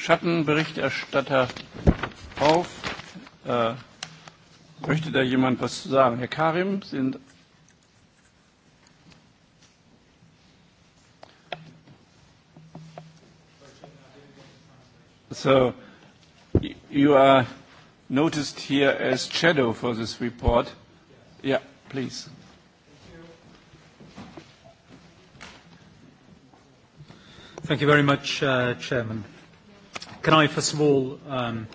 Schattenberichterstatter auf. Äh, möchte da jemand was zu sagen? Herr Karim, sind So, you are noticed here as shadow for this report. Yeah, please. Thank you very much, uh, Chairman. Can I, first of all, um,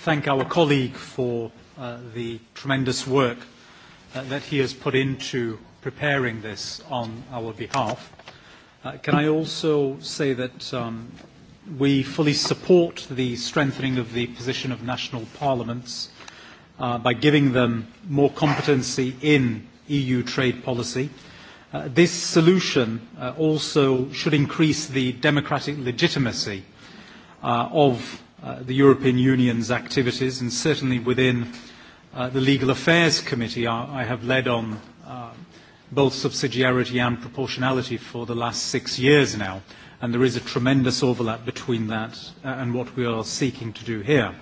thank our colleague for uh, the tremendous work uh, that he has put into preparing this on our behalf. Uh, can I also say that um, we fully support the strengthening of the position of national parliaments uh, by giving them more competency in EU trade policy. Uh, this solution uh, also should increase the democratic legitimacy uh, uh, of uh, the European Union's activities, and certainly within uh, the Legal Affairs Committee, I, I have led on uh, both subsidiarity and proportionality for the last six years now, and there is a tremendous overlap between that uh, and what we are seeking to do here.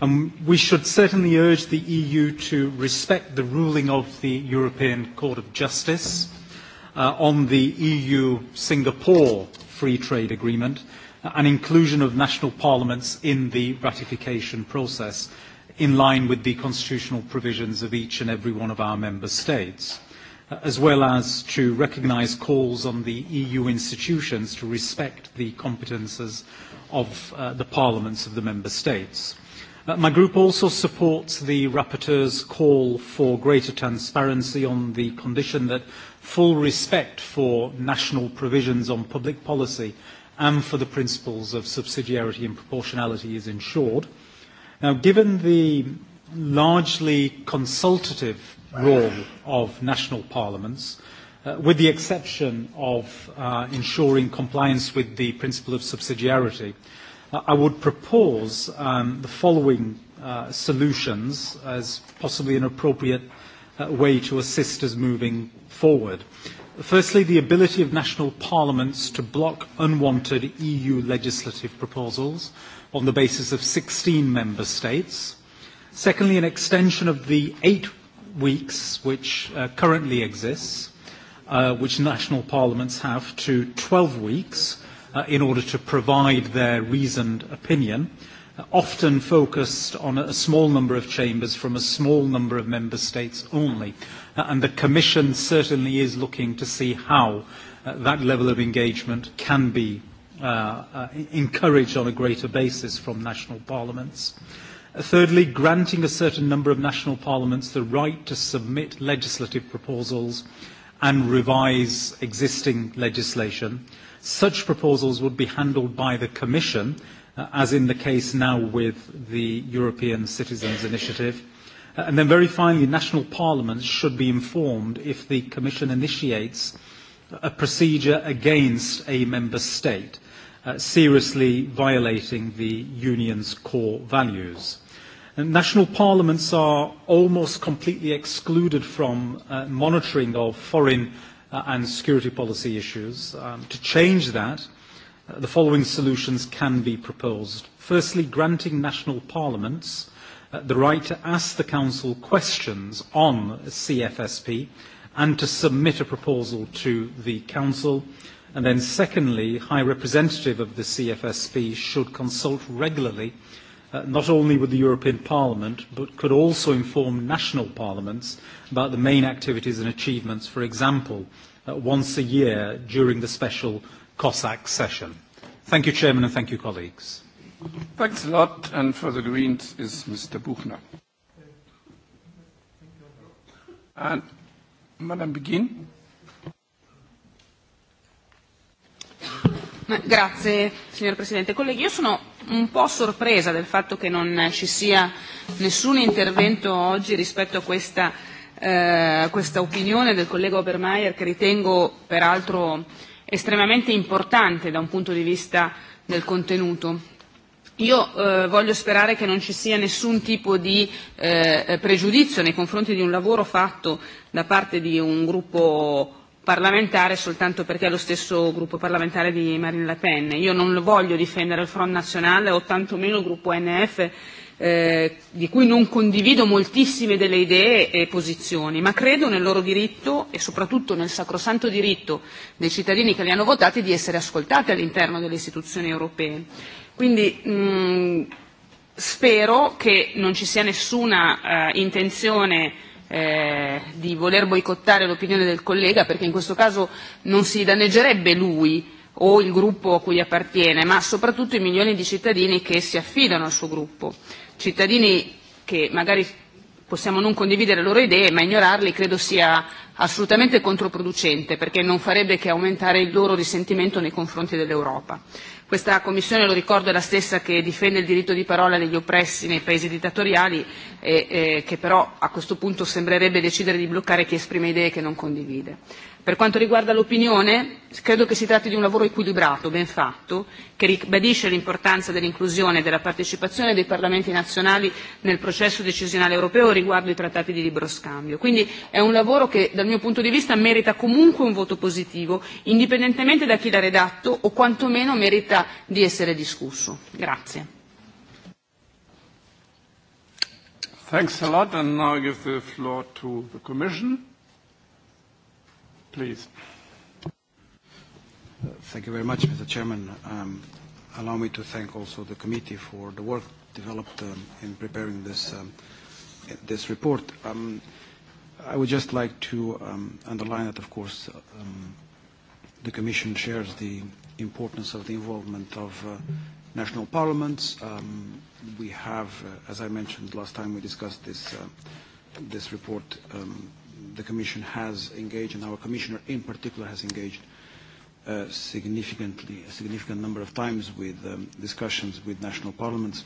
And we should certainly urge the EU to respect the ruling of the European Court of Justice uh, on the EU-Singapore Free Trade Agreement, uh, and inclusion of national parliaments in the ratification process in line with the constitutional provisions of each and every one of our member states, uh, as well as to recognise calls on the EU institutions to respect the competences of uh, the parliaments of the member states. Uh, my group also supports the rapporteur's call for greater transparency on the condition that full respect for national provisions on public policy and for the principles of subsidiarity and proportionality is ensured. Now, given the largely consultative role of national parliaments, uh, with the exception of uh, ensuring compliance with the principle of subsidiarity, uh, I would propose um, the following uh, solutions as possibly an appropriate uh, way to assist us moving forward. Uh, Firstly, the ability of national parliaments to block unwanted EU legislative proposals on the basis of 16 member states. Secondly, an extension of the eight weeks which uh, currently exists, uh, which national parliaments have, to 12 weeks uh, in order to provide their reasoned opinion. Uh, often focused on a small number of chambers from a small number of member states only. Uh, and the Commission certainly is looking to see how uh, that level of engagement can be uh, uh, encouraged on a greater basis from national parliaments. Uh, thirdly, granting a certain number of national parliaments the right to submit legislative proposals and revise existing legislation. Such proposals would be handled by the Commission uh, as in the case now with the European Citizens Initiative. Uh, and then very finally, national parliaments should be informed if the Commission initiates a procedure against a member state uh, seriously violating the Union's core values. And national parliaments are almost completely excluded from uh, monitoring of foreign uh, and security policy issues. Um, to change that, uh, uh, the following solutions can be proposed. Firstly, granting national parliaments uh, the right to ask the Council questions on CFSP and to submit a proposal to the Council. And then secondly, High Representative of the CFSP should consult regularly uh, not only with the European Parliament, but could also inform national parliaments about the main activities and achievements, for example, uh, once a year during the special Cossack session. Thank you, Chairman, and thank you, colleagues. Thanks a lot. And for the Greens is Mr. Buchner. And Madam Begin. Grazie signor Presidente. Colleghi, io sono un po' sorpresa del fatto che non ci sia nessun intervento oggi rispetto a questa, eh, questa opinione del collega Obermeier che ritengo peraltro eh, estremamente importante da un punto di vista del contenuto. Io eh, voglio sperare che non ci sia nessun tipo di eh, pregiudizio nei confronti di un lavoro fatto da parte di un gruppo parlamentare soltanto perché è lo stesso gruppo parlamentare di Marine Le Pen. Io non voglio difendere il Front Nazionale o tantomeno il gruppo NF eh, di cui non condivido moltissime delle idee e posizioni, ma credo nel loro diritto e soprattutto nel sacrosanto diritto dei cittadini che li hanno votati di essere ascoltati all'interno delle istituzioni europee. Quindi mh, spero che non ci sia nessuna eh, intenzione eh, di voler boicottare l'opinione del collega, perché in questo caso non si danneggerebbe lui o il gruppo a cui appartiene, ma soprattutto i milioni di cittadini che si affidano al suo gruppo cittadini che magari possiamo non condividere le loro idee, ma ignorarli credo sia assolutamente controproducente, perché non farebbe che aumentare il loro risentimento nei confronti dell'Europa. Questa Commissione, lo ricordo, è la stessa che difende il diritto di parola degli oppressi nei paesi dittatoriali e eh, che però a questo punto sembrerebbe decidere di bloccare chi esprime idee che non condivide. Per quanto riguarda l'opinione, credo che si tratti di un lavoro equilibrato, ben fatto, che ribadisce l'importanza dell'inclusione e della partecipazione dei parlamenti nazionali nel processo decisionale europeo riguardo i trattati di libero scambio. Quindi è un lavoro che dal mio punto di vista merita comunque un voto positivo, indipendentemente da chi l'ha redatto o quantomeno merita di essere discusso. Grazie. Thanks a lot, and now I give the floor to the Commission. Please. Uh, thank you very much, Mr. Chairman. Um, allow me to thank also the committee for the work developed um, in preparing this, um, this report. Um, I would just like to um, underline that, of course, um, the Commission shares the importance of the involvement of uh, national parliaments. Um, we have, uh, as I mentioned last time we discussed this, uh, this report, um, the Commission has engaged, and our Commissioner in particular has engaged uh, significantly, a significant number of times with um, discussions with national parliaments.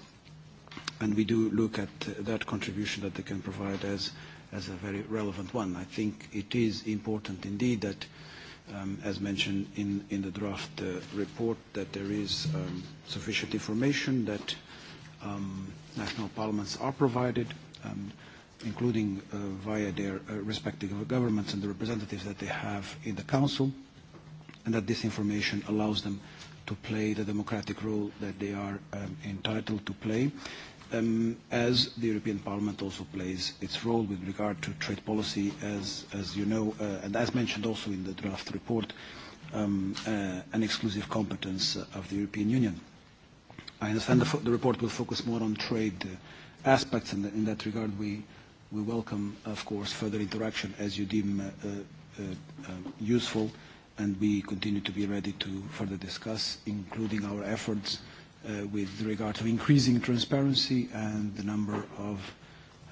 And we do look at uh, that contribution that they can provide as, as a very relevant one. I think it is important indeed that, um, as mentioned in, in the draft uh, report, that there is um, sufficient information that um, national parliaments are provided. Um, uh, including uh, via their uh, respective governments and the representatives that they have in the Council, and that this information allows them to play the democratic role that they are um, entitled to play, um, as the European Parliament also plays its role with regard to trade policy, as, as you know, uh, and as mentioned also in the draft report, um, uh, an exclusive competence of the European Union. I understand the, fo- the report will focus more on trade uh, aspects, and in that regard we we welcome, of course, further interaction as you deem uh, uh, uh, useful, and we continue to be ready to further discuss, including our efforts uh, with regard to increasing transparency and the number of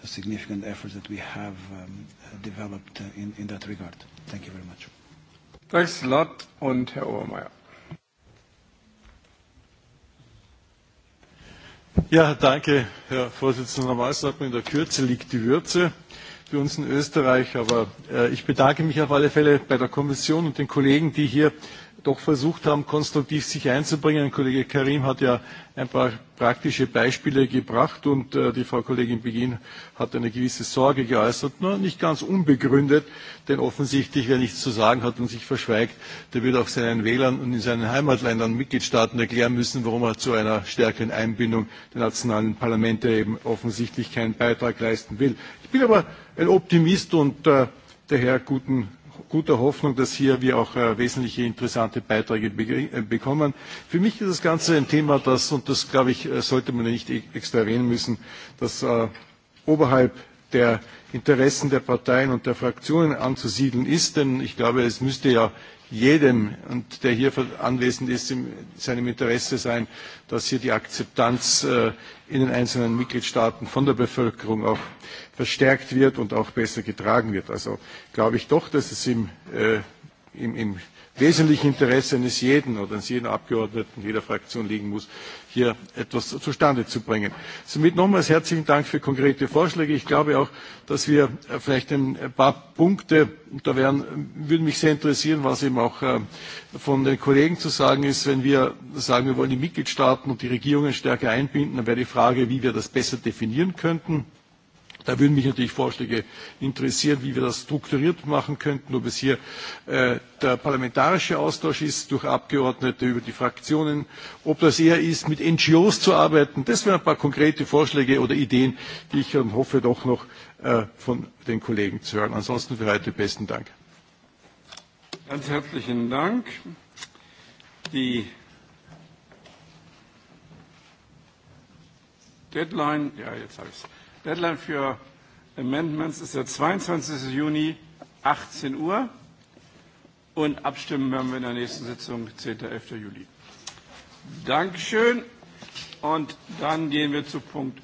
uh, significant efforts that we have um, uh, developed uh, in, in that regard. Thank you very much. Thanks a lot, und Herr Obermeier. Ja, danke, Herr Vorsitzender Maasnappen. In der Kürze liegt die Würze für uns in Österreich. Aber äh, ich bedanke mich auf alle Fälle bei der Kommission und den Kollegen, die hier doch versucht haben, konstruktiv sich einzubringen. Kollege Karim hat ja ein paar praktische Beispiele gebracht und äh, die Frau Kollegin Begin hat eine gewisse Sorge geäußert, nur nicht ganz unbegründet, denn offensichtlich, wer nichts zu sagen hat und sich verschweigt, der wird auch seinen Wählern und in seinen Heimatländern Mitgliedstaaten erklären müssen, warum er zu einer stärkeren Einbindung der nationalen Parlamente eben offensichtlich keinen Beitrag leisten will. Ich bin aber ein Optimist und äh, daher guten guter Hoffnung, dass hier wir auch äh, wesentliche interessante Beiträge be äh, bekommen. Für mich ist das Ganze ein Thema, das, und das glaube ich, äh, sollte man nicht e-, extra erwähnen müssen, dass äh, oberhalb der Interessen der Parteien und der Fraktionen anzusiedeln ist, denn ich glaube, es müsste ja jedem, und der hier anwesend ist, in seinem Interesse sein, dass hier die Akzeptanz äh, in den einzelnen Mitgliedstaaten von der Bevölkerung auch verstärkt wird und auch besser getragen wird. Also glaube ich doch, dass es im äh, im, im wesentlichen Interesse eines jeden oder eines jeden Abgeordneten jeder Fraktion liegen muss, hier etwas zustande zu bringen. Somit nochmals herzlichen Dank für konkrete Vorschläge. Ich glaube auch, dass wir äh, vielleicht ein paar Punkte, und da wären, würde mich sehr interessieren, was eben auch äh, von den Kollegen zu sagen ist, wenn wir sagen, wir wollen die Mitgliedstaaten und die Regierungen stärker einbinden, dann wäre die Frage, wie wir das besser definieren könnten. Da würden mich natürlich Vorschläge interessieren, wie wir das strukturiert machen könnten, ob es hier äh, der parlamentarische Austausch ist durch Abgeordnete über die Fraktionen, ob das eher ist, mit NGOs zu arbeiten. Das wären ein paar konkrete Vorschläge oder Ideen, die ich dann hoffe, doch noch äh, von den Kollegen zu hören. Ansonsten für heute besten Dank. Ganz herzlichen Dank. Die Deadline, ja, jetzt habe ich es Deadline für Amendments ist der 22. Juni, 18 Uhr. Und abstimmen werden wir in der nächsten Sitzung, 10. 11. Juli. Dankeschön. Und dann gehen wir zu Punkt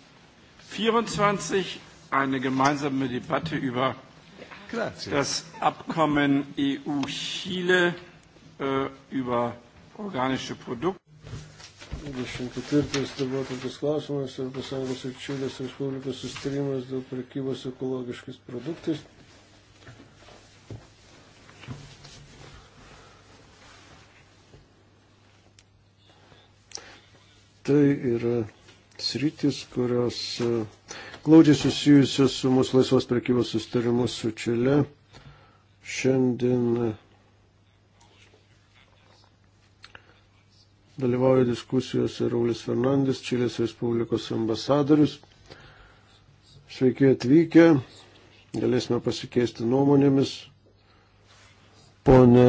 24, eine gemeinsame Debatte über Grazie. das Abkommen EU-Chile äh, über organische Produkte. 24 darbotvarkės klausimas Europos Sąjungos ir Čilės Respublikos sustarimas dėl prekybos ekologiškais produktais. Tai yra sritis, kurios e, glaudžiai susijusios su mūsų laisvos prekybos sustarimu su Čile. Šiandien Dalyvauja diskusijose Raulis Fernandis, Čilės Respublikos ambasadorius. Sveiki atvykę, galėsime pasikeisti nuomonėmis. Pone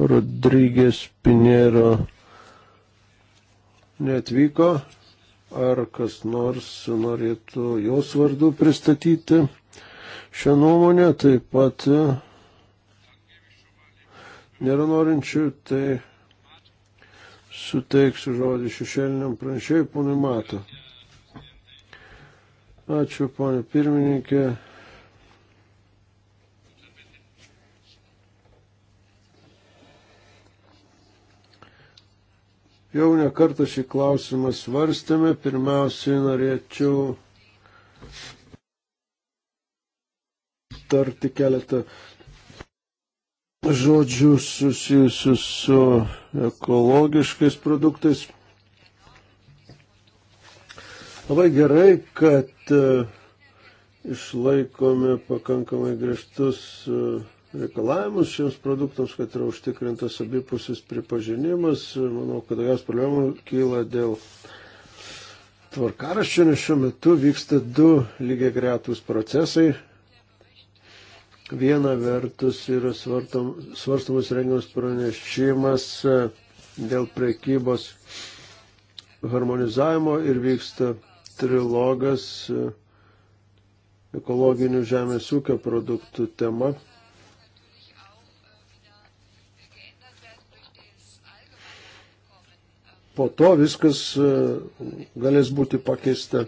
Rodrygės Pinero neatvyko. Ar kas nors norėtų jos vardu pristatyti šią nuomonę? Taip pat nėra norinčių, tai suteiksiu žodį šešėliniam pranešėjui, ponui Mato. Ačiū, ponė pirmininkė. Jau nekartą šį klausimą svarstėme. Pirmiausiai norėčiau tarti keletą žodžius susijusius su ekologiškais produktais. Labai gerai, kad e, išlaikome pakankamai griežtus e, reikalavimus šiems produktams, kad yra užtikrintas abipusis pripažinimas. Manau, kad daugiausia problemų kyla dėl tvarkaraščio, nes šiuo metu vyksta du lygiai gretus procesai Viena vertus yra svarstamas rengiamas pranešimas e, dėl prekybos harmonizavimo ir vyksta trilogas e, ekologinių žemės ūkio produktų tema. Po to viskas e, galės būti pakeista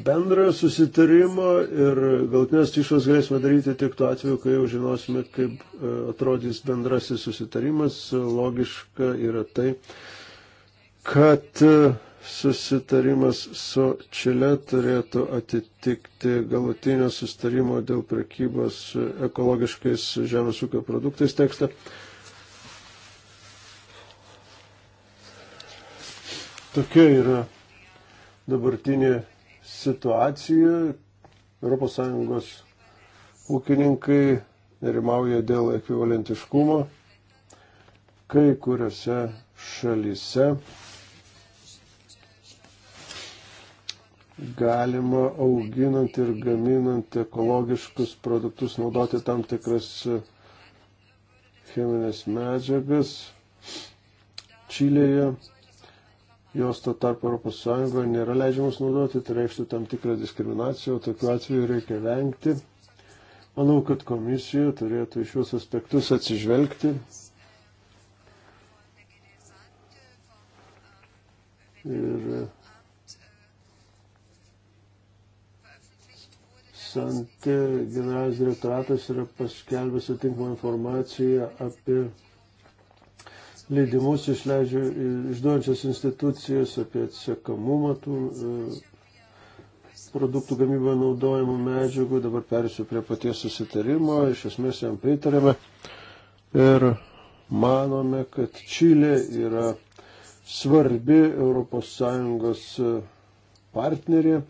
bendrą susitarimą ir galtinės išvas galėsime daryti tik tuo atveju, kai jau žinosime, kaip e, atrodys bendrasis susitarimas. Logiška yra tai, kad e, susitarimas su Čile turėtų atitikti galutinio susitarimo dėl prekybos ekologiškais žemės ūkio produktais tekstą. Tokia yra dabartinė situacija. ES ūkininkai nerimauja dėl ekvivalentiškumo kai kuriuose šalyse galima auginant ir gaminant ekologiškus produktus naudoti tam tikras cheminės medžiagas. Čilėje jos to tarp ES nėra leidžiamas naudoti, tai reikštų tam tikrą diskriminaciją, o tokiu atveju reikia vengti. Manau, kad komisija turėtų iš šios aspektus atsižvelgti. Ir Sant generalinis direktoratas yra paskelbęs atinkamą informaciją apie leidimus išleidžia išduojančios institucijos, apie atsekamumą tų e, produktų gamyboje naudojamų medžiagų. Dabar perėsiu prie paties susitarimo, iš esmės jam pritarėme ir manome, kad Čilė yra svarbi ES e, partnerė,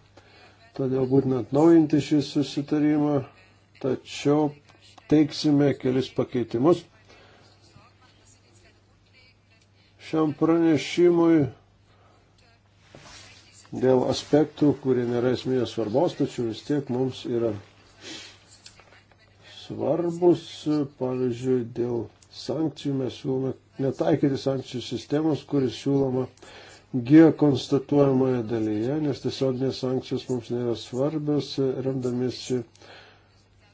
todėl būtina atnaujinti šį susitarimą, tačiau teiksime kelis pakeitimus šiam pranešimui dėl aspektų, kurie nėra esminės svarbos, tačiau vis tiek mums yra svarbus, pavyzdžiui, dėl sankcijų mes siūlome netaikyti sankcijų sistemos, kuris siūloma G konstatuojamoje dalyje, nes tiesioginės sankcijos mums nėra svarbios, remdamiesi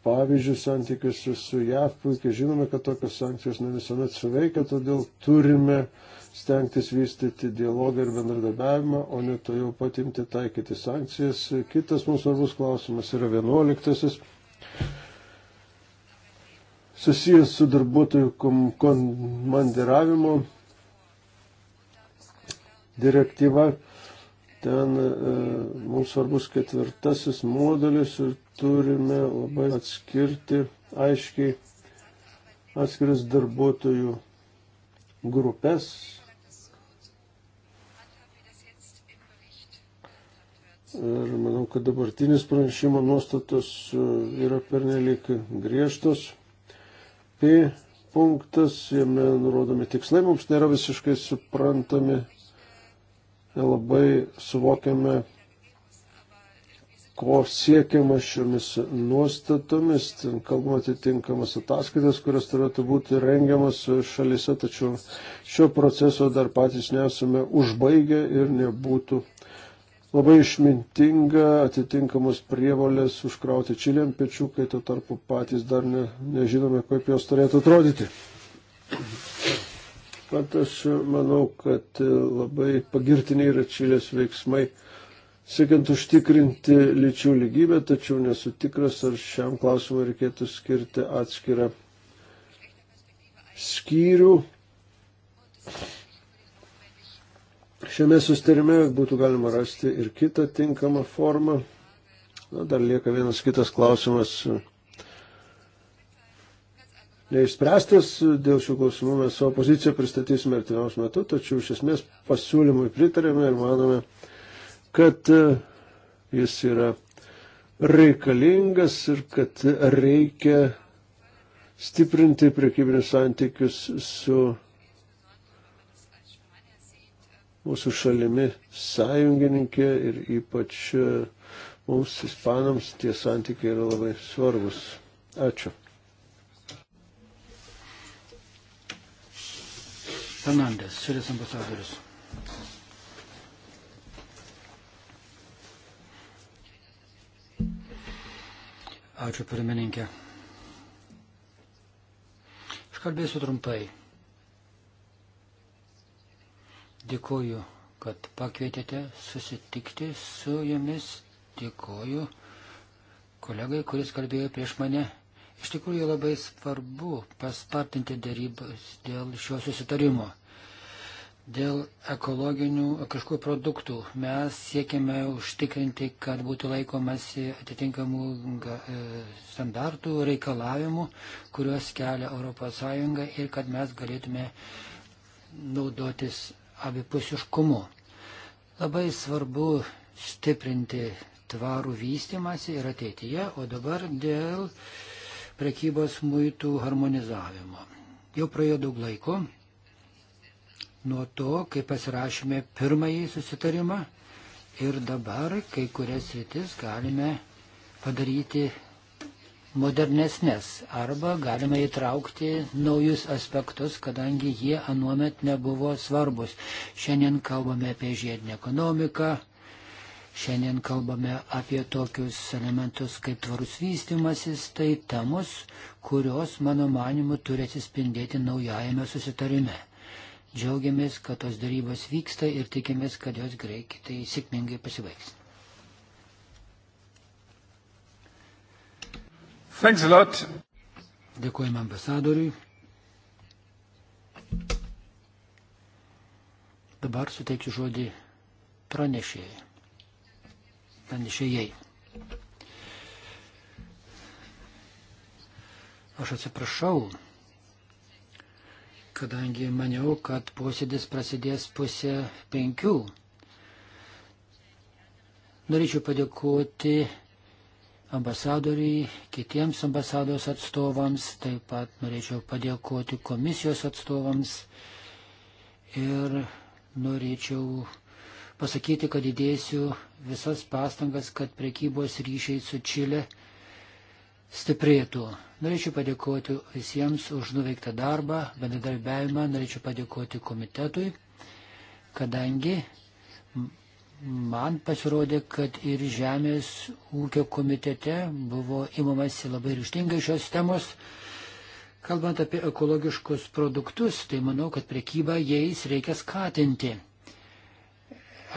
pavyzdžių santykiuose su JAV, puikiai žinome, kad tokios sankcijos ne visuomet suveikia, todėl turime uh, stengtis vystyti dialogą ir bendradarbiavimą, o ne to jau patimti taikyti sankcijas. Kitas mums svarbus klausimas yra vienuoliktasis, susijęs su darbuotojų komandiravimo direktyva. Ten e, mums svarbus ketvirtasis modelis ir turime labai atskirti aiškiai atskiras darbuotojų grupės Ir manau, kad dabartinis pranešimo nuostatos e, yra pernelik griežtos. P punktas, jame nurodomi tikslai, mums nėra visiškai suprantami, labai suvokiame, ko siekiama šiomis nuostatomis. Ten kalbama atitinkamas ataskaitas, kurios turėtų būti rengiamas šalise, tačiau šio proceso dar patys nesame užbaigę ir nebūtų labai išmintinga atitinkamos prievolės užkrauti čiliam pečių, kai tuo tarpu patys dar ne, nežinome, kaip jos turėtų atrodyti. Bet aš manau, kad labai pagirtiniai yra čilės veiksmai, siekiant užtikrinti lyčių lygybę, tačiau nesu tikras, ar šiam klausimui reikėtų skirti atskirą skyrių. Thank you. Šiame sustarime būtų galima rasti ir kitą tinkamą formą. Na, dar lieka vienas kitas klausimas. E, neišspręstas dėl šių klausimų mes savo poziciją pristatysime artimiaus metu, tačiau iš esmės pasiūlymui pritarėme ir manome, kad e, jis yra reikalingas ir kad reikia stiprinti priekybinius santykius su mūsų šalimi sąjungininkė ir ypač e, mums, ispanams, tie santykiai yra labai svarbus. Ačiū. Fernandes, šalies ambasadorius. Ačiū pirmininkė. Aš kalbėsiu trumpai. Dėkuoju, kad pakvietėte susitikti su jumis. Dėkuoju kolegai, kuris kalbėjo prieš mane. Iš tikrųjų labai svarbu paspartinti darybas dėl šio susitarimo. Dėl ekologinių kažkokių produktų mes siekiame užtikrinti, kad būtų laikomasi atitinkamų e, standartų, reikalavimų, kuriuos kelia ES ir kad mes galėtume naudotis abipusiškumu. Labai svarbu stiprinti tvarų vystimąsi ir ateityje, o dabar dėl prekybos muitų harmonizavimo. Jau praėjo daug laiko nuo to, kai pasirašėme pirmąjį susitarimą ir dabar kai kurias rytis galime padaryti modernesnės arba galima įtraukti naujus aspektus, kadangi jie anuomet nebuvo svarbus. Šiandien kalbame apie žiedinę ekonomiką, šiandien kalbame apie tokius elementus kaip tvarus vystimasis, tai temos, kurios, mano manimu, turi atsispindėti naujajame susitarime. Džiaugiamės, kad tos darybos vyksta ir tikimės, kad jos greitai sėkmingai pasibaigs. Thanks a lot. Dėkojame ambasadoriui. Dabar suteiksiu žodį pranešėjai. Pranešėjai. Aš atsiprašau, kadangi maniau, kad posėdis prasidės pusę penkių. Norėčiau padėkoti ambasadoriui, kitiems ambasados atstovams, taip pat norėčiau padėkoti komisijos atstovams ir norėčiau pasakyti, kad įdėsiu visas pastangas, kad prekybos ryšiai su Čilė stiprėtų. Norėčiau padėkoti visiems už nuveiktą darbą, bendradarbiavimą, norėčiau padėkoti komitetui, kadangi man pasirodė, kad ir Žemės ūkio komitete buvo imamasi labai ryštingai šios temos. Kalbant apie ekologiškus produktus, tai manau, kad prekybą jais reikia skatinti.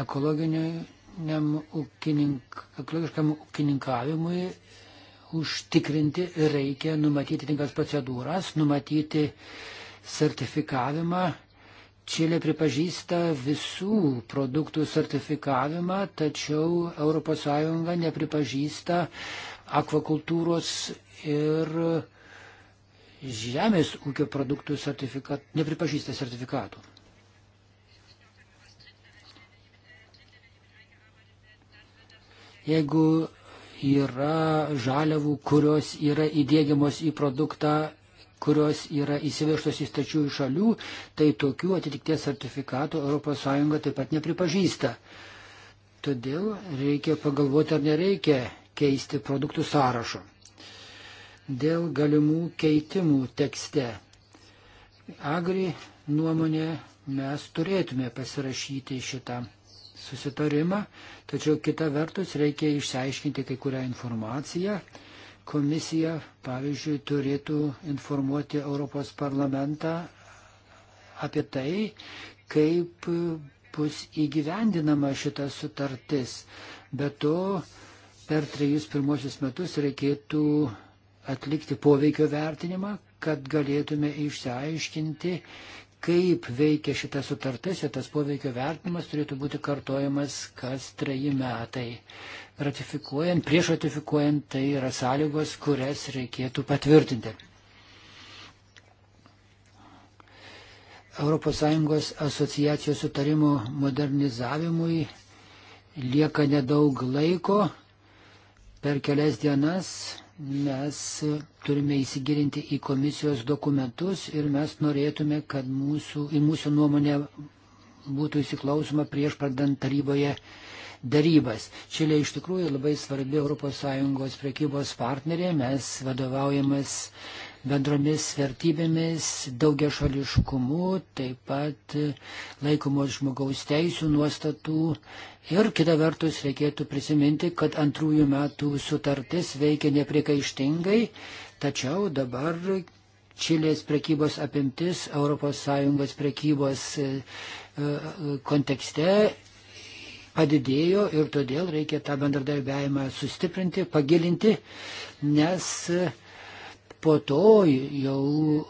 Ūkininkavimui, ekologiškam ūkininkavimui užtikrinti reikia numatyti tinkas procedūras, numatyti sertifikavimą Čilė pripažįsta visų produktų sertifikavimą, tačiau ES nepripažįsta akvakultūros ir žemės ūkio produktų sertifikat, nepripažįsta sertifikatų. Jeigu yra žaliavų, kurios yra įdėgiamos į produktą kurios yra įsivežtos iš tačiųjų šalių, tai tokių atitikties sertifikatų ES taip pat nepripažįsta. Todėl reikia pagalvoti, ar nereikia keisti produktų sąrašo. Dėl galimų keitimų tekste. Agri nuomonė mes turėtume pasirašyti šitą susitarimą, tačiau kita vertus reikia išsiaiškinti kai kurią informaciją Komisija, pavyzdžiui, turėtų informuoti Europos parlamentą apie tai, kaip bus įgyvendinama šita sutartis. Be to, per trejus pirmosius metus reikėtų atlikti poveikio vertinimą, kad galėtume išsiaiškinti, kaip veikia šita sutartis ir tas poveikio vertinimas turėtų būti kartojamas kas treji metai ratifikuojant, prieš ratifikuojant, tai yra sąlygos, kurias reikėtų patvirtinti. ES asociacijos sutarimų modernizavimui lieka nedaug laiko. Per kelias dienas mes turime įsigilinti į komisijos dokumentus ir mes norėtume, kad mūsų, į mūsų nuomonę būtų įsiklausoma prieš pradant taryboje darybas. Čilė iš tikrųjų labai svarbi ES prekybos partnerė, mes vadovaujamas bendromis vertybėmis, daugia šališkumu, taip pat laikomos žmogaus teisų nuostatų. Ir kita vertus reikėtų prisiminti, kad antrųjų metų sutartis veikia neprikaištingai, tačiau dabar Čilės prekybos apimtis ES prekybos e, e, kontekste padidėjo ir todėl reikia tą bendradarbiavimą sustiprinti, pagilinti, nes po to jau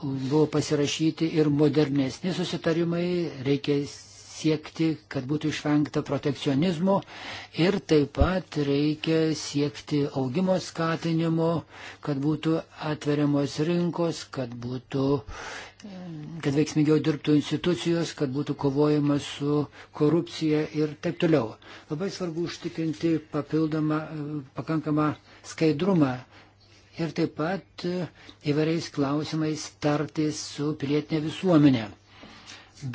buvo pasirašyti ir modernesni susitarimai, reikia siekti, kad būtų išvengta protekcionizmo ir taip pat reikia siekti augimo skatinimo, kad būtų atveriamos rinkos, kad būtų kad veiksmingiau dirbtų institucijos, kad būtų kovojama su korupcija ir taip toliau. Labai svarbu užtikrinti papildomą, pakankamą skaidrumą ir taip pat e, įvairiais klausimais tartis su pilietinė visuomenė.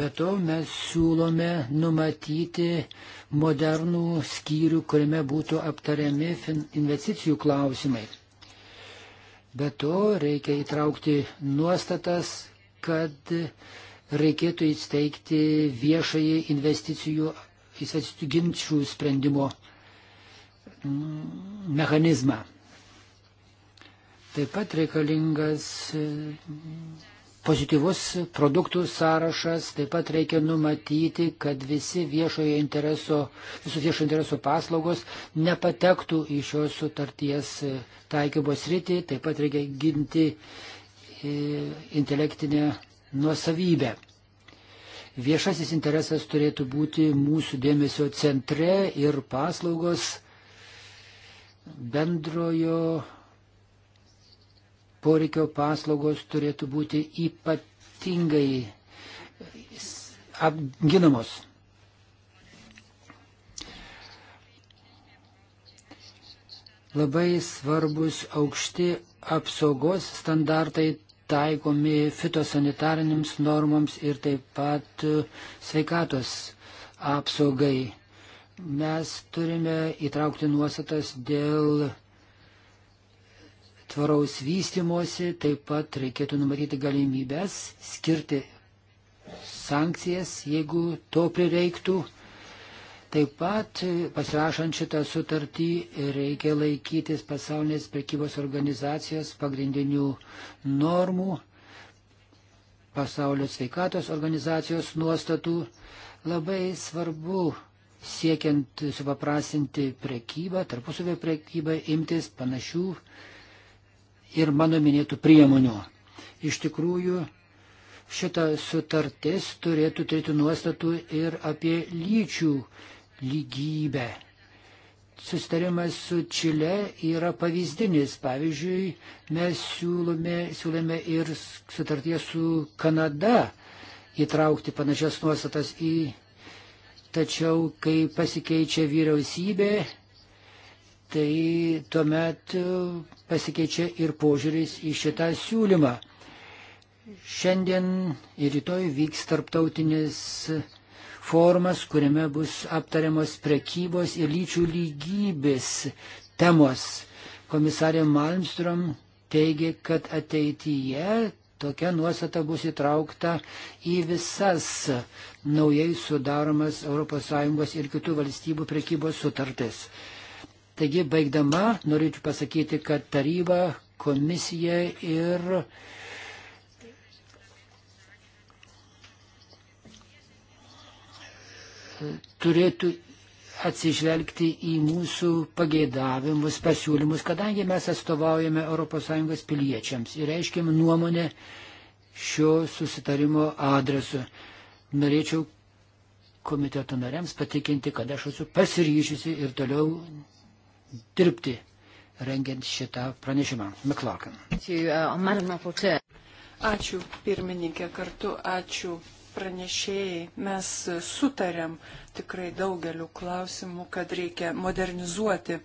Be to mes siūlome numatyti modernų skyrių, kuriame būtų aptariami investicijų klausimai. Be to reikia įtraukti nuostatas, kad reikėtų įsteigti viešąjį investicijų, investicijų ginčių sprendimo mm, mechanizmą. Taip pat reikalingas mm, pozityvus produktų sąrašas, taip pat reikia numatyti, kad visi viešojo intereso, visos viešojo intereso paslaugos nepatektų į šios sutarties e, taikybos rytį, taip pat reikia ginti intelektinę nuosavybę. Viešasis interesas turėtų būti mūsų dėmesio centre ir paslaugos bendrojo poreikio paslaugos turėtų būti ypatingai apginamos. Labai svarbus aukšti apsaugos standartai taikomi fitosanitariniams normams ir taip pat e, sveikatos apsaugai. Mes turime įtraukti nuostatas dėl tvaraus vystimosi, taip pat reikėtų numatyti galimybės skirti sankcijas, jeigu to prireiktų. Taip pat e, pasirašant šitą sutartį reikia laikytis pasaulinės prekybos organizacijos pagrindinių normų, pasaulio sveikatos organizacijos nuostatų. Labai svarbu siekiant supaprasinti prekybą, tarpusavio prekybą, imtis panašių ir mano minėtų priemonių. Iš tikrųjų, šita sutartis turėtų turėti nuostatų ir apie lyčių lygybę. Sustarimas su Čile yra pavyzdinis. Pavyzdžiui, mes siūlome, siūlome ir sutartie su Kanada įtraukti panašias nuostatas į. Tačiau, kai pasikeičia vyriausybė, tai tuomet e, pasikeičia ir požiūris į šitą siūlymą. Šiandien ir rytoj vyks tarptautinis uh, formas, kuriame bus aptariamos prekybos ir lyčių lygybės temos. Komisarė Malmström teigia, kad ateityje tokia nuostata bus įtraukta į visas naujai sudaromas ES ir kitų valstybių prekybos sutartis. Taigi, baigdama, norėčiau pasakyti, kad taryba, komisija ir turėtų atsižvelgti į mūsų pageidavimus, pasiūlymus, kadangi mes atstovaujame ES piliečiams ir reiškiam nuomonę šio susitarimo adresu. Norėčiau komiteto nariams patikinti, kad aš esu pasiryžusi ir toliau dirbti, rengiant šitą pranešimą. McLaughlin. Ačiū uh, pirmininkė kartu, ačiū pranešėjai, mes sutarėm tikrai daugeliu klausimų, kad reikia modernizuoti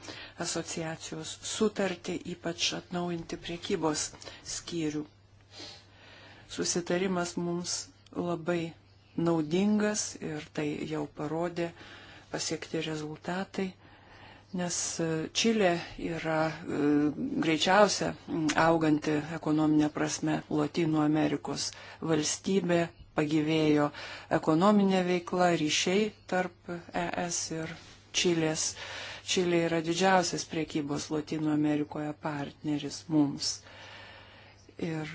asociacijos sutartį, ypač atnaujinti priekybos skyrių. Susitarimas mums labai naudingas ir tai jau parodė pasiekti rezultatai, nes Čilė yra e, greičiausia auganti ekonominė prasme Latino Amerikos valstybė, pagyvėjo ekonominė veikla, ryšiai tarp ES ir Čilės. Čilė yra didžiausias priekybos Latino Amerikoje partneris mums. Ir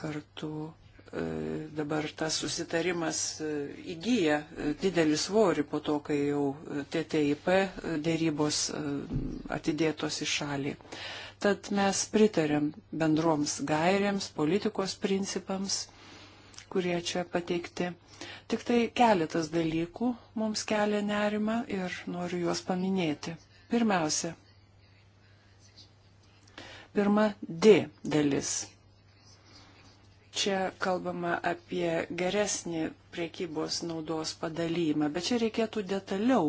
kartu e, dabar tas susitarimas e, įgyja e, didelį svorį po to, kai jau TTIP dėrybos atidėtos į šalį. Tad mes pritarėm bendroms gairėms, politikos principams kurie čia pateikti. Tik tai keletas dalykų mums kelia nerima ir noriu juos paminėti. Pirmiausia. Pirma D dalis. Čia kalbama apie geresnį priekybos naudos padalymą, bet čia reikėtų detaliau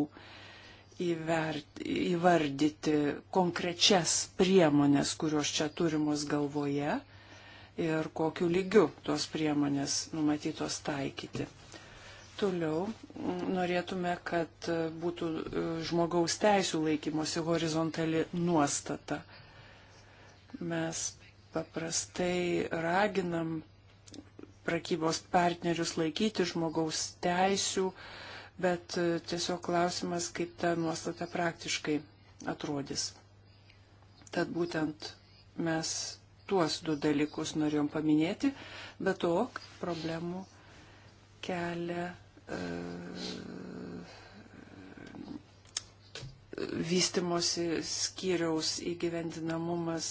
įvert, įvardyti konkrečias priemonės, kurios čia turimos galvoje ir kokiu lygiu tos priemonės numatytos taikyti. Toliau mm, norėtume, kad e, būtų e, žmogaus teisų laikymosi horizontali nuostata. Mes paprastai raginam prekybos partnerius laikyti žmogaus teisų, bet e, tiesiog klausimas, kaip ta nuostata praktiškai atrodys. Tad būtent mes tuos du dalykus norėjom paminėti, bet to problemų kelia e, vystimosi skyriaus įgyvendinamumas,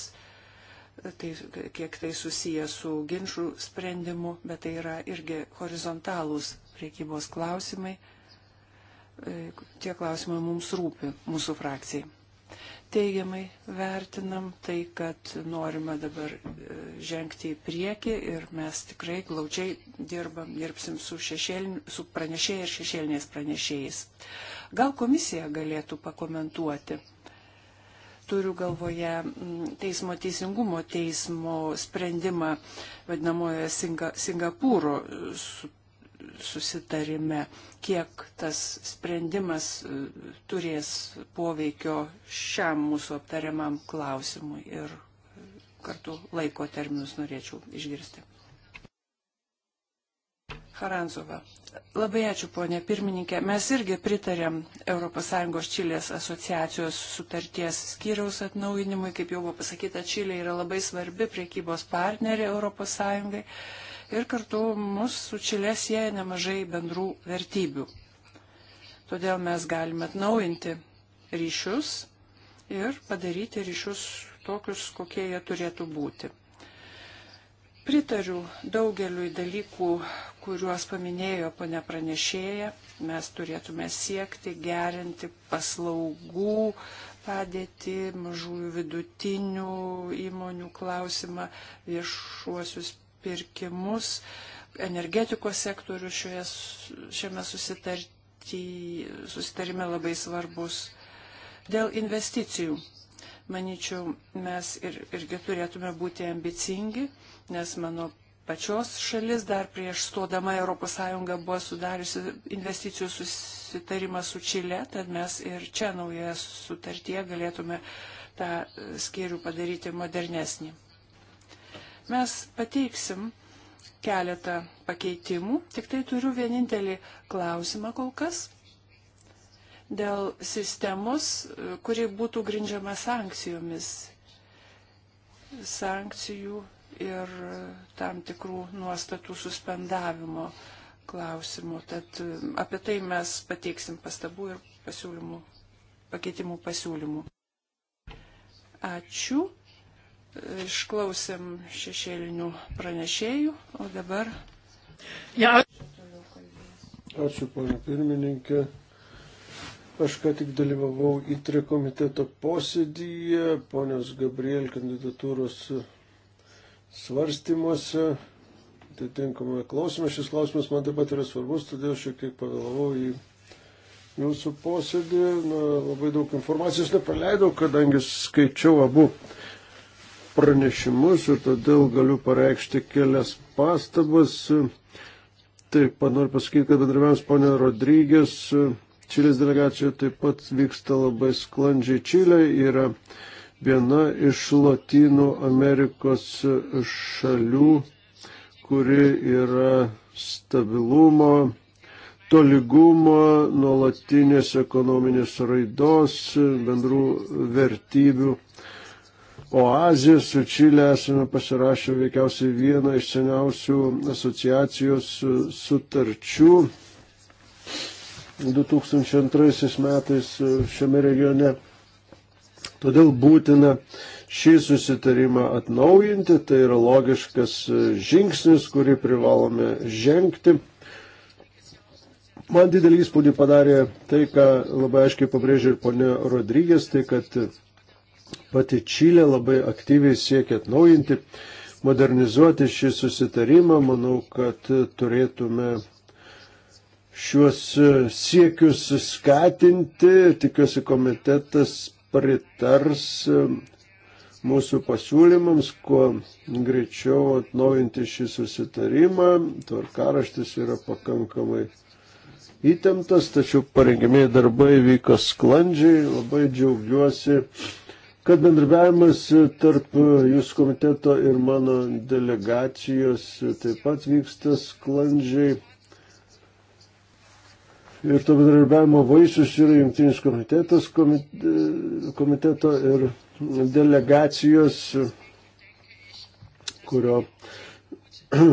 tai, kiek tai susiję su ginčių sprendimu, bet tai yra irgi horizontalūs priekybos klausimai. E, tie klausimai mums rūpi mūsų frakcijai teigiamai vertinam tai, kad norima dabar e, žengti į priekį ir mes tikrai glaudžiai dirbam, dirbsim su, šešėlin, su pranešėjai ir šešėliniais pranešėjais. Gal komisija galėtų pakomentuoti? Turiu galvoje teismo teisingumo teismo sprendimą vadinamojo Singa, Singapūro e, su susitarime, kiek tas sprendimas e, turės poveikio šiam mūsų aptariamam klausimui ir kartu laiko terminus norėčiau išgirsti. Haranzova. Labai ačiū, ponė pirmininkė. Mes irgi pritarėm ES Čilės asociacijos sutarties skyriaus atnaujinimui. Kaip jau buvo pasakyta, Čilė yra labai svarbi priekybos partnerė ES ir kartu mus su Čilė sieja nemažai bendrų vertybių. Todėl mes galime atnaujinti ryšius ir padaryti ryšius tokius, kokie jie turėtų būti. Pritariu daugeliui dalykų, kuriuos paminėjo ponia pranešėja. Mes turėtume siekti gerinti paslaugų padėtį, mažųjų vidutinių įmonių klausimą, viešuosius pirkimus, energetikos sektorių šioje, šiame susitarime labai svarbus. Dėl investicijų, manyčiau, mes ir, irgi turėtume būti ambicingi, nes mano pačios šalis dar prieš stodama ES buvo sudariusi investicijų susitarimą su Čile, tad mes ir čia naujoje sutartyje galėtume tą skėrių padaryti modernesnį. Mes pateiksim keletą pakeitimų, tik tai turiu vienintelį klausimą kol kas dėl sistemos, kuri būtų grindžiama sankcijomis. Sankcijų ir tam tikrų nuostatų suspendavimo klausimų. Tad um, apie tai mes pateiksim pastabų ir pasiūlymų, pakeitimų pasiūlymų. Ačiū. Išklausėm šešėlinių pranešėjų, o dabar. Ja. Ačiū, pana pirmininkė. Aš ką tik dalyvavau į tri komiteto posėdyje, ponios Gabriel kandidatūros svarstymuose, atitinkamame klausime. Šis klausimas man taip pat yra svarbus, todėl šiek tiek pavėlavau į jūsų posėdį. Na, labai daug informacijos nepraleidau, kadangi skaičiau abu pranešimus ir todėl galiu pareikšti kelias pastabas. Taip pat noriu pasakyti, kad bendravimas ponė Rodrygės, Čilės delegacija taip pat vyksta labai sklandžiai. Čilė yra viena iš Latinų Amerikos šalių, kuri yra stabilumo, tolygumo, nuolatinės ekonominės raidos, bendrų vertybių oazė su Čilė esame pasirašę veikiausiai vieną iš seniausių asociacijos sutarčių. 2002 metais šiame regione. Todėl būtina šį susitarimą atnaujinti, tai yra logiškas žingsnis, kurį privalome žengti. Man didelį įspūdį padarė tai, ką labai aiškiai pabrėžė ir ponė Rodrygės, tai kad Pati Čilė labai aktyviai siekia atnaujinti, modernizuoti šį susitarimą. Manau, kad turėtume šiuos siekius skatinti. Tikiuosi komitetas pritars mūsų pasiūlymams, kuo greičiau atnaujinti šį susitarimą. Tvarkaraštis yra pakankamai įtemptas, tačiau parengimiai darbai vyko sklandžiai. Labai džiaugiuosi kad bendradarbiavimas tarp jūsų komiteto ir mano delegacijos taip pat vyksta sklandžiai. Ir to bendradarbiavimo vaisius yra jungtinis komitetas, komiteto ir delegacijos, kurio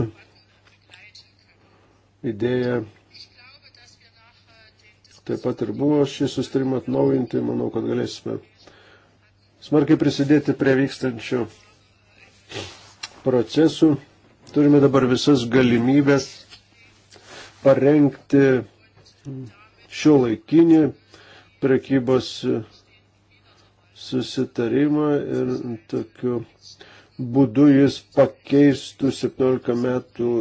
idėja taip pat ir buvo šį sustarimą atnaujinti. Manau, kad galėsime smarkiai prisidėti prie vykstančių procesų. Turime dabar visas galimybės parengti šio laikinį prekybos susitarimą ir tokiu būdu jis pakeistų 17 metų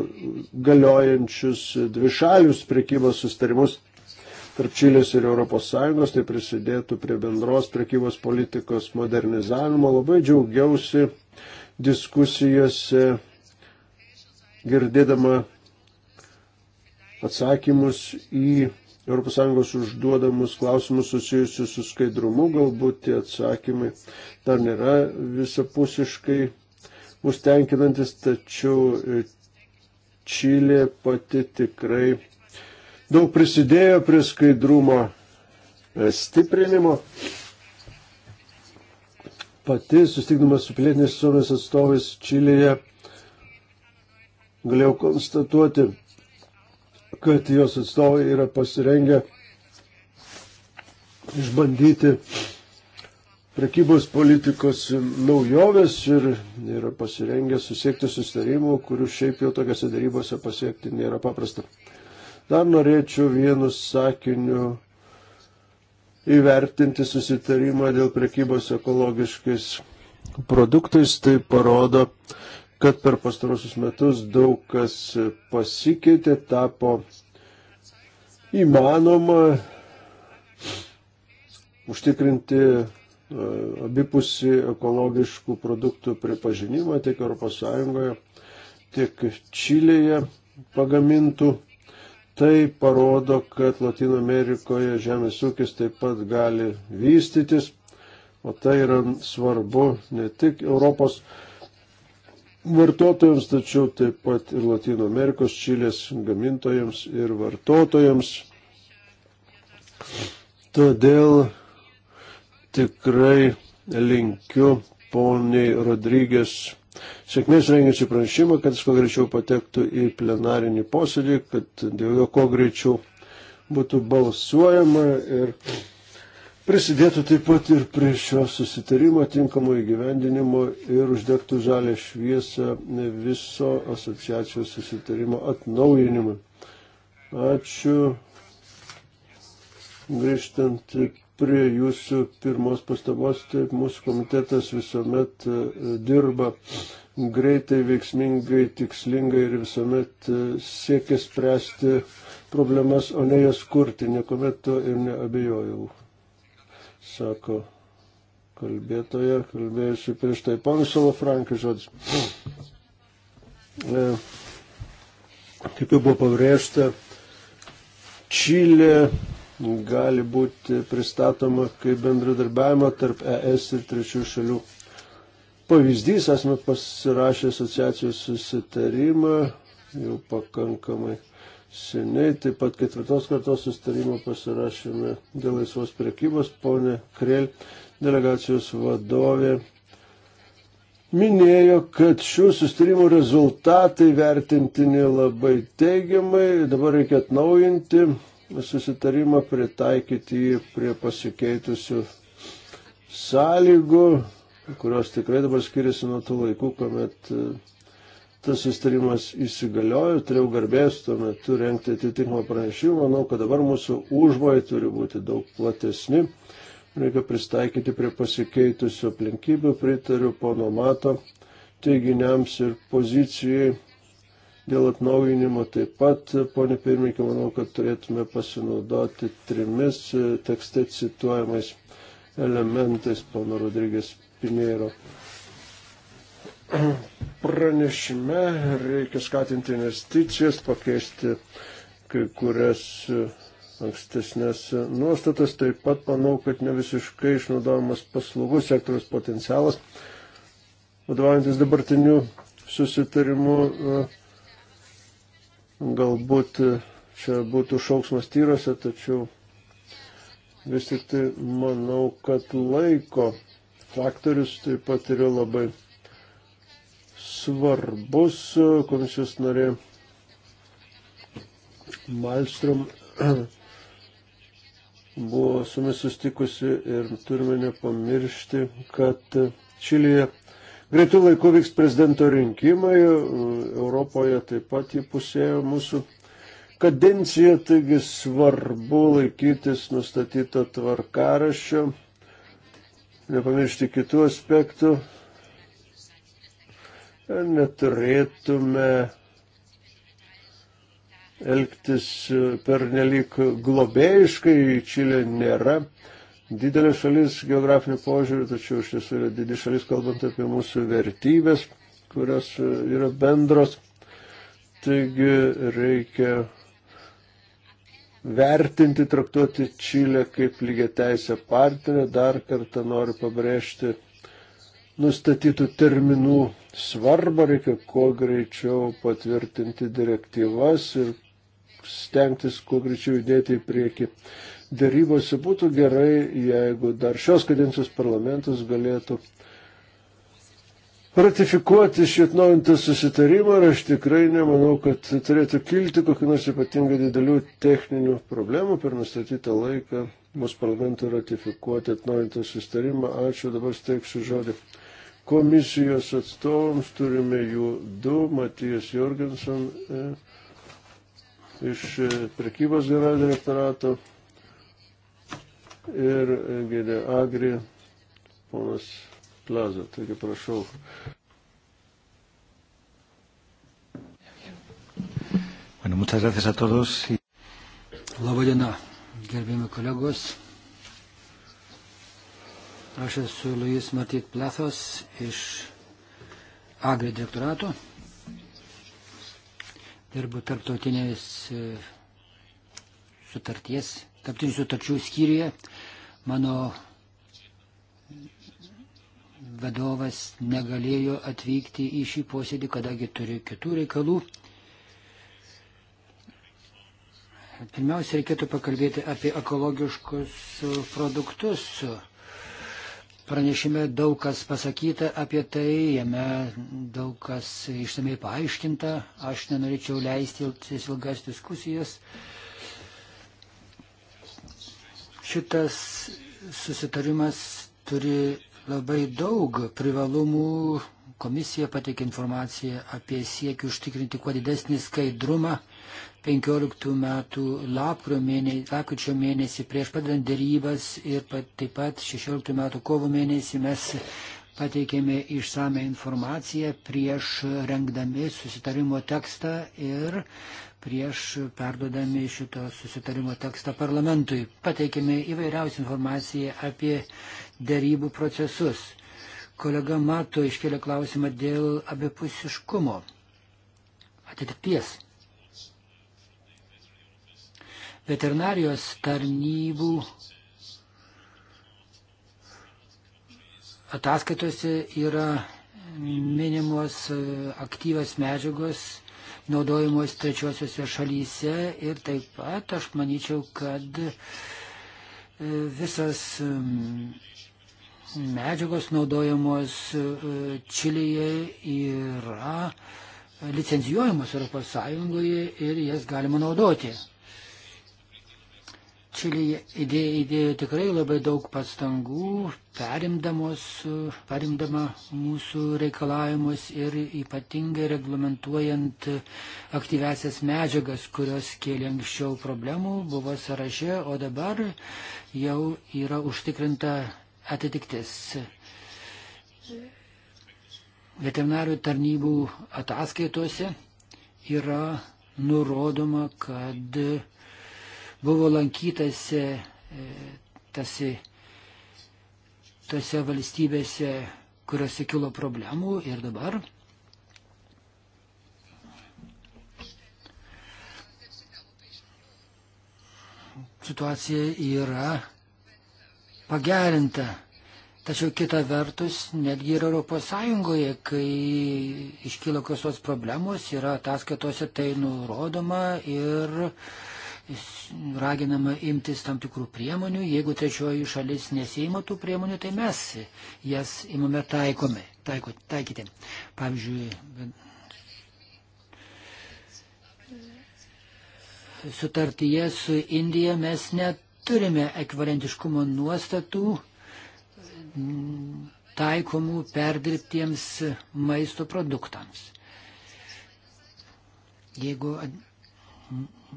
galiojančius dvišalius prekybos susitarimus tarp Čilės ir ES, tai prisidėtų prie bendros prekybos politikos modernizavimo. Labai džiaugiausi diskusijose girdėdama atsakymus į ES užduodamus klausimus susijusius su skaidrumu, galbūt tie atsakymai dar nėra visapusiškai mus tenkinantis, tačiau Čilė pati tikrai daug prisidėjo prie skaidrumo e, stiprinimo. Pati, sustikdamas su pilietinės visuomenės atstovais Čilėje, galėjau konstatuoti, kad jos atstovai yra pasirengę išbandyti prekybos politikos naujovės ir yra pasirengę susiekti sustarimų, kurių šiaip jau tokiose darybose pasiekti nėra paprasta. Dar norėčiau vienu sakiniu įvertinti susitarimą dėl prekybos ekologiškais produktais. Tai parodo, kad per pastarosius metus daug kas pasikeitė, tapo įmanoma užtikrinti e, abipusi ekologiškų produktų pripažinimą tiek ES, tiek Čilėje pagamintų Tai parodo, kad Latino Amerikoje žemės ūkis taip pat gali vystytis, o tai yra svarbu ne tik Europos vartotojams, tačiau taip pat ir Latino Amerikos čilės gamintojams ir vartotojams. Todėl tikrai linkiu poniai Rodrygės sėkmės rengiančią pranešimą, kad jis kuo greičiau patektų į plenarinį posėdį, kad dėl jo kuo greičiau būtų balsuojama ir prisidėtų taip pat ir prie šio susitarimo tinkamo įgyvendinimo ir uždegtų žalę šviesą viso asociacijos susitarimo atnaujinimui. Ačiū. Grįžtant prie jūsų pirmos pastabos, taip mūsų komitetas visuomet e, dirba greitai, veiksmingai, tikslingai ir visuomet e, siekia spręsti problemas, o ne jas kurti. Niekuomet to ir neabejojau, sako kalbėtoja, kalbėjusi prieš tai. Ponas Salo Frankas žodis. E, kaip jau buvo pabrėžta, Čilė gali būti pristatoma kaip bendradarbiavimo tarp ES ir trečių šalių. Pavyzdys, esame pasirašę asociacijos susitarimą jau pakankamai seniai, taip pat ketvirtos kartos susitarimą pasirašėme dėl laisvos priekybos, ponė Krėl, delegacijos vadovė minėjo, kad šių sustarimų rezultatai vertintini labai teigiamai, dabar reikia atnaujinti susitarimą, pritaikyti jį prie pasikeitusių sąlygų, kurios tikrai dabar skiriasi nuo tų laikų, kuomet e, tas sustarimas įsigaliojo, turėjau garbės tuo metu renkti atitinkamą pranešimą, manau, kad dabar mūsų užmojai turi būti daug platesni, reikia pristaikyti prie pasikeitusių aplinkybių, pritariu pono Mato teiginiams ir pozicijai dėl atnaujinimo taip pat, ponė pirmininkė, manau, kad turėtume pasinaudoti trimis e, tekste cituojamais elementais pono Rodrygės Pinėro. Pranešime reikia skatinti investicijas, pakeisti kai kurias e, ankstesnės e, nuostatas, taip pat manau, kad ne visiškai išnaudojamas paslaugų sektoriaus potencialas, vadovaujantis dabartiniu susitarimu, Galbūt e, čia būtų šauksmas tyrose, tačiau vis tik tai manau, kad laiko faktorius taip pat yra labai svarbus. Komisijos narė Malstrom buvo su mumis sustikusi ir turime nepamiršti, kad Čilėje Greitų laikų vyks prezidento rinkimai, Europoje taip pat įpusėjo mūsų kadencija, taigi svarbu laikytis nustatyto tvarkaraščio, nepamiršti kitų aspektų. Neturėtume elgtis per nelik globėjiškai, Čilė nėra didelė šalis geografinių požiūrių, tačiau iš tiesų yra didis šalis, kalbant apie mūsų vertybės, kurios e, yra bendros. Taigi reikia vertinti, traktuoti Čilę kaip lygiai teisę partnerę. Dar kartą noriu pabrėžti nustatytų terminų svarbą, reikia kuo greičiau patvirtinti direktyvas ir stengtis kuo greičiau judėti į priekį dėrybose būtų gerai, jeigu dar šios kadencijos parlamentas galėtų ratifikuoti šį atnaujintą susitarimą ir aš tikrai nemanau, kad turėtų kilti kokių nors ypatingai didelių techninių problemų per nustatytą laiką mūsų parlamentui ratifikuoti atnaujintą susitarimą. Ačiū, dabar steiksiu žodį. Komisijos atstovams turime jų du, Matijas Jorgensen e, iš e, prekybos generalinio direktorato ir e, Gėdė Agri, ponas Plaza. Taigi prašau. Bueno, muchas gracias a todos. Y... Labadiena, gerbėmi kolegos. Aš esu Luis Matyt Plathos iš Agri direktorato. Dirbu tarptautinės e, sutarties, tarptautinių sutarčių skyriuje. Mano vadovas negalėjo atvykti į šį posėdį, kadangi turi kitų reikalų. Pirmiausia, reikėtų pakalbėti apie ekologiškus produktus. Pranešime daug kas pasakyta apie tai, jame daug kas išsamei paaiškinta. Aš nenorėčiau leisti ilgas diskusijas. Uh, Šitas susitarimas turi labai daug privalumų. Komisija pateikė informaciją apie siekį užtikrinti kuo didesnį skaidrumą. 15 metų lapkričio mėnesį prieš padedant dėrybas ir pat, taip pat 16 metų kovo mėnesį mes pateikėme išsame informaciją prieš rengdami susitarimo tekstą ir prieš perdodami šito susitarimo tekstą parlamentui. Pateikėme įvairiausią informaciją apie dėrybų procesus. Kolega Mato iškėlė klausimą dėl abipusiškumo, atitikties. Veterinarijos tarnybų ataskaitose yra minimos e, aktyvas medžiagos naudojamos trečiosiuose šalyse ir taip pat aš manyčiau, kad e, visas medžiagos naudojamos e, Čilėje yra licencijuojamos ES ir jas galima naudoti. Čilėje idėja įdėjo tikrai labai daug pastangų, perimdama mūsų reikalavimus ir ypatingai reglamentuojant aktyvesias medžiagas, kurios kėlė anksčiau problemų, buvo sąraše, o dabar jau yra užtikrinta atitiktis. Veterinarių tarnybų ataskaitose yra nurodoma, kad buvo lankytasi e, tasi, tose valstybėse, kuriuose kilo problemų ir dabar. Situacija yra pagerinta. Tačiau kita vertus, netgi ir Europos Sąjungoje, kai iškyla kokios problemos, yra ataskaitose tai nurodoma ir uh, raginama imtis tam tikrų priemonių, jeigu trečioji šalis nesijima tų priemonių, tai mes jas imame taikome, taiko, taikyti. Pavyzdžiui, sutartyje su Indija mes neturime ekvivalentiškumo nuostatų taikomų perdirbtiems maisto produktams. Jeigu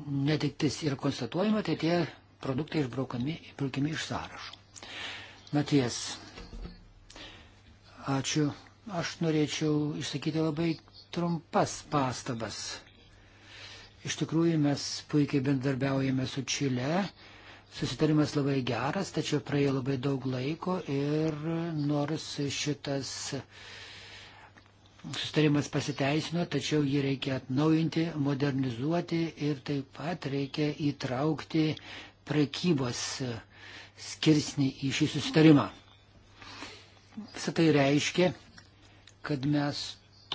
netiktis yra konstatuojama, tai tie produktai išbraukami, išbraukami iš sąrašo. Maties, ačiū. Aš norėčiau išsakyti labai trumpas pastabas. Iš tikrųjų, mes puikiai bendarbiaujame su Čile. Susitarimas labai geras, tačiau praėjo labai daug laiko ir nors šitas uh, sustarimas pasiteisino, tačiau jį reikia atnaujinti, modernizuoti ir taip pat reikia įtraukti prekybos skirsnį į šį sustarimą. Visą tai reiškia, kad mes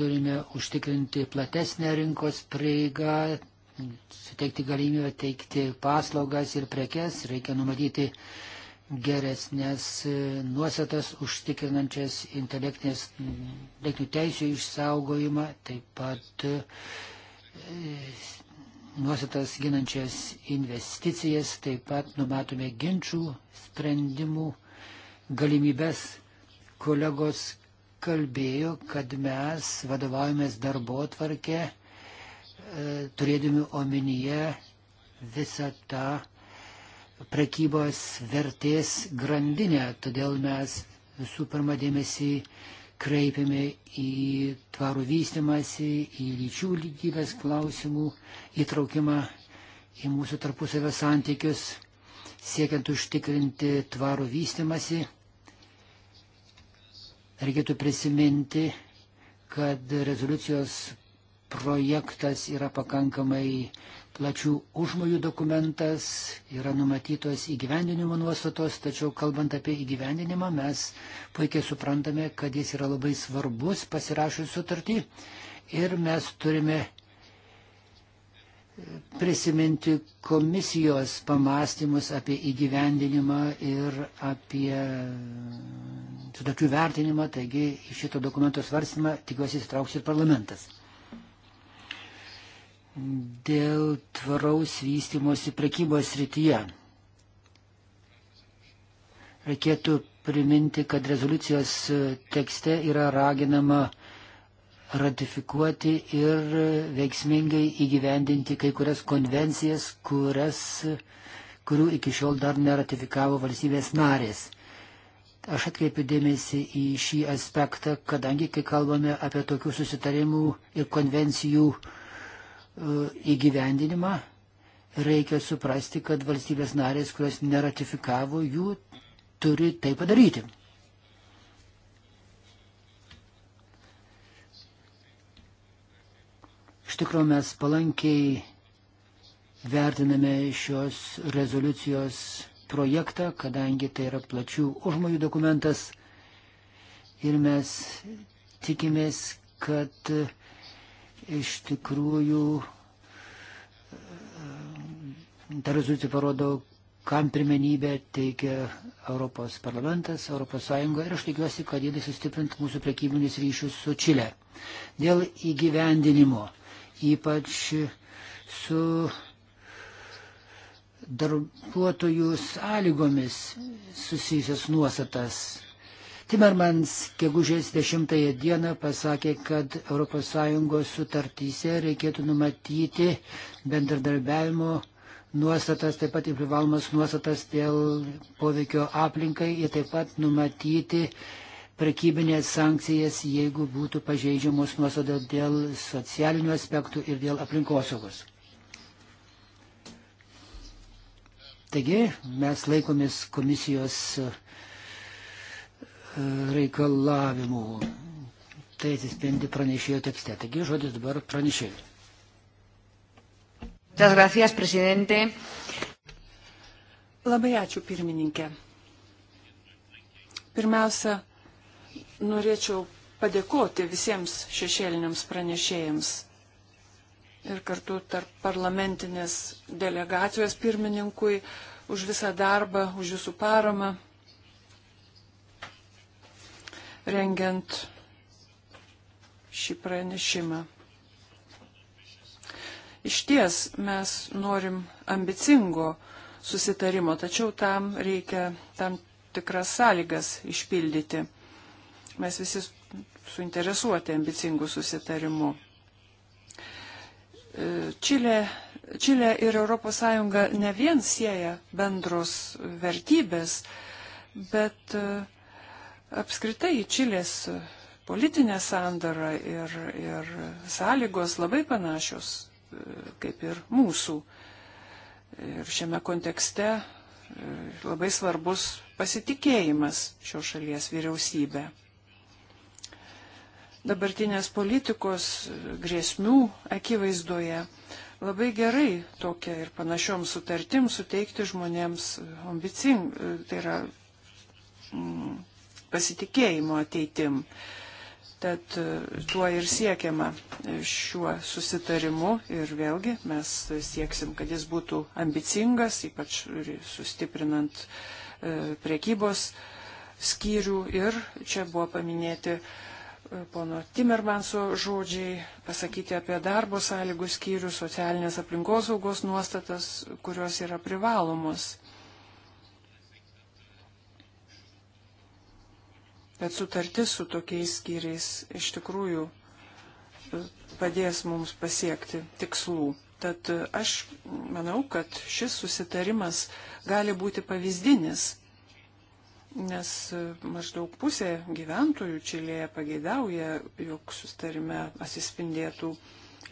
turime užtikrinti platesnę rinkos prieigą, suteikti galimybę teikti paslaugas ir prekes, reikia numatyti uh, geresnės e, nuostatas užtikrinančias intelektinės teisų išsaugojimą, taip pat e, nuostatas ginančias investicijas, taip pat numatome ginčių sprendimų galimybės. Kolegos kalbėjo, kad mes vadovaujamės darbo tvarkę, e, turėdami omenyje visą tą prekybos vertės grandinę. Todėl mes visų pirma dėmesį kreipiame į tvarų vystimąsi, į lyčių lygybės klausimų įtraukimą į mūsų tarpusavio santykius, siekiant užtikrinti tvarų vystimąsi. Reikėtų prisiminti, kad rezoliucijos projektas yra pakankamai plačių užmojų dokumentas, yra numatytos įgyvendinimo nuostatos, tačiau kalbant apie įgyvendinimą mes puikiai suprantame, kad jis yra labai svarbus pasirašus sutartį ir mes turime e, prisiminti komisijos pamastymus apie įgyvendinimą ir apie e, sutarčių vertinimą, taigi į šito dokumento svarstymą tikiuosi įsitrauks ir parlamentas dėl tvaraus vystimosi prekybos srityje. Reikėtų priminti, kad rezoliucijos tekste yra raginama ratifikuoti ir veiksmingai įgyvendinti kai kurias konvencijas, kurias, kurių iki šiol dar neratifikavo valstybės narės. Aš atkreipiu dėmesį į šį aspektą, kadangi, kai kalbame apie tokių susitarimų ir konvencijų uh, E, įgyvendinimą, reikia suprasti, kad valstybės narės, kurios neratifikavo, jų turi tai padaryti. Iš tikrųjų mes palankiai vertiname šios rezoliucijos projektą, kadangi tai yra plačių užmojų dokumentas ir mes tikimės, kad uh, iš tikrųjų ta rezoliucija parodo, kam pirmenybę teikia Europos parlamentas, Europos Sąjunga ir aš tikiuosi, kad jinai sustiprint mūsų prekybinius ryšius su Čile. Dėl įgyvendinimo, ypač su darbuotojų sąlygomis susijusias nuostatas Timmermans gegužės 10 dieną pasakė, kad ES sutartyse reikėtų numatyti bendradarbiavimo nuostatas, taip pat ir privalomas nuostatas dėl poveikio aplinkai ir taip pat numatyti prekybinės sankcijas, jeigu būtų pažeidžiamos nuostatas dėl socialinių aspektų ir dėl aplinkosaugos. Taigi mes laikomės komisijos reikalavimų. Tai atsispindi pranešėjo tekste. Taigi žodis dabar pranešėjai. Gracias, presidente. Labai ačiū, pirmininkė. Pirmiausia, norėčiau padėkoti visiems šešėliniams pranešėjams ir kartu tarp parlamentinės delegacijos pirmininkui už visą darbą, už jūsų paramą rengiant šį pranešimą. Iš ties mes norim ambicingo susitarimo, tačiau tam reikia tam tikras sąlygas išpildyti. Mes visi suinteresuoti ambicingų susitarimų. E, Čilė, Čilė ir ES ne vien sieja bendros vertybės, bet uh, apskritai Čilės politinė sandara ir, ir sąlygos labai panašios e, kaip ir mūsų. Ir šiame kontekste e, labai svarbus pasitikėjimas šios šalies vyriausybė. Dabartinės politikos e, grėsmių akivaizdoje labai gerai tokia ir panašiom sutartim suteikti žmonėms ambicing, tai yra mm, pasitikėjimo ateitim. Tad e, tuo ir siekiama šiuo susitarimu ir vėlgi mes sieksim, kad jis būtų ambicingas, ypač sustiprinant e, priekybos skyrių ir čia buvo paminėti e, pono Timermanso žodžiai, pasakyti apie darbo sąlygų skyrių, socialinės aplinkosaugos nuostatas, kurios yra privalomos. bet sutartis su tokiais skyriais iš tikrųjų e, padės mums pasiekti tikslų. Tad e, aš manau, kad šis susitarimas gali būti pavyzdinis, nes e, maždaug pusė gyventojų Čilėje pageidauja, jog susitarime asispindėtų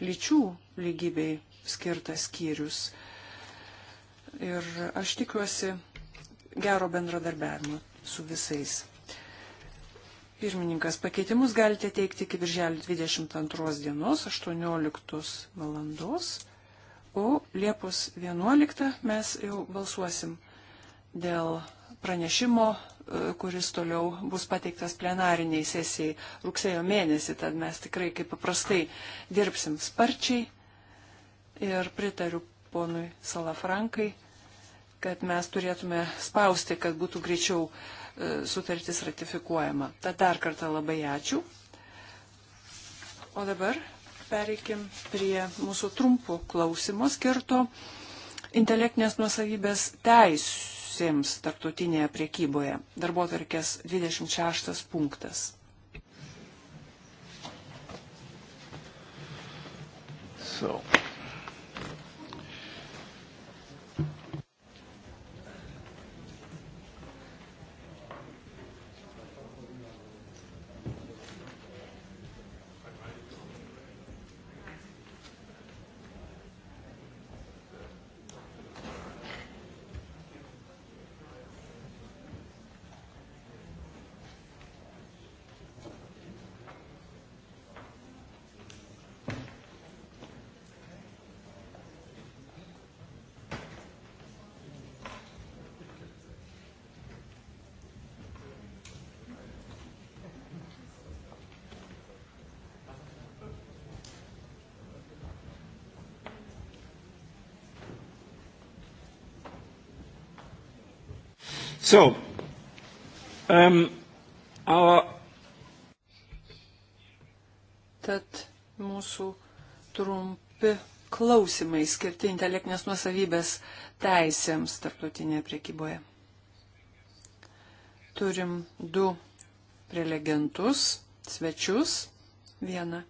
lyčių lygybei skirtas skyrius. Ir aš tikiuosi gero bendradarbiavimo su visais. Pirmininkas, pakeitimus galite teikti iki birželio 22 dienos, 18 valandos, o Liepos 11 mes jau balsuosim dėl pranešimo, e, kuris toliau bus pateiktas plenariniai sesijai rugsėjo mėnesį, tad mes tikrai kaip paprastai dirbsim sparčiai ir pritariu ponui Salafrankai, kad mes turėtume spausti, kad būtų greičiau uh, E, sutartis ratifikuojama. Tad dar kartą labai ačiū. O dabar pereikim prie mūsų trumpų klausimo skirto intelektinės nuosavybės teisėms tarptautinėje priekyboje. Darbotvarkės 26 punktas. So. So, um, our... Tad mūsų trumpi klausimai skirti intelektinės nuosavybės teisėms tarptautinėje priekyboje. Turim du prelegentus, svečius. Vieną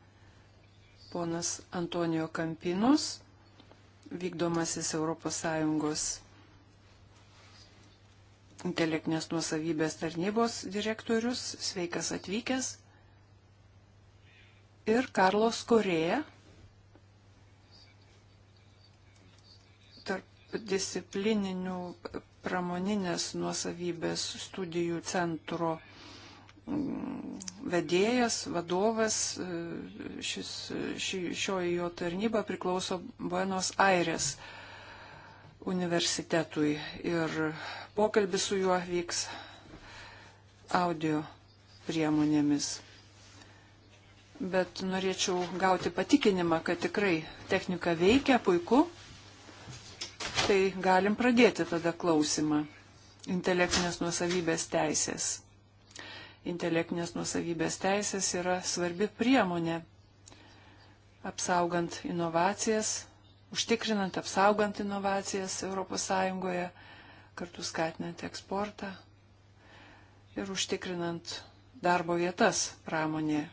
ponas Antonijo Kampinos, vykdomasis ES intelektinės nuosavybės tarnybos direktorius, sveikas atvykęs, ir Karlos Korėja, tarp disciplininių pramoninės nuosavybės studijų centro mm, vedėjas, vadovas, šis, ši, šioji jo tarnyba priklauso Buenos Aires universitetui ir pokalbis su juo vyks audio priemonėmis. Bet norėčiau gauti patikinimą, kad tikrai technika veikia puiku, tai galim pradėti tada klausimą. Intelektinės nuosavybės teisės. Intelektinės nuosavybės teisės yra svarbi priemonė apsaugant inovacijas, užtikrinant, apsaugant inovacijas ES, kartu skatinant eksportą ir užtikrinant darbo vietas pramonėje.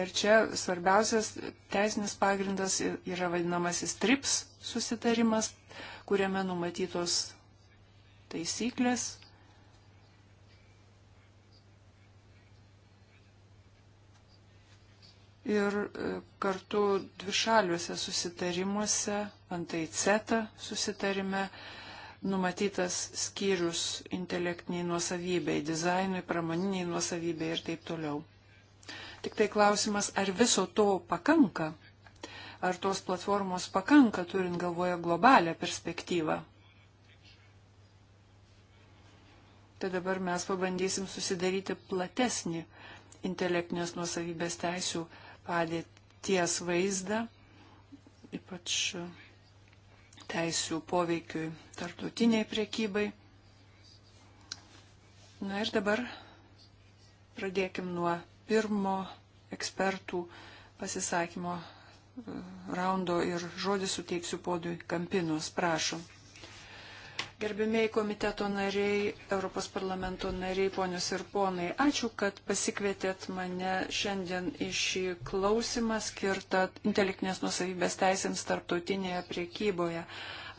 Ir čia svarbiausias teisinis pagrindas yra vadinamasis TRIPS susitarimas, kuriame numatytos taisyklės ir e, kartu dvišaliuose susitarimuose, antai CETA susitarime, numatytas skyrius intelektiniai nuosavybei, dizainui, pramoniniai nuosavybei ir taip toliau. Tik tai klausimas, ar viso to pakanka? Ar tos platformos pakanka, turint galvoje globalią perspektyvą? Tai dabar mes pabandysim susidaryti platesnį intelektinės nuosavybės teisų padėties vaizdą, ypač teisų poveikiui tartutiniai priekybai. Na ir dabar pradėkim nuo pirmo ekspertų pasisakymo e, raundo ir žodį suteiksiu podui Kampinos. Prašom. Gerbimiai komiteto nariai, Europos parlamento nariai, ponios ir ponai, ačiū, kad pasikvietėt mane šiandien į šį klausimą skirtą intelektinės nusavybės teisėms tarptautinėje priekyboje.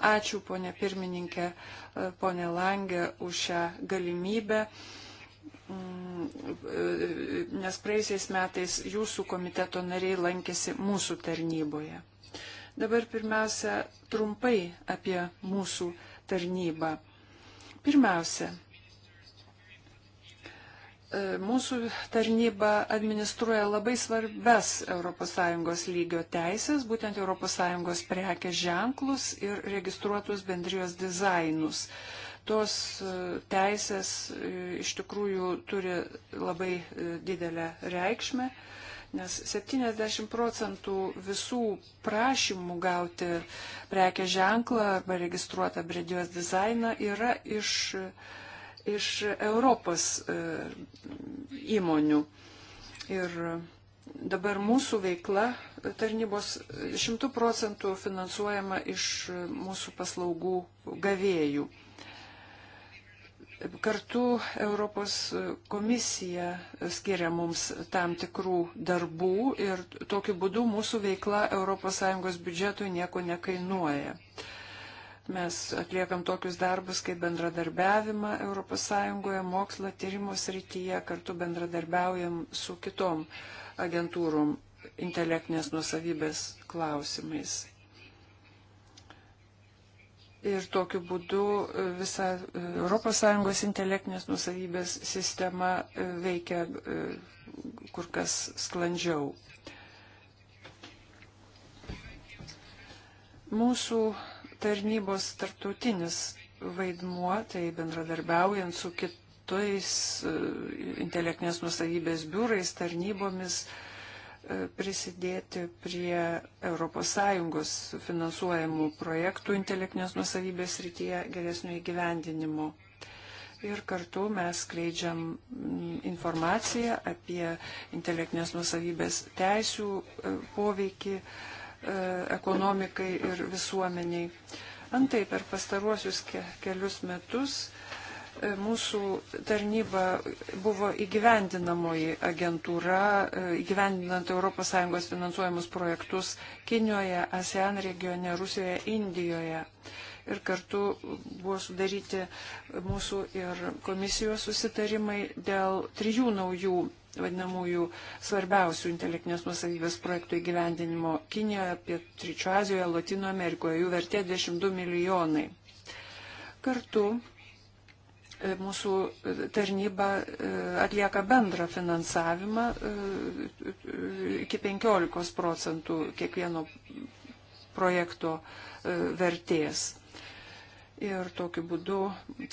Ačiū, ponė pirmininkė, e, ponė Langė, už šią galimybę mm, e, nes praeisiais metais jūsų komiteto nariai lankėsi mūsų tarnyboje. Dabar pirmiausia trumpai apie mūsų tarnybą tarnybą. Pirmiausia, e, mūsų tarnyba administruoja labai svarbes ES lygio teisės, būtent ES prekės ženklus ir registruotus bendrijos dizainus. Tos e, teisės e, iš tikrųjų turi labai didelę reikšmę nes 70 procentų visų prašymų gauti prekę ženklą arba registruotą bredijos dizainą yra iš, iš Europos e, įmonių. Ir dabar mūsų veikla tarnybos 100 procentų finansuojama iš mūsų paslaugų gavėjų. Kartu Europos komisija skiria mums tam tikrų darbų ir tokiu būdu mūsų veikla ES biudžetui nieko nekainuoja. Mes atliekam tokius darbus kaip bendradarbiavimą ES, mokslo tyrimo srityje, kartu bendradarbiaujam su kitom agentūrom intelektinės nuosavybės klausimais ir tokiu būdu e, visa e, ES intelektinės nusavybės sistema e, veikia kur kas sklandžiau. Mūsų tarnybos tarptautinis vaidmuo, tai bendradarbiaujant su kitais intelektinės nusavybės biurais, tarnybomis, uh, E, prisidėti prie ES finansuojamų projektų intelektinės nusavybės rytyje geresnio įgyvendinimo. Ir kartu mes skleidžiam mm, informaciją apie intelektinės nusavybės teisių e, poveikį e, ekonomikai ir visuomeniai. Antai per pastaruosius kelius metus E, mūsų tarnyba buvo įgyvendinamoji agentūra, e, įgyvendinant ES finansuojamus projektus Kinijoje, ASEAN regione, Rusijoje, Indijoje. Ir kartu buvo sudaryti mūsų ir komisijos susitarimai dėl trijų naujų vadinamųjų svarbiausių intelektinės nusavybės projektų įgyvendinimo Kinijoje, Pietryčio Azijoje, Latino Amerikoje. Jų vertė 22 milijonai. Kartu mūsų tarnyba e, atlieka bendrą finansavimą e, iki 15 procentų kiekvieno projekto e, vertės. Ir tokiu būdu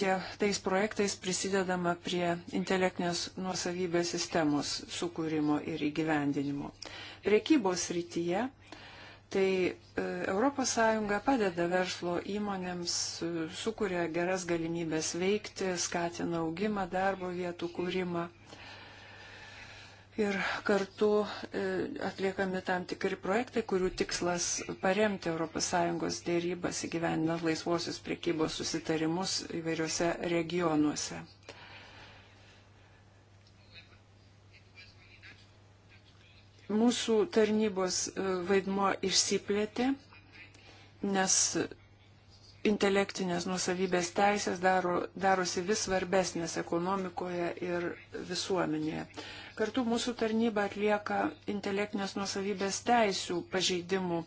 tie, tais projektais prisidedama prie intelektinės nuosavybės sistemos sukūrimo ir įgyvendinimo. Prekybos rytyje tai ES padeda verslo įmonėms, e, sukuria geras galimybės veikti, skatina augimą, darbo vietų kūrimą. Ir kartu e, atliekami tam tikri projektai, kurių tikslas paremti ES dėrybas įgyvendinant laisvosios priekybos susitarimus įvairiuose regionuose. Mūsų tarnybos e, vaidmo išsiplėtė, nes intelektinės nusavybės teisės daro, darosi vis svarbesnės ekonomikoje ir visuomenėje. Kartu mūsų tarnyba atlieka intelektinės nusavybės teisų pažeidimų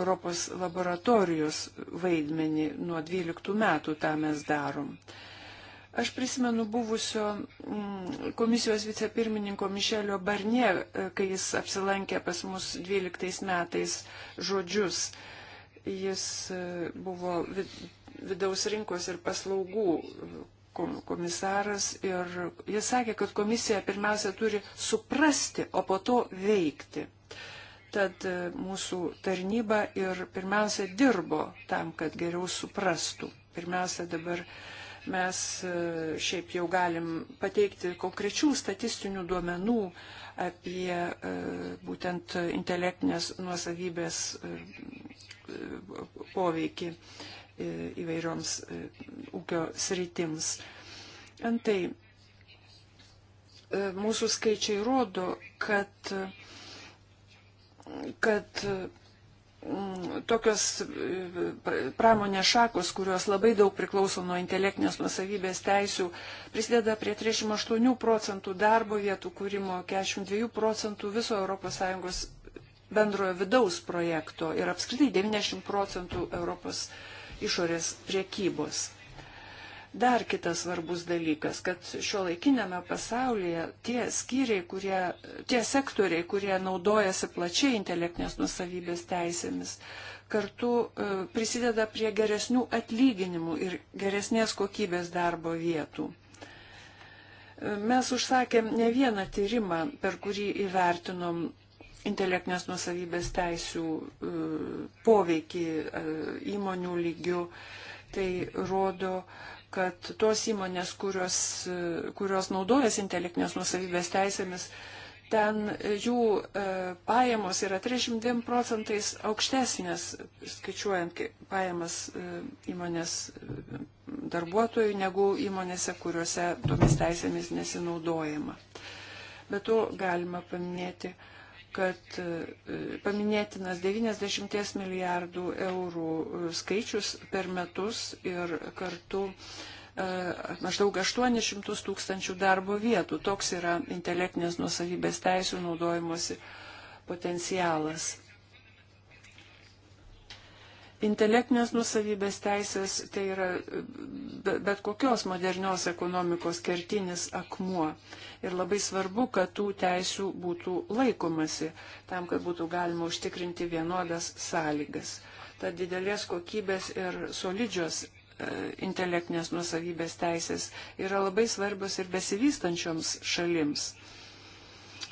Europos laboratorijos vaidmenį. Nuo 12 metų tą mes darom. Aš prisimenu buvusio mm, komisijos vicepirmininko Mišelio Barnie, e, kai jis apsilankė pas mus 12 metais žodžius. Jis e, buvo vidaus rinkos ir paslaugų e, komisaras ir jis sakė, kad komisija pirmiausia turi suprasti, o po to veikti. Tad mūsų tarnyba ir pirmiausia dirbo tam, kad geriau suprastų. Pirmiausia dabar uh, Mes e, šiaip jau galim pateikti konkrečių statistinių duomenų apie e, būtent intelektinės nuosavybės e, poveikį įvairioms ūkio sritims. Antai, mūsų skaičiai rodo, kad, kad Mm, tokios e, pramonės šakos, kurios labai daug priklauso nuo intelektinės nusavybės teisių, prisideda prie 38 procentų darbo vietų kūrimo, 42 procentų viso ES bendrojo vidaus projekto ir apskritai 90 procentų Europos išorės priekybos. Dar kitas svarbus dalykas, kad šio laikinėme pasaulyje tie skyriai, kurie, tie sektoriai, kurie naudojasi plačiai intelektinės nusavybės teisėmis, kartu e, prisideda prie geresnių atlyginimų ir geresnės kokybės darbo vietų. E, mes užsakėm ne vieną tyrimą, per kurį įvertinom intelektinės nusavybės teisių e, poveikį įmonių lygių. Tai rodo, kad tos įmonės, kurios, kurios naudojasi intelektinės nusavybės teisėmis, ten jų e, pajamos yra 32 procentais aukštesnės, skaičiuojant pajamas e, įmonės e, darbuotojų, negu įmonėse, kuriuose tomis teisėmis nesinaudojama. Bet to galima paminėti kad e, paminėtinas 90 milijardų eurų e, skaičius per metus ir kartu e, maždaug 800 tūkstančių darbo vietų. Toks yra intelektinės nuosavybės teisų naudojimuose potencialas. Intelektinės nusavybės teisės tai yra e, bet kokios modernios ekonomikos kertinis akmuo. Ir labai svarbu, kad tų teisių būtų laikomasi, tam, kad būtų galima užtikrinti vienodas sąlygas. Tad didelės kokybės ir solidžios e, intelektinės nusavybės teisės yra labai svarbios ir besivystančioms šalims.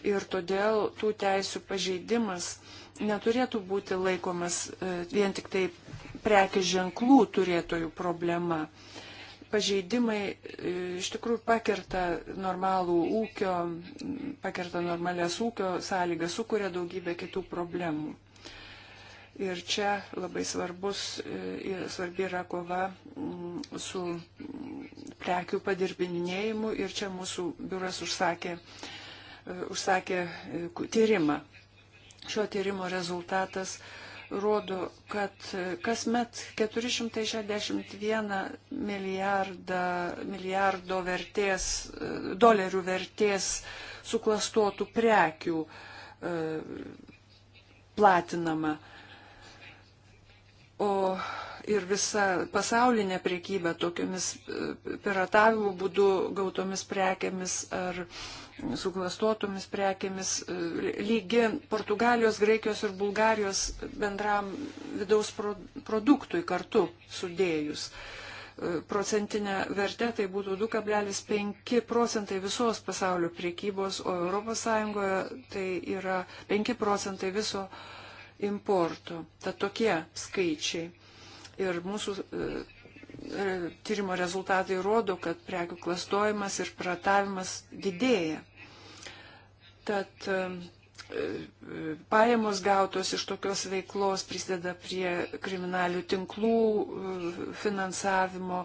Ir todėl tų teisių pažeidimas neturėtų būti laikomas e, vien tik tai prekių ženklų turėtojų problema. Pažeidimai e, iš tikrųjų pakerta normalų ūkio, pakerta normalės ūkio sąlygas, sukuria daugybę kitų problemų. Ir čia labai svarbus, e, svarbi yra kova mm, su prekių padirbinėjimu ir čia mūsų biuras užsakė, užsakė tyrimą Šio tyrimo rezultatas rodo, kad kasmet 461 milijardą, milijardo vertės, dolerių vertės suklastotų prekių e, platinama. O ir visa pasaulinė priekyba tokiamis e, piratavimo būdu gautomis prekėmis ar suklastotomis prekėmis e, lygi Portugalijos, Graikijos ir Bulgarijos bendram vidaus produktui kartu sudėjus. E, procentinė vertė tai būtų 2,5 procentai visos pasaulio priekybos, o ES tai yra 5 procentai viso importo. Tad tokie skaičiai. Ir mūsų e, tyrimo rezultatai rodo, kad prekių klastojimas ir pratavimas didėja. Tad e, e, pajamos gautos iš tokios veiklos prisideda prie kriminalių tinklų finansavimo,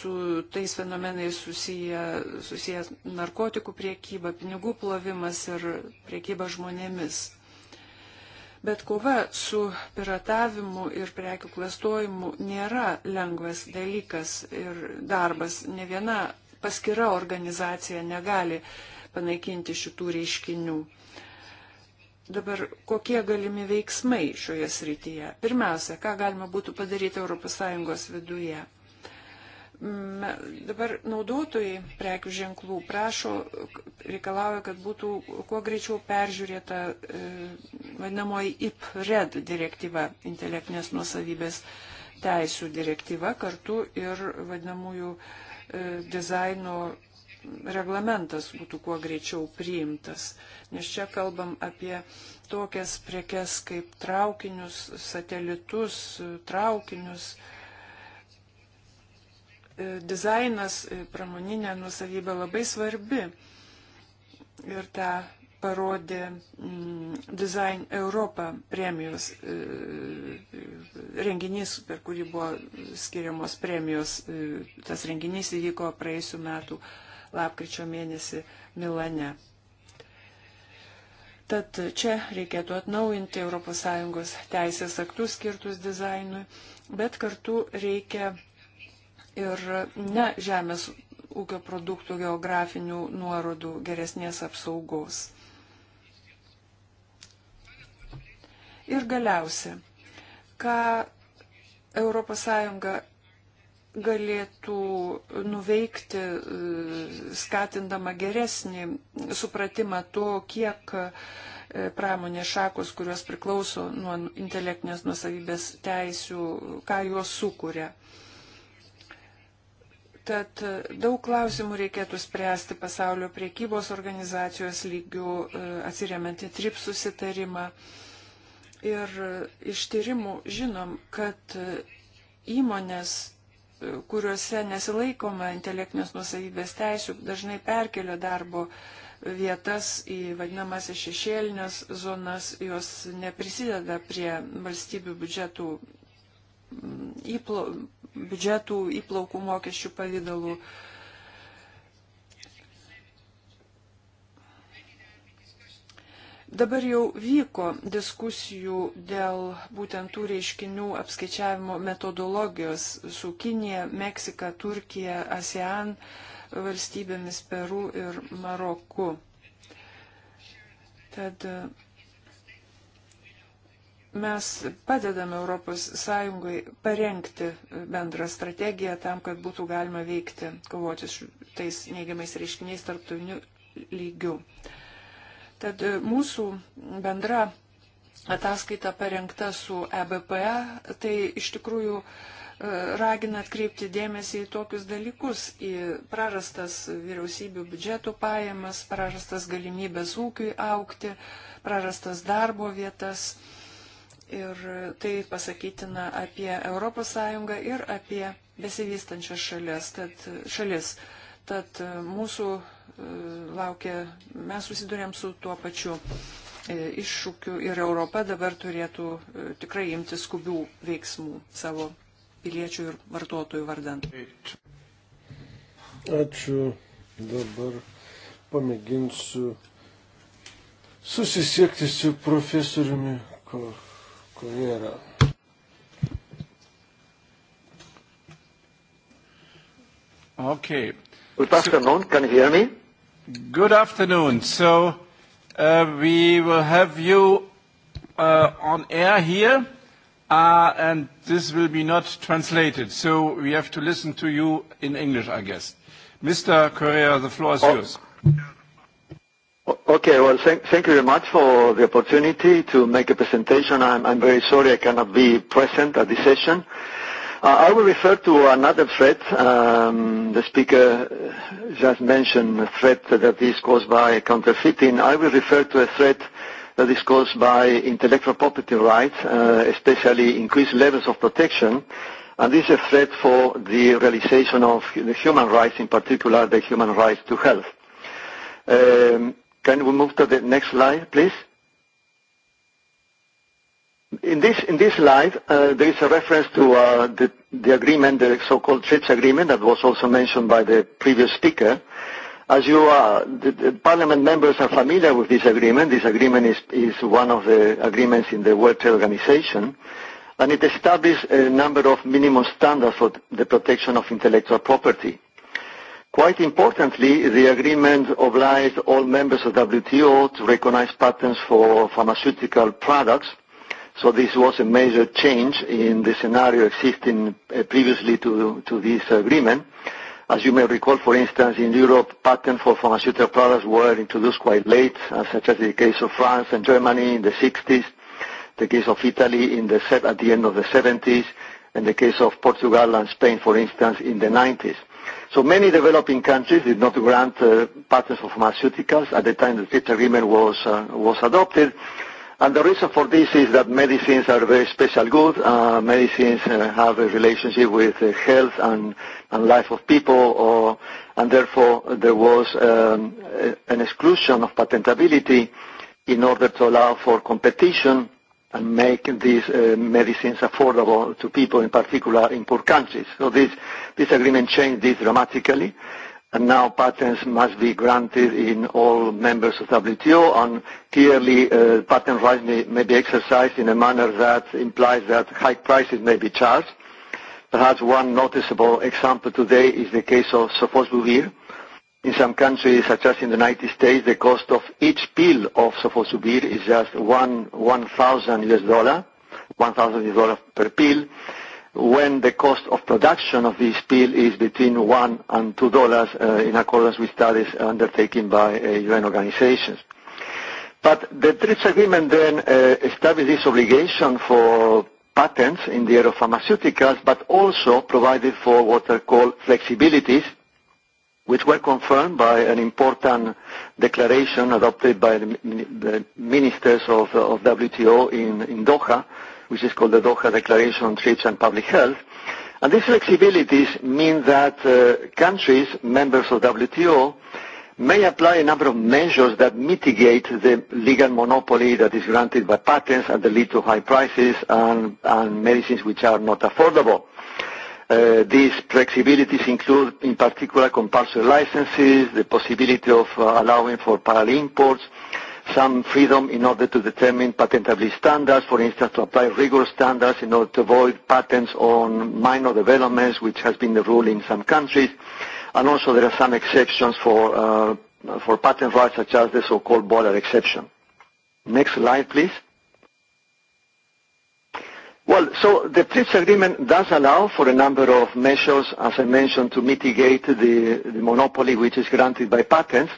su tais fenomenais susiję, susiję narkotikų priekyba, pinigų plovimas ir priekyba žmonėmis. Bet kova su piratavimu ir prekių klastojimu nėra lengvas dalykas ir darbas. Ne viena paskira organizacija negali panaikinti šitų reiškinių. Dabar kokie galimi veiksmai šioje srityje? Pirmiausia, ką galima būtų padaryti ES viduje? Dabar naudotojai prekių ženklų prašo, reikalauja, kad būtų kuo greičiau peržiūrėta e, vadinamoji IPRED direktyva, intelektinės nuosavybės teisų direktyva, kartu ir vadinamųjų e, dizaino reglamentas būtų kuo greičiau priimtas. Nes čia kalbam apie tokias prekes kaip traukinius, satelitus, traukinius, traukinius E, dizainas, e, pramoninė nusavybė labai svarbi. Ir tą parodė mm, Design Europa premijos e, renginys, per kurį buvo skiriamos premijos. Tas renginys įvyko praėjusiu metu lapkričio mėnesį Milane. Tad čia reikėtų atnaujinti ES teisės aktus skirtus dizainui, bet kartu reikia ir ne žemės ūkio produktų geografinių nuorodų geresnės apsaugos. Ir galiausia, ką ES galėtų nuveikti, e, skatindama geresnį supratimą to, kiek e, pramonės šakos, kurios priklauso nuo intelektinės nusavybės teisių, ką juos sukuria. Tad e, daug klausimų reikėtų spręsti pasaulio priekybos organizacijos lygių, e, atsiriamant į TRIPS susitarimą. Ir e, iš tyrimų žinom, kad įmonės, kuriuose nesilaikoma intelektinės nusavybės teisių, dažnai perkelio darbo vietas į vadinamas šešėlinės zonas, jos neprisideda prie valstybių biudžetų įplo, biudžetų įplaukų mokesčių pavydalų. Dabar jau vyko diskusijų dėl būtent tų reiškinių apskaičiavimo metodologijos su Kinija, Meksika, Turkija, ASEAN valstybėmis Peru ir Maroku. Tad mes padedame ES parengti bendrą strategiją tam, kad būtų galima veikti, kovoti su tais neigiamais reiškiniais tarptautiniu lygiu. Tad e, mūsų bendra ataskaita parengta su EBPA, e, tai iš tikrųjų e, ragina atkreipti dėmesį į tokius dalykus, į prarastas vyriausybių biudžetų pajamas, prarastas galimybės ūkiui aukti, prarastas darbo vietas, uh, Ir tai pasakytina apie ES ir apie besivystančias šalis. Tad, šalis. Tad e, mūsų e, laukia, mes susidurėm su tuo pačiu e, iššūkiu ir Europa dabar turėtų tikrai imti skubių veiksmų savo piliečių ir vartotojų vardant. Ačiū. Dabar pamėginsiu susisiekti su profesoriumi Koch. Corriero. Okay. Good afternoon. So, Can you hear me? Good afternoon. So uh, we will have you uh, on air here, uh, and this will be not translated. So we have to listen to you in English, I guess. Mr. Correa, the floor is oh. yours. Okay. Well, thank you very much for the opportunity to make a presentation. I'm very sorry I cannot be present at this session. Uh, I will refer to another threat. Um, the speaker just mentioned a threat that is caused by counterfeiting. I will refer to a threat that is caused by intellectual property rights, uh, especially increased levels of protection. This is a threat for the realization of the human rights, in particular, the human rights to health. Um, Can we move to the next slide, please? In this, in this slide, uh, there is a reference to uh, the, the agreement, the so-called TRIPS agreement that was also mentioned by the previous speaker. As you are, the, the Parliament members are familiar with this agreement. This agreement is, is one of the agreements in the World Trade Organization, and it established a number of minimum standards for the protection of intellectual property. Quite importantly, the agreement obliged all members of WTO to recognize patents for pharmaceutical products. So this was a major change in the scenario existing uh, previously to, to this agreement. As you may recall, for instance, in Europe, patents for pharmaceutical products were introduced quite late, uh, such as the case of France and Germany in the 60s, the case of Italy in the at the end of the 70s, and the case of Portugal and Spain, for instance, in the 90s. So many developing countries did not grant uh, patents for pharmaceuticals at the time the TRIPS agreement was, uh, was adopted. And the reason for this is that medicines are very special good. Uh, medicines uh, have a relationship with uh, health and, and life of people, or, uh, and therefore uh, there was um, a, an exclusion of patentability in order to allow for competition and make these uh, medicines affordable to people, in particular in poor countries. So this, this agreement changed this dramatically, and now patents must be granted in all members of WTO, and clearly uh, patent rights may, may be exercised in a manner that implies that high prices may be charged. Perhaps one noticeable example today is the case of Sofosbuvir, In some countries, such as in the United States, the cost of each pill of sofosbuvir is just one one thousand US dollar, one thousand US dollar per pill, when the cost of production of this pill is between one and two dollars uh, in accordance with studies undertaken by uh, UN organizations. But the TRIPS agreement then uh, established this obligation for patents in the area of pharmaceuticals, but also provided for what are called flexibilities which were confirmed by an important declaration adopted by the, the ministers of, of WTO in, in Doha, which is called the Doha Declaration on Trips and Public Health. And these flexibilities mean that uh, countries, members of WTO, may apply a number of measures that mitigate the legal monopoly that is granted by patents and that lead to high prices and, and medicines which are not affordable. Uh, these flexibilities include, in particular, compulsory licenses, the possibility of uh, allowing for parallel imports, some freedom in order to determine patentability standards, for instance, to apply rigorous standards in order to avoid patents on minor developments, which has been the rule in some countries. And also there are some exceptions for, uh, for patent rights, such as the so-called border exception. Next slide, please. Well, so the TRIPS agreement does allow for a number of measures, as I mentioned, to mitigate the, the monopoly which is granted by patents.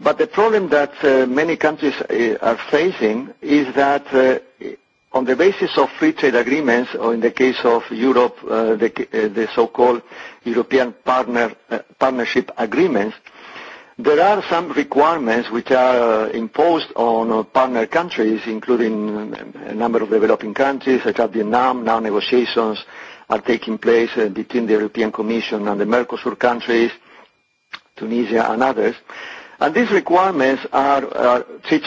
But the problem that uh, many countries uh, are facing is that uh, on the basis of free trade agreements, or in the case of Europe, uh, the, uh, the so-called European partner, uh, partnership agreements, uh, There are some requirements which are uh, imposed on uh, partner countries, including uh, a number of developing countries such as Vietnam. Now negotiations are taking place between the European Commission and the Mercosur countries, Tunisia and others. These requirements are TRIPS+.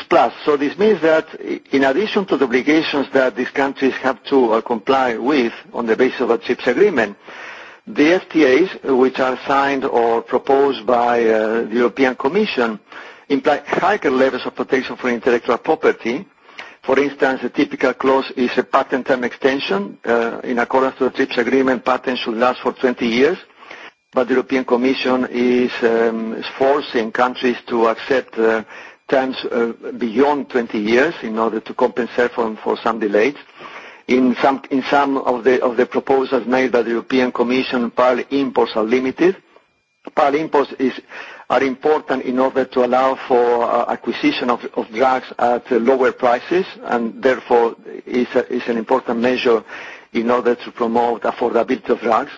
This means that in addition to the obligations that these countries have to comply with on the basis of a TRIPS agreement, The FTAs, which are signed or proposed by uh, the European Commission, imply higher levels of protection for intellectual property. For instance, a typical clause is a patent term extension. Uh, in accordance to the TRIPS agreement, patents should last for 20 years, but the European Commission is, um, is forcing countries to accept uh, terms uh, beyond 20 years in order to compensate for, for some delays. In some, in some of, the, of the proposals made by the European Commission, parallel imports are limited. Parallel imports is, are important in order to allow for uh, acquisition of, of drugs at uh, lower prices, and therefore is, a, is an important measure in order to promote affordability of drugs.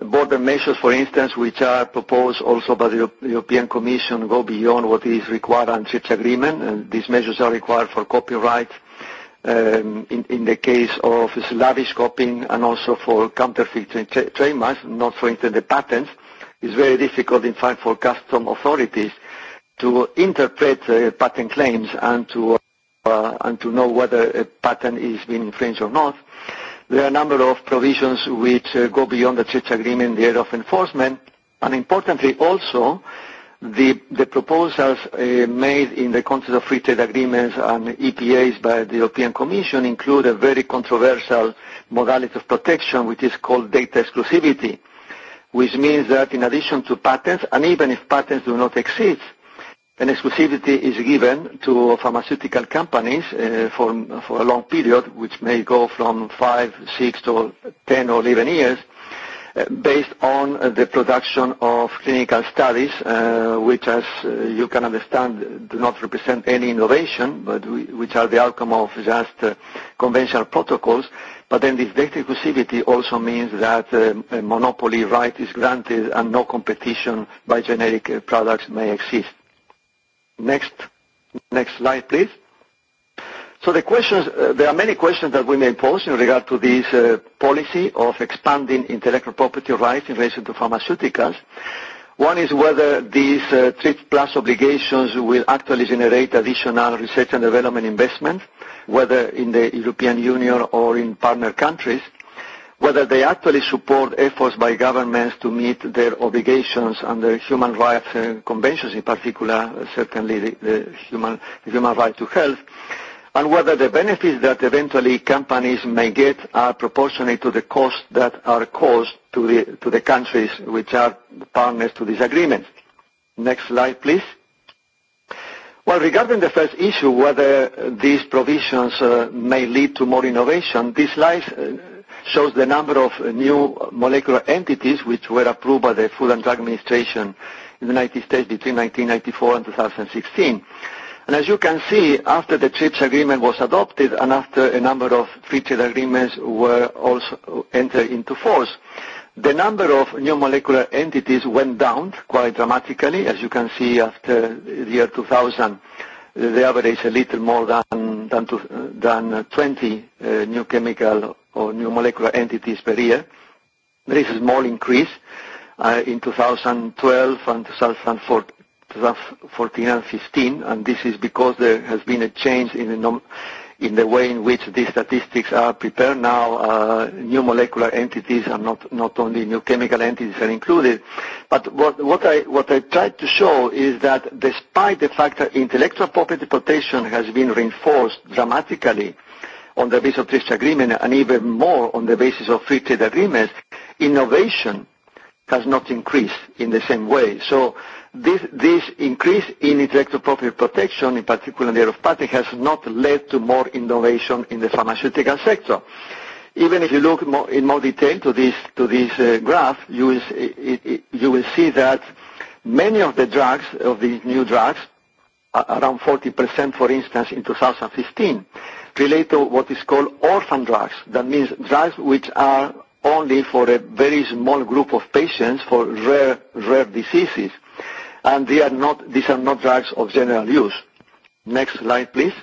Border measures, for instance, which are proposed also by the European Commission, go beyond what is required under TRIPS agreement, and these measures are required for copyright um, in, in the case of Slavish copying and also for counterfeit tra trademarks, not for instance the patents, it's very difficult in fact for custom authorities to interpret uh, patent claims and to, uh, and to know whether a patent is being infringed or not. There are a number of provisions which uh, go beyond the church agreement, the area of enforcement, and importantly also, uh, The, the proposals uh, made in the context of free trade agreements and EPAs by the European Commission include a very controversial modality of protection, which is called data exclusivity, which means that in addition to patents, and even if patents do not exist, an exclusivity is given to pharmaceutical companies uh, for, for a long period, which may go from five, six to 10 or 11 years, based on the production of clinical studies, uh, which as uh, you can understand, do not represent any innovation, but which are the outcome of just uh, conventional protocols. This data exclusivity also means that um, a monopoly right is granted and no competition by generic products may exist. Next slide, please. So the questions, uh, there are many questions that we may pose in regard to this uh, policy of expanding intellectual property rights in relation to pharmaceuticals. One is whether these uh, TRIPS Plus obligations will actually generate additional research and development investment, whether in the European Union or in partner countries, whether they actually support efforts by governments to meet their obligations under human rights uh, conventions, in particular, uh, certainly the, the, human, the human right to health, uh, and whether the benefits that eventually companies may get are proportionate to the cost that are caused to the, to the countries which are partners to this agreement. Next slide, please. Well, regarding the first issue, whether these provisions uh, may lead to more innovation, this slide uh, shows the number of new molecular entities which were approved by the Food and Drug Administration in the United States between 1994 and 2016. As you can see, after the TRIPS agreement was adopted and after a number of free trade agreements were also entered into force, the number of new molecular entities went down quite dramatically. As you can see, after the year 2000, the average a little more than 20 uh, new chemical or new molecular entities per year. There is a small increase uh, in 2012 and 2014, 2014 and 2015, and this is because there has been a change in the nom in the way in which these statistics are prepared now, uh, new molecular entities and not, not only new chemical entities are included. But what, what, I, what I tried to show is that despite the fact that intellectual property protection has been reinforced dramatically on the basis of trade agreement and even more on the basis of free trade agreements, innovation has not increased in the same way. So This, this increase in intellectual property protection, in particular in the area of patent, has not led to more innovation in the pharmaceutical sector. Even if you look more, in more detail to this, to this uh, graph, you will, it, it, you will see that many of the drugs, of these new drugs, around 40%, for instance, in 2015, relate to what is called orphan drugs. That means drugs which are only for a very small group of patients for rare, rare diseases and they are not, these are not drugs of general use. Next slide, please.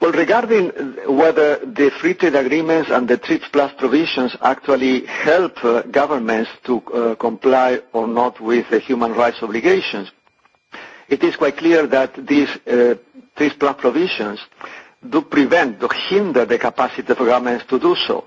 Well, regarding whether the free trade agreements and the TRIPS Plus provisions actually help uh, governments to uh, comply or not with the human rights obligations, it is quite clear that these uh, TRIPS Plus provisions do prevent, do hinder the capacity of governments to do so.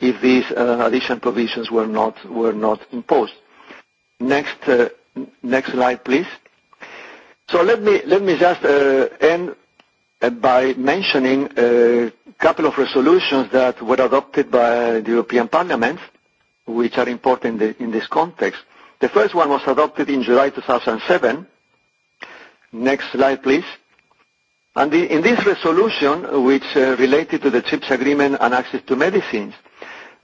if these uh, additional provisions were not, were not imposed. Next, uh, next slide, please. So let me, let me just uh, end uh, by mentioning a uh, couple of resolutions that were adopted by the European Parliament, which are important in, the, in this context. The first one was adopted in July 2007. Next slide, please. And in this resolution, which uh, related to the CHIPS agreement and access to medicines,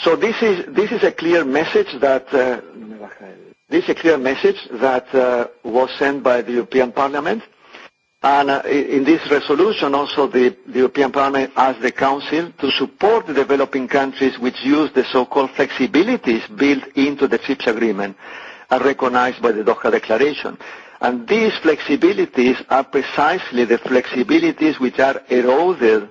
So this is this is a clear message that uh, this is a clear message that uh, was sent by the European Parliament, and uh, in this resolution also the, the European Parliament asked the Council to support the developing countries which use the so-called flexibilities built into the TRIPS agreement and recognized by the Doha Declaration. And these flexibilities are precisely the flexibilities which are eroded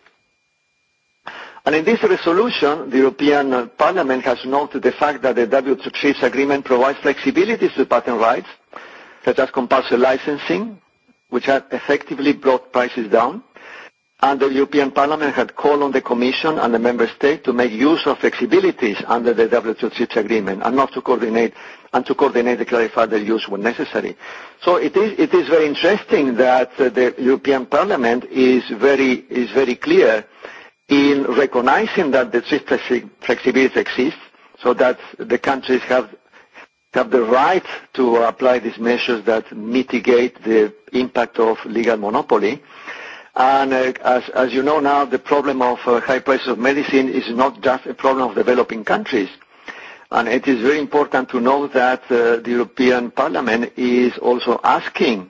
And in this resolution, the European Parliament has noted the fact that the W2CIPS agreement provides flexibility to patent rights, such as compulsory licensing, which had effectively brought prices down. And the European Parliament had called on the Commission and the Member State to make use of flexibilities under the W2CIPS agreement and not to coordinate and to coordinate and clarify their use when necessary. So it is, it is very interesting that uh, the European Parliament is very, is very clear uh, in recognizing that the system flexibility exists so that the countries have have the right to apply these measures that mitigate the impact of legal monopoly. And uh, as, as you know now, the problem of uh, high prices of medicine is not just a problem of developing countries. And it is very important to know that uh, the European Parliament is also asking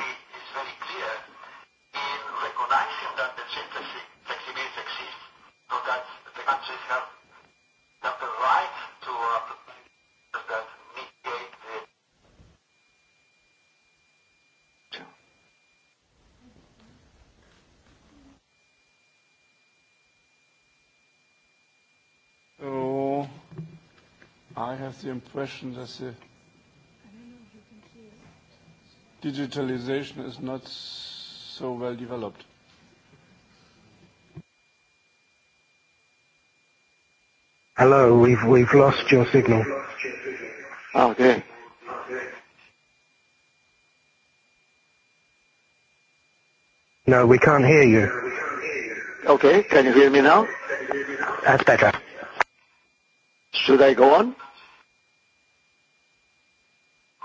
the impression that the digitalization is not so well developed. Hello, we've we've lost your signal. Okay. No, we can't hear you. Okay, can you hear me now? That's better. Should I go on?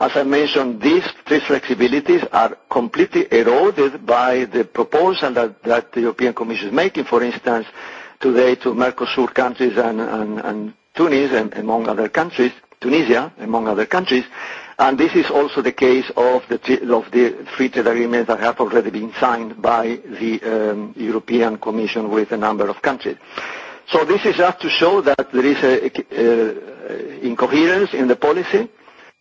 As I mentioned, these three flexibilities are completely eroded by the proposal that the European Commission is making, for instance, today to Mercosur countries and Tunis, among other countries, Tunisia, among other countries. This is also the case of the free trade agreements that have already been signed by the um, European Commission with a number of countries. This is just to show that there is a incoherence in the policy,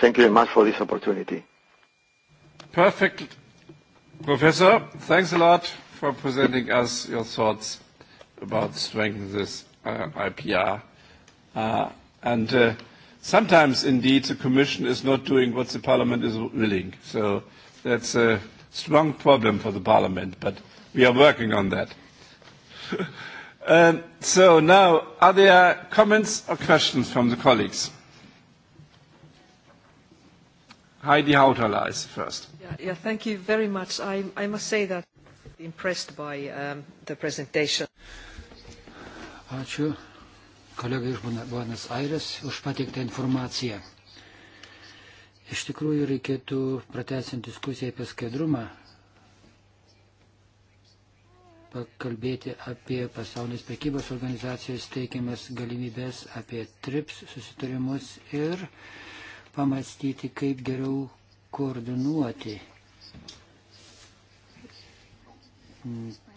Thank you very much for this opportunity. Perfect. Professor, thanks a lot for presenting us your thoughts about strengthening this uh, IPR. Uh, and uh, sometimes, indeed, the Commission is not doing what the Parliament is willing. So that's a strong problem for the Parliament, but we are working on that. um, so now, are there comments or questions from the colleagues? Heidi Hautala is first. Yeah, yeah, thank you very much. I, I must say that impressed by um, the presentation. Ačiū kolegai iš Buenos Aires už pateiktą informaciją. Iš tikrųjų reikėtų pratesinti diskusiją apie skaidrumą, pakalbėti apie pasaulinės prekybos organizacijos teikiamas galimybės, apie TRIPS susitarimus ir uh, pamastyti, kaip geriau koordinuoti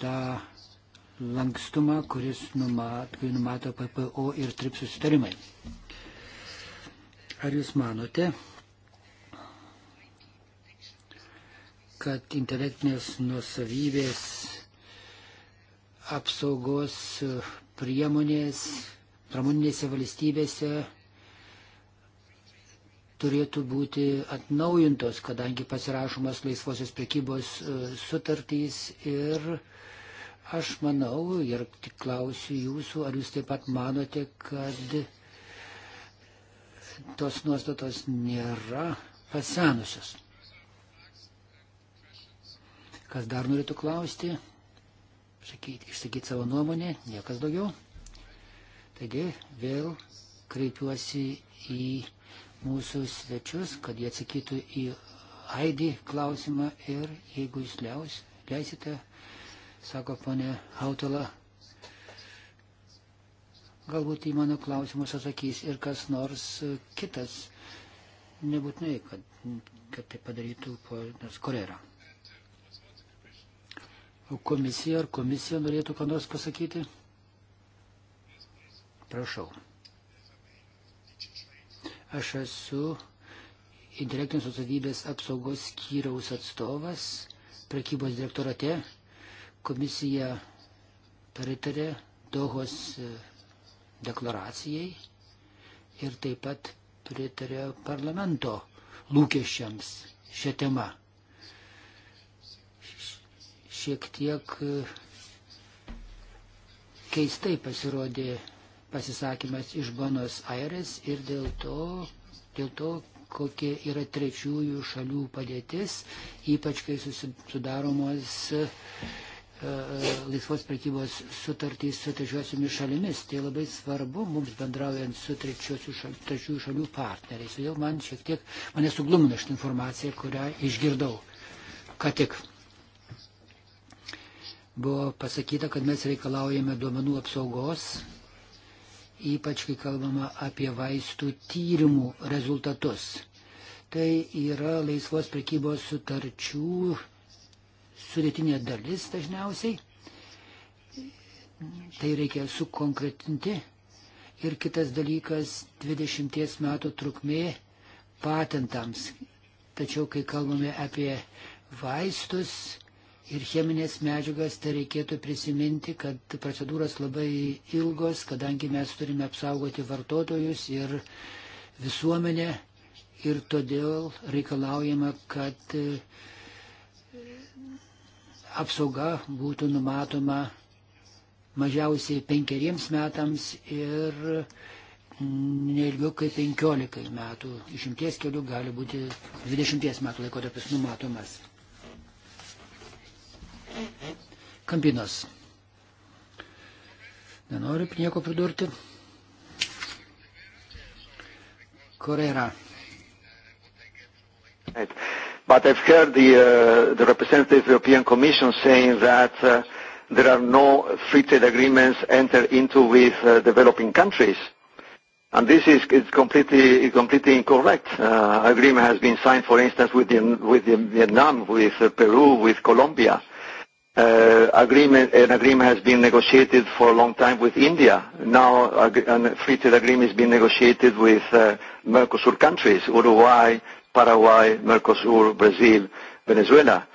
tą lankstumą, kuris numato, numato PPO ir TRIP susitarimai. Ar jūs manote, kad intelektinės nusavybės apsaugos priemonės pramoninėse valstybėse turėtų būti atnaujintos, kadangi pasirašomas laisvosios prekybos e, sutartys ir aš manau ir tik klausiu jūsų, ar jūs taip pat manote, kad tos nuostatos nėra pasenusios. Kas dar norėtų klausti, sakyti, išsakyti savo nuomonę, niekas daugiau. Taigi vėl kreipiuosi į mūsų svečius, kad jie atsakytų į Aidį klausimą ir jeigu jūs liaus, leisite, sako ponė Hautala, galbūt į mano klausimus atsakys ir kas nors kitas, nebūtinai, kad, kad tai padarytų ponas Korera. O komisija ar komisija norėtų ką nors pasakyti? Prašau. Aš esu intelektinės atsovybės apsaugos skyriaus atstovas prekybos direktorate. Komisija pritarė Dohos e, deklaracijai ir taip pat pritarė parlamento lūkesčiams šią temą. Šiek tiek e, keistai pasirodė pasisakymas iš Buenos Aires ir dėl to, dėl to kokia yra trečiųjų šalių padėtis, ypač kai susidaromos e, e, laisvos prekybos sutartys su trečiosiomis šalimis. Tai labai svarbu mums bendraujant su šal, trečiųjų šalių partneriais. Todėl man šiek tiek, mane suglumina šitą informaciją, kurią išgirdau. Ką tik buvo pasakyta, kad mes reikalaujame duomenų apsaugos ypač kai kalbama apie vaistų tyrimų rezultatus. Tai yra laisvos prekybos sutarčių sudėtinė dalis dažniausiai. Tai reikia sukonkretinti. Ir kitas dalykas - 20 metų trukmė patentams. Tačiau, kai kalbame apie vaistus, ir cheminės medžiagas, tai reikėtų prisiminti, kad procedūros labai ilgos, kadangi mes turime apsaugoti vartotojus ir visuomenę ir todėl reikalaujama, kad e, apsauga būtų numatoma mažiausiai penkeriems metams ir neilgiau kaip penkiolikai metų. Išimties kelių gali būti dvidešimties metų laikotarpis numatomas. Kambinos. Nenoriu nieko pridurti. Correra. But I've heard the, uh, the representative of the European Commission saying that uh, there are no free trade agreements entered into with uh, developing countries. And this is it's completely, completely incorrect. Uh, agreement has been signed, for instance, with, the, with the Vietnam, with uh, Peru, with Colombia. Uh, uh, agreement, an agreement has been negotiated for a long time with India. Now a free trade agreement is being negotiated with uh, Mercosur countries, Uruguay, Paraguay, Mercosur, Brazil, Venezuela,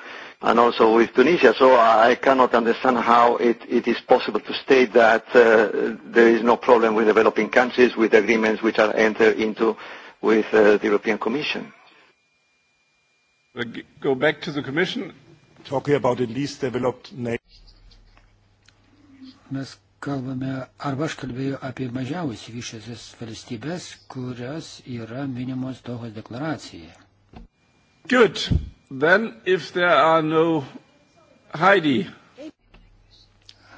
and also with Tunisia. So I cannot understand how it, it is possible to state that uh, there is no problem with developing countries with agreements which are entered into with uh, the European Commission. Go back to the Commission talking about the least developed Mes kalbame, arba aš kalbėjau apie mažiausiai vyšiasias valstybės, kurios yra minimos Dohos deklaracijoje. Good. Then if there are no Heidi.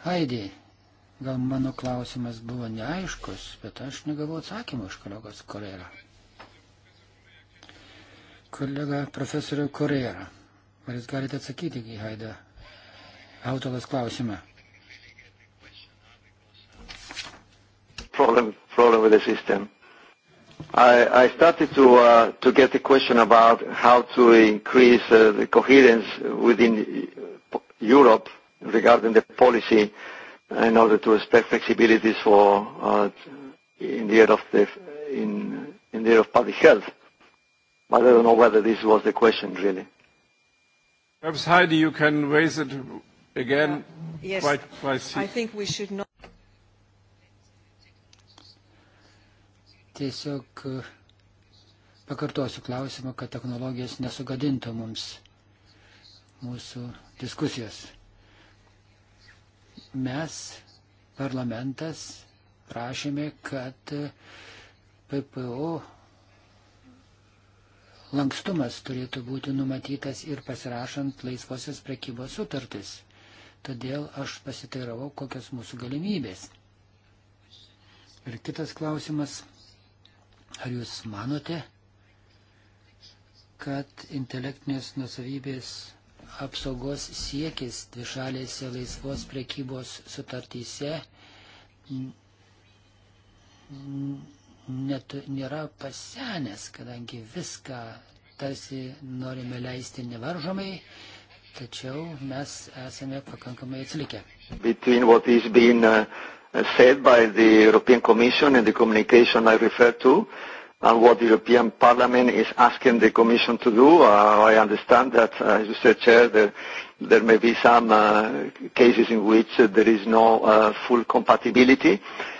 Heidi, gal mano klausimas buvo neaiškus, bet aš negavau atsakymą iš kolegos Korėra. Kolega profesorių Korėra. Ar jūs galite atsakyti į Haidą autolas klausimą? Problem, problem with the system. I, I started to, uh, to get the question about how to increase uh, the coherence within Europe regarding the policy in order to respect flexibilities for uh, in the area of the in in the area of public health. But I don't know whether this was the question really. Perhaps Heidi, you can raise it again. Yeah. Uh, yes. Quite, quite I think we should not. Tiesiog uh, pakartosiu klausimą, kad technologijos nesugadintų mums mūsų diskusijos. Mes, parlamentas, prašėme, kad uh, PPO Lankstumas turėtų būti numatytas ir pasirašant laisvosios prekybos sutartis. Todėl aš pasitairavau, kokios mūsų galimybės. Ir kitas klausimas, ar jūs manote, kad intelektinės nusavybės apsaugos siekis dvišalėse laisvos prekybos sutartyse net, nėra pasenęs, kadangi viską tarsi norime leisti nevaržomai, tačiau mes esame pakankamai atsilikę. Been, uh, uh to, and what the European Parliament is asking the Commission to do. Uh, I understand that, uh, as you said, Chair, there, there may be some uh, cases in which uh, there is no uh, full compatibility. Uh,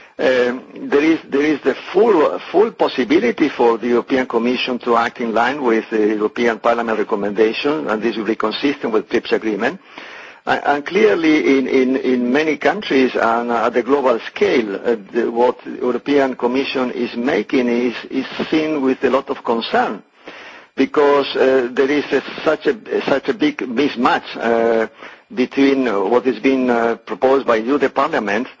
Um, there is there is the full full possibility for the European Commission to act in line with the European Parliament recommendation, and this will be consistent with TRIPS agreement. And, and clearly, in, in, in many countries and at the global scale, uh, the, what the European Commission is making is, is seen with a lot of concern because uh, there is a, such, a, such a big mismatch uh, between what is being uh, proposed by you, the Parliament, uh,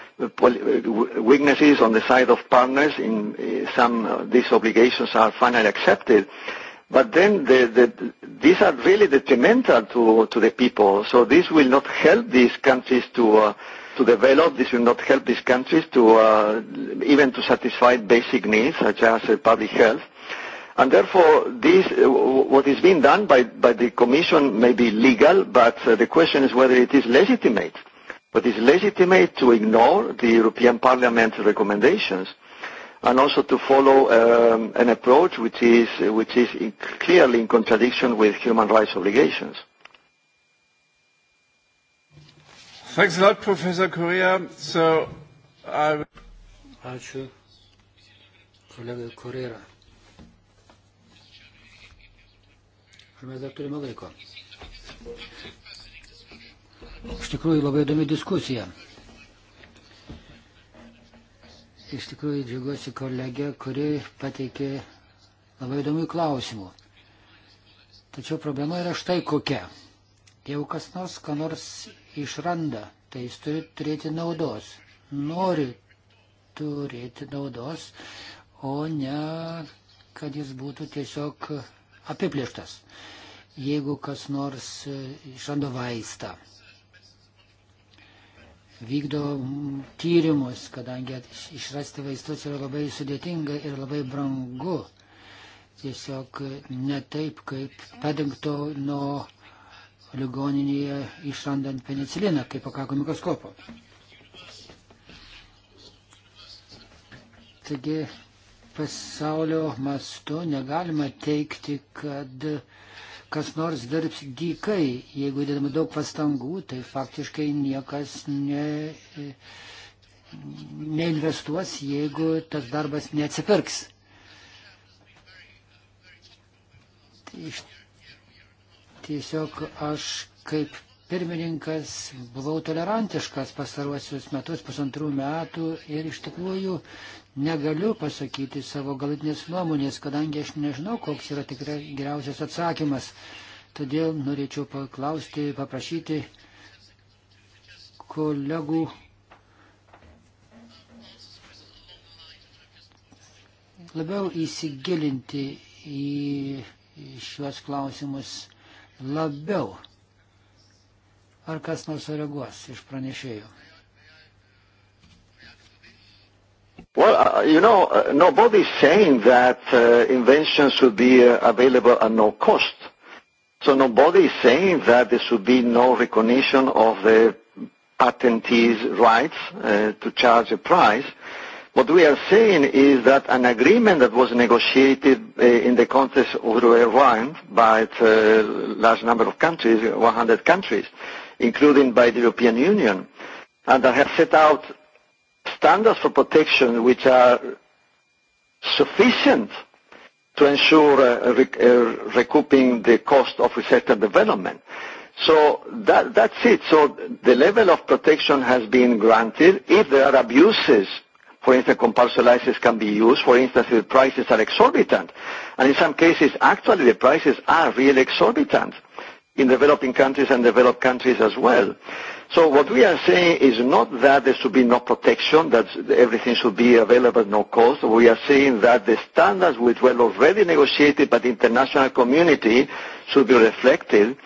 Uh, weaknesses on the side of partners in uh, some uh, these obligations are finally accepted. But then the, the, these are really detrimental to, to the people. So this will not help these countries to, uh, to develop. This will not help these countries to uh, even to satisfy basic needs such as uh, public health. And therefore, this, uh, what is being done by, by the Commission may be legal, but uh, the question is whether it is legitimate. Uh, But it's legitimate to ignore the European Parliament's recommendations and also to follow um, an approach which is, which is in, clearly in contradiction with human rights obligations. Thanks a lot, Professor Correa. So, I... Ačiū, kolega Correa. Ar mes dar turime laiko? Iš tikrųjų labai įdomi diskusija. Iš tikrųjų džiaugiuosi kolegė, kuri pateikė labai įdomių klausimų. Tačiau problema yra štai kokia. Jeigu kas nors, ką nors išranda, tai jis turi turėti naudos. Nori turėti naudos, o ne, kad jis būtų tiesiog apiplėštas. Jeigu kas nors išranda vaistą, vykdo tyrimus, kadangi išrasti vaistus yra labai sudėtinga ir labai brangu. Tiesiog ne taip, kaip padengto nuo ligoninėje išrandant peniciliną, kaip pakako mikroskopo. Taigi pasaulio mastu negalima teikti, kad uh, kas nors dirbs dykai, jeigu įdedama daug pastangų, tai faktiškai niekas ne, neinvestuos, jeigu tas darbas neatsipirks. Tiesiog aš kaip pirmininkas, buvau tolerantiškas pastaruosius metus, pusantrų metų ir iš tikrųjų negaliu pasakyti savo galutinės nuomonės, kadangi aš nežinau, koks yra tikrai geriausias atsakymas. Todėl norėčiau paklausti, paprašyti kolegų labiau įsigilinti į šiuos klausimus labiau. Ar kas nors reaguos iš pranešėjų? Well, uh, you know, uh, nobody's saying that uh, inventions should be uh, available at no cost. So nobody is saying that there should be no recognition of the patentee's rights uh, to charge a price. What we are saying is that an agreement that was negotiated uh, in the context of the round by a uh, large number of countries, 100 countries, uh, including by the European Union, and that has set out standards for protection which are sufficient to ensure uh, rec uh, recouping the cost of research and development. So that, that's it. So the level of protection has been granted. If there are abuses, for instance, compulsory licenses can be used. For instance, if the prices are exorbitant. And in some cases, actually, the prices are really exorbitant. Uh, in developing countries and developed countries as well. So what we are saying is not that there should be no protection, that everything should be available at no cost. We are saying that the standards which were already negotiated by the international community should be reflected,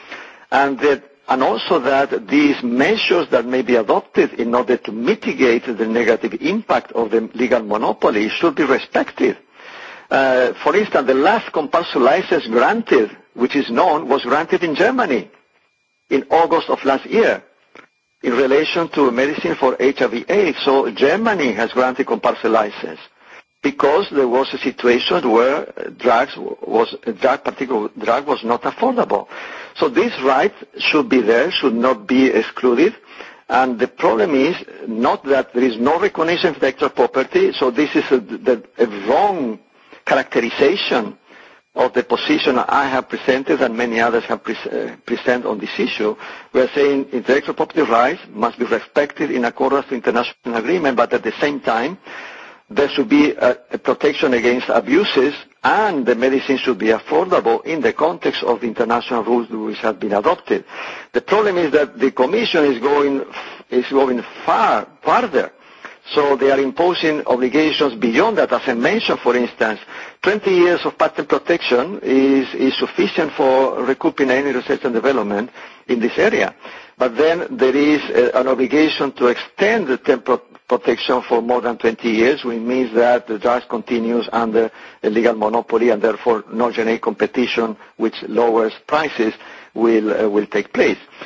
and that and also that these measures that may be adopted in order to mitigate the negative impact of the legal monopoly should be respected. Uh, for instance, the last compulsory license granted which is known, was granted in Germany in August of last year in relation to medicine for HIV/AIDS. So Germany has granted compulsory license because there was a situation where drugs was drug particular drug was not affordable. So this right should be there, should not be excluded. And the problem is not that there is no recognition of intellectual property, so this is a, the, a wrong characterization of the position I have presented and many others have pre uh, presented on this issue, we are saying intellectual property rights must be respected in accordance to international agreement, but at the same time, there should be a, a protection against abuses and the medicine should be affordable in the context of the international rules which have been adopted. The problem is that the Commission is going, is going far, farther So they are imposing obligations beyond that. As I mentioned, for instance, 20 years of patent protection is, is sufficient for recouping any research and development in this area. But then there is a, uh, an obligation to extend the term pro protection for more than 20 years, which means that the drug continues under a legal monopoly and therefore no generic competition, which lowers prices, will, uh, will take place. Uh,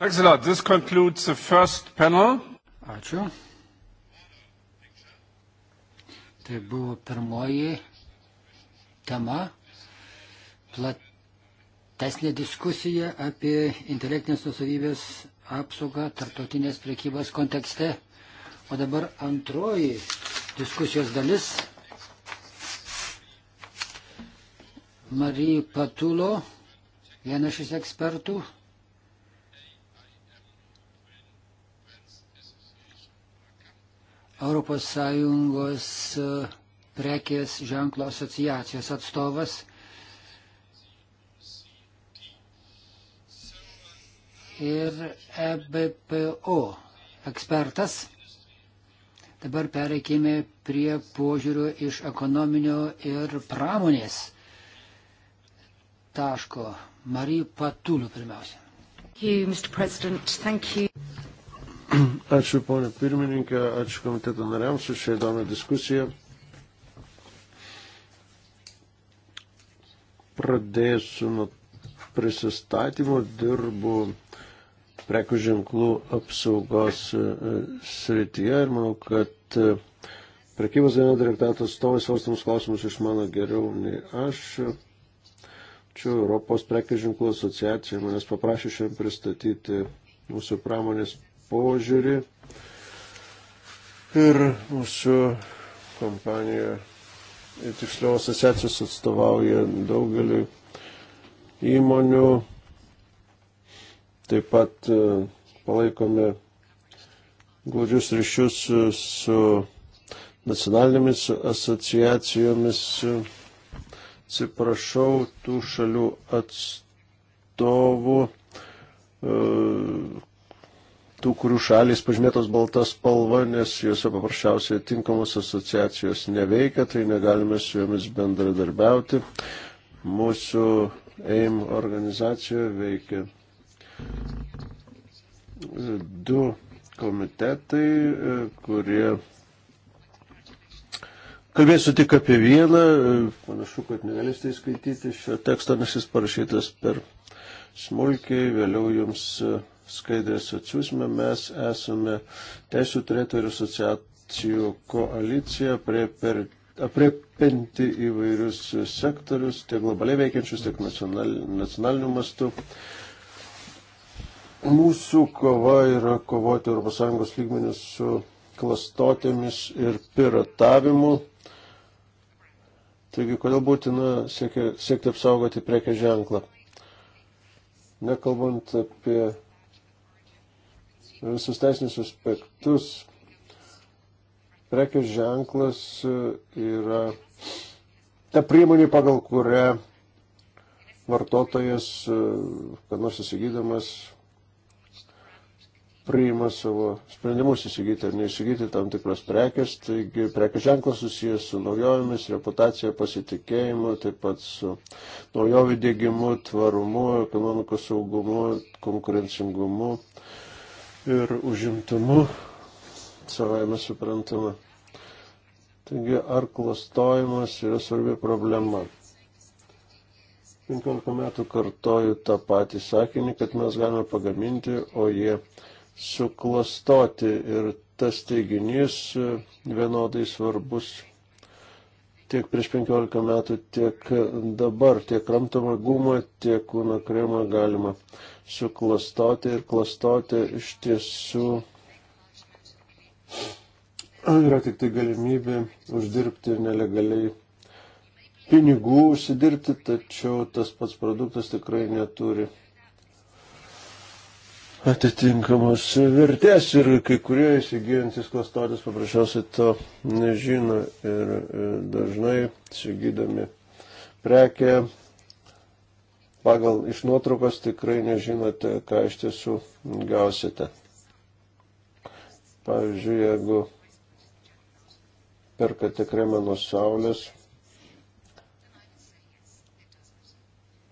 Thanks a lot. This concludes the first panel. Ačiū. Tai buvo pirmoji tema, platesnė diskusija apie intelektinės nusavybės apsaugą tarptautinės priekybos kontekste. O dabar antroji diskusijos dalis. Marija Patulo, vienas iš ekspertų, ES e, prekės ženklo asociacijos atstovas. Ir EBPO ekspertas. Dabar pereikime prie požiūrių iš ekonominio ir pramonės taško. Marija Patulių pirmiausia. Thank you, Ačiū ponė pirmininkė, ačiū komiteto nariams už šią įdomią diskusiją. Pradėsiu nuo prisistatymo, dirbu prekių ženklų apsaugos e, srityje ir manau, kad e, prekybos dienos direktato atstovai svarstamus klausimus išmano geriau nei aš. Čia Europos prekių ženklų asociacija manęs paprašė šiandien pristatyti mūsų pramonės požiūrį ir mūsų kompanija, tiksliau asociacijos atstovauja daugeliu įmonių, taip pat e, palaikome glaudžius ryšius su nacionalinėmis asociacijomis, atsiprašau, tų šalių atstovų, e, tų, kurių šalis pažymėtos baltas spalva, nes juose paprasčiausiai tinkamos asociacijos neveikia, tai negalime su jomis bendradarbiauti. Mūsų AIM organizacijoje veikia du komitetai, kurie Kalbėsiu tik apie vieną, panašu, kad negalėsite įskaityti šio teksto, nes jis parašytas per smulkiai, vėliau jums skaidrės atsiūsime. Mes esame teisų turėtojų asociacijų koalicija prie per apriepinti įvairius sektorius, tiek globaliai veikiančius, tiek nacionaliniu mastu. Mūsų kova yra kovoti ES lygmenių su klastotėmis ir piratavimu. Taigi, kodėl būtina siekti, siekti apsaugoti prekė ženklą? Nekalbant apie visus teisinius aspektus. Prekės ženklas e, yra ta priemonė, pagal kurią vartotojas, e, kad nors įsigydamas, priima savo sprendimus įsigyti ar neįsigyti tam tikros prekės. Taigi prekės ženklas susijęs su naujovėmis, reputacija, pasitikėjimu, taip pat su naujovių dėgymu, tvarumu, ekonomikos saugumu, konkurencingumu, ir užimtumu, savaime suprantama. Taigi, ar klastojimas yra svarbi problema. 15 metų kartoju tą patį sakinį, kad mes galime pagaminti, o jie suklastoti. Ir tas teiginys vienodai svarbus tiek prieš 15 metų, tiek dabar, tiek kramtamą gumą, tiek kūno kremą galima suklastoti ir klastoti iš tiesų yra tik tai galimybė uždirbti nelegaliai pinigų, užsidirbti, tačiau tas pats produktas tikrai neturi atitinkamos vertės ir kai kurie įsigijantis klastotis paprasčiausiai to nežino ir dažnai įsigydami prekę pagal iš nuotraukos tikrai nežinote, ką iš tiesų gausite. Pavyzdžiui, jeigu perkate kremą nuo saulės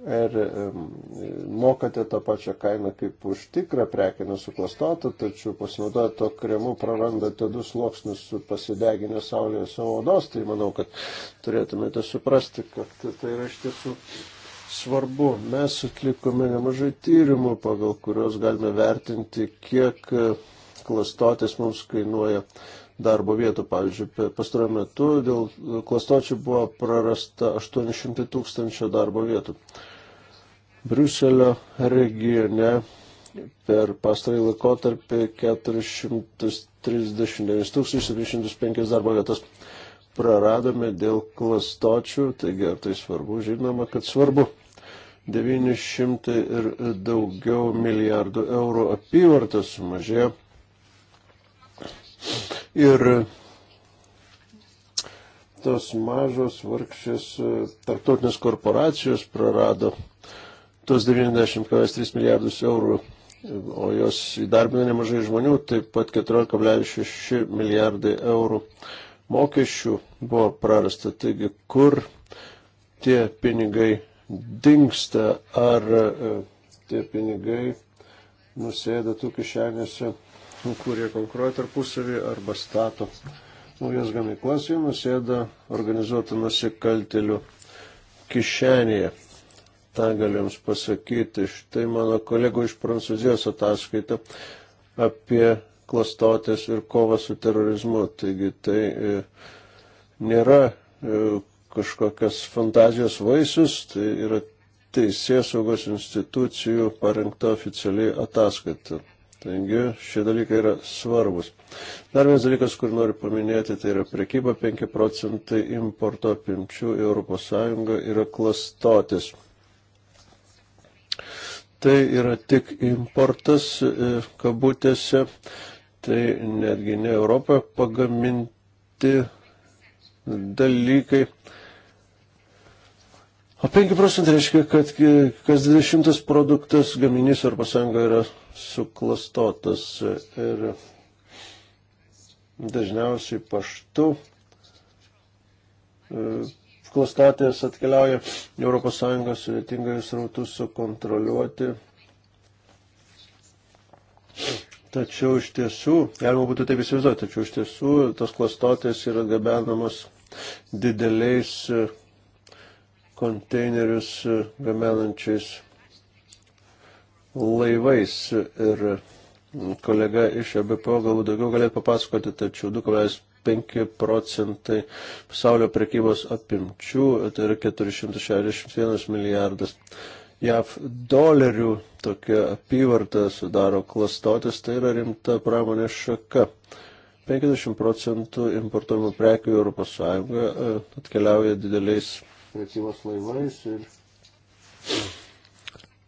ir er, mokate tą pačią kainą kaip už tikrą prekę nesuklastotą, tačiau pasinaudoję to kremu prarandate du sluoksnius pasideginę saulėje savo odos, tai manau, kad turėtumėte suprasti, kad tai yra iš tiesų svarbu. Mes atlikome nemažai tyrimų, pagal kuriuos galime vertinti, kiek e, klastotės mums kainuoja darbo vietų. Pavyzdžiui, pastaruoju metu dėl klastočių buvo prarasta 800 tūkstančio darbo vietų. Briuselio regione per pastarąjį laikotarpį 439 tūkstančius 705 darbo vietas praradome dėl klastočių, taigi ar tai svarbu, žinoma, kad svarbu. 900 ir daugiau milijardų eurų apyvartą sumažėjo. Ir tos mažos vargšės tarptautinės korporacijos prarado tos 90,3 milijardus eurų, o jos įdarbino nemažai žmonių, taip pat 14,6 milijardai eurų mokesčių buvo prarasta. Taigi, kur tie pinigai dinksta, ar e, tie pinigai nusėda tų kišenėse, kurie konkuruoja tarpusavį arba stato naujas gamyklas, jie nusėda organizuotų nusikaltelių kišenėje. Ta galim pasakyti, štai mano kolego iš Prancūzijos ataskaita apie klastotės ir kovą su terorizmu. Taigi tai e, nėra e, kažkokios fantazijos vaisius, tai yra teisės saugos institucijų parengta oficialiai ataskaita. Taigi šie dalykai yra svarbus. Dar vienas dalykas, kur noriu paminėti, tai yra prekyba 5 procentai importo apimčių į ES yra klastotis. Tai yra tik importas e, kabutėse. E, tai netgi ne Europoje pagaminti dalykai. O 5 procentai reiškia, kad kas 20 produktas gaminys Europos Sąjungoje yra suklastotas ir dažniausiai paštu e, klastatės atkeliauja Europos Sąjungos sudėtingai srautus sukontroliuoti. Tačiau iš tiesų, galima būtų taip įsivaizduoti, tačiau iš tiesų tos klastotės yra gabenamos dideliais e, konteinerius e, gamenančiais laivais. Ir kolega iš ABPO e galbūt daugiau galėtų papasakoti, tačiau 2,5 procentai pasaulio prekybos apimčių, tai yra 461 milijardas JAV dolerių tokia apyvarta sudaro klastotis, tai yra rimta pramonės šaka. 50 procentų importuojamų prekių į Europos Sąjungą e, atkeliauja dideliais prekybos laivais ir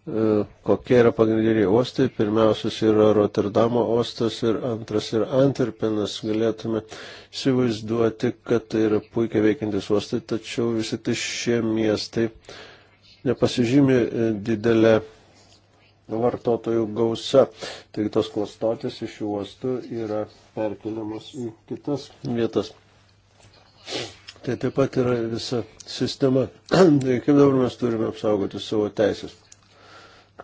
e, kokie yra pagrindiniai uostai. Pirmiausias yra Rotterdamo uostas ir antras yra Antwerpenas. Galėtume įsivaizduoti, kad tai yra puikiai veikiantis uostai, tačiau visi tai šie miestai uh, nepasižymi e, didelė vartotojų gausa. Taigi tos klastotės iš uostų yra perkeliamos į kitas vietas. Tai taip pat yra visa sistema. tai kaip dabar mes turime apsaugoti savo teisės.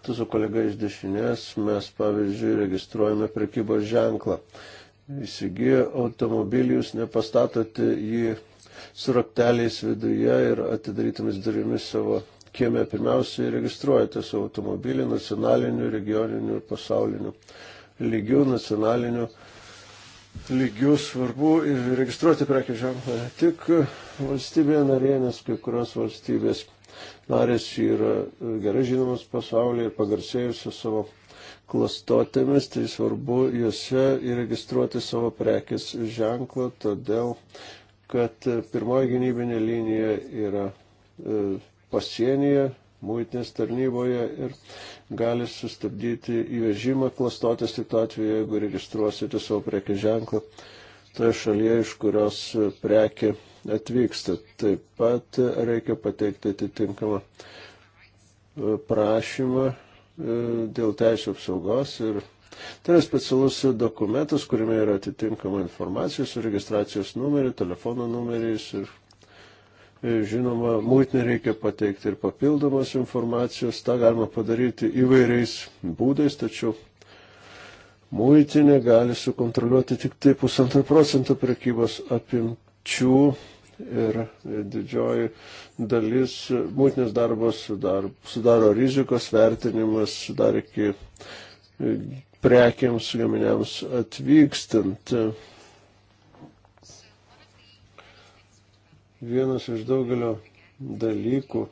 Tu su kolega iš dešinės mes, pavyzdžiui, registruojame prekybos ženklą. Įsigiję automobilį jūs nepastatote jį su rakteliais viduje ir atidarytomis durimis savo kieme pirmiausiai registruojate savo automobilį nacionaliniu, regioniniu ir pasauliniu lygiu, nacionaliniu lygių svarbu ir registruoti prekių ženklą ne tik valstybėje narėje, nes kai kurios valstybės narės yra gerai žinomas pasaulyje ir pagarsėjusios savo klastotėmis, tai svarbu juose įregistruoti savo prekės ženklą, todėl kad pirmoji gynybinė linija yra e, pasienyje, muitinės tarnyboje ir gali sustabdyti įvežimą klastotės tik tuo atveju, jeigu registruosite savo prekį ženklą toje šalyje, iš kurios prekė atvyksta. Taip pat reikia pateikti atitinkamą e, prašymą e, dėl teisų apsaugos ir tai yra specialus dokumentas, kuriame yra atitinkama informacija su registracijos numeriu, telefono numeriais ir Žinoma, muitinė reikia pateikti ir papildomos informacijos, tą galima padaryti įvairiais būdais, tačiau muitinė gali sukontroliuoti tik tai pusantro procento prekybos apimčių ir didžioji dalis muitinės darbos sudaro, sudaro rizikos vertinimas dar iki prekiams gaminiams atvykstant. vienas iš daugelio dalykų,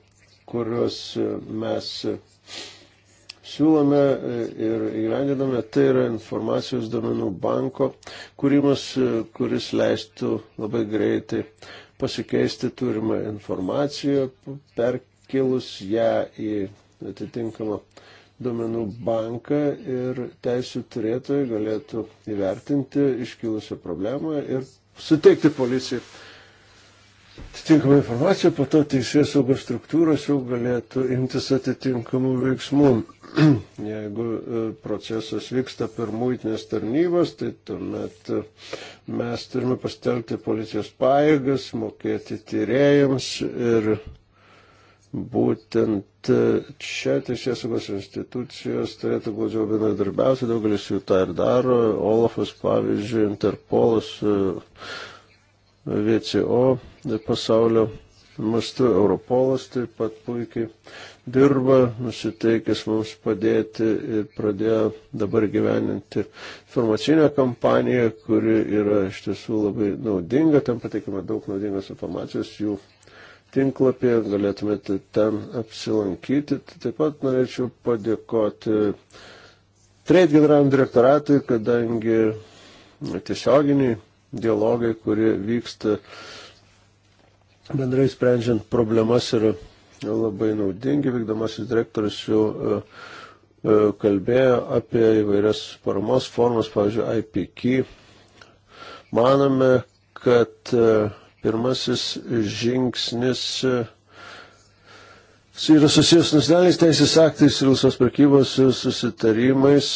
kuriuos mes siūlome ir įgyvendiname, tai yra informacijos domenų banko kūrimas, kuris leistų labai greitai pasikeisti turimą informaciją, perkilus ją į atitinkamą duomenų banką ir teisų turėtojai galėtų įvertinti iškilusią problemą ir suteikti policijai atitinkamą informaciją, po to teisės saugos struktūros jau galėtų imtis atitinkamų veiksmų. Jeigu e, procesas vyksta per muitinės tarnybas, tai tuomet e, mes turime pastelti policijos pajėgas, mokėti tyrėjams ir būtent e, čia teisės saugos institucijos turėtų glaudžiau bendradarbiauti, daugelis jų tą ir daro, Olafas pavyzdžiui, Interpolas, VCO pasaulio mastu. Europolas taip pat puikiai dirba, nusiteikęs mums padėti ir pradėjo dabar gyveninti informacinę kampaniją, kuri yra iš tiesų labai naudinga, ten pateikime daug naudingos informacijos jų tinklapyje, galėtumėte ten apsilankyti. Tai taip pat norėčiau padėkoti Trade generaliniam direktoratui, kadangi tiesioginiai dialogai, kurie vyksta bendrai sprendžiant problemas yra labai naudingi. Vykdomasis direktorius jau e, e, kalbėjo apie įvairias paramos formas, pavyzdžiui, IPK. Manome, kad e, pirmasis žingsnis yra susijęs nacionaliniais teisės aktais ir visos prekybos susitarimais,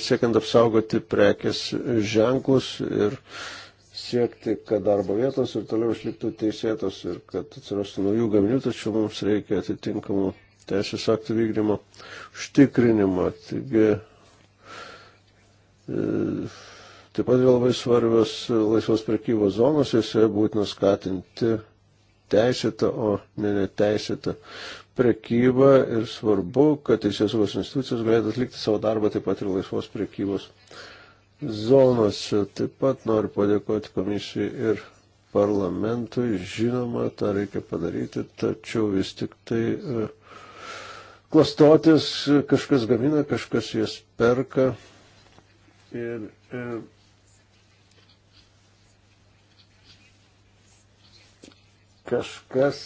siekiant apsaugoti prekės ženklus ir uh, siekti, kad darbo vietos ir toliau išliktų teisėtos ir kad atsirastų naujų gaminių, tačiau mums reikia atitinkamų teisės aktų vykdymo užtikrinimo. Taigi, e, taip pat yra labai svarbios laisvos prekybos zonos, jose būtina skatinti teisėtą, o ne neteisėtą prekybą ir svarbu, kad teisės saugos institucijos galėtų atlikti savo darbą taip pat ir laisvos prekybos zonose. Taip pat noriu padėkoti komisijai ir parlamentui. Žinoma, tą reikia padaryti, tačiau vis tik tai e, klastotis, e, kažkas gamina, kažkas jas perka. Ir, ir e, kažkas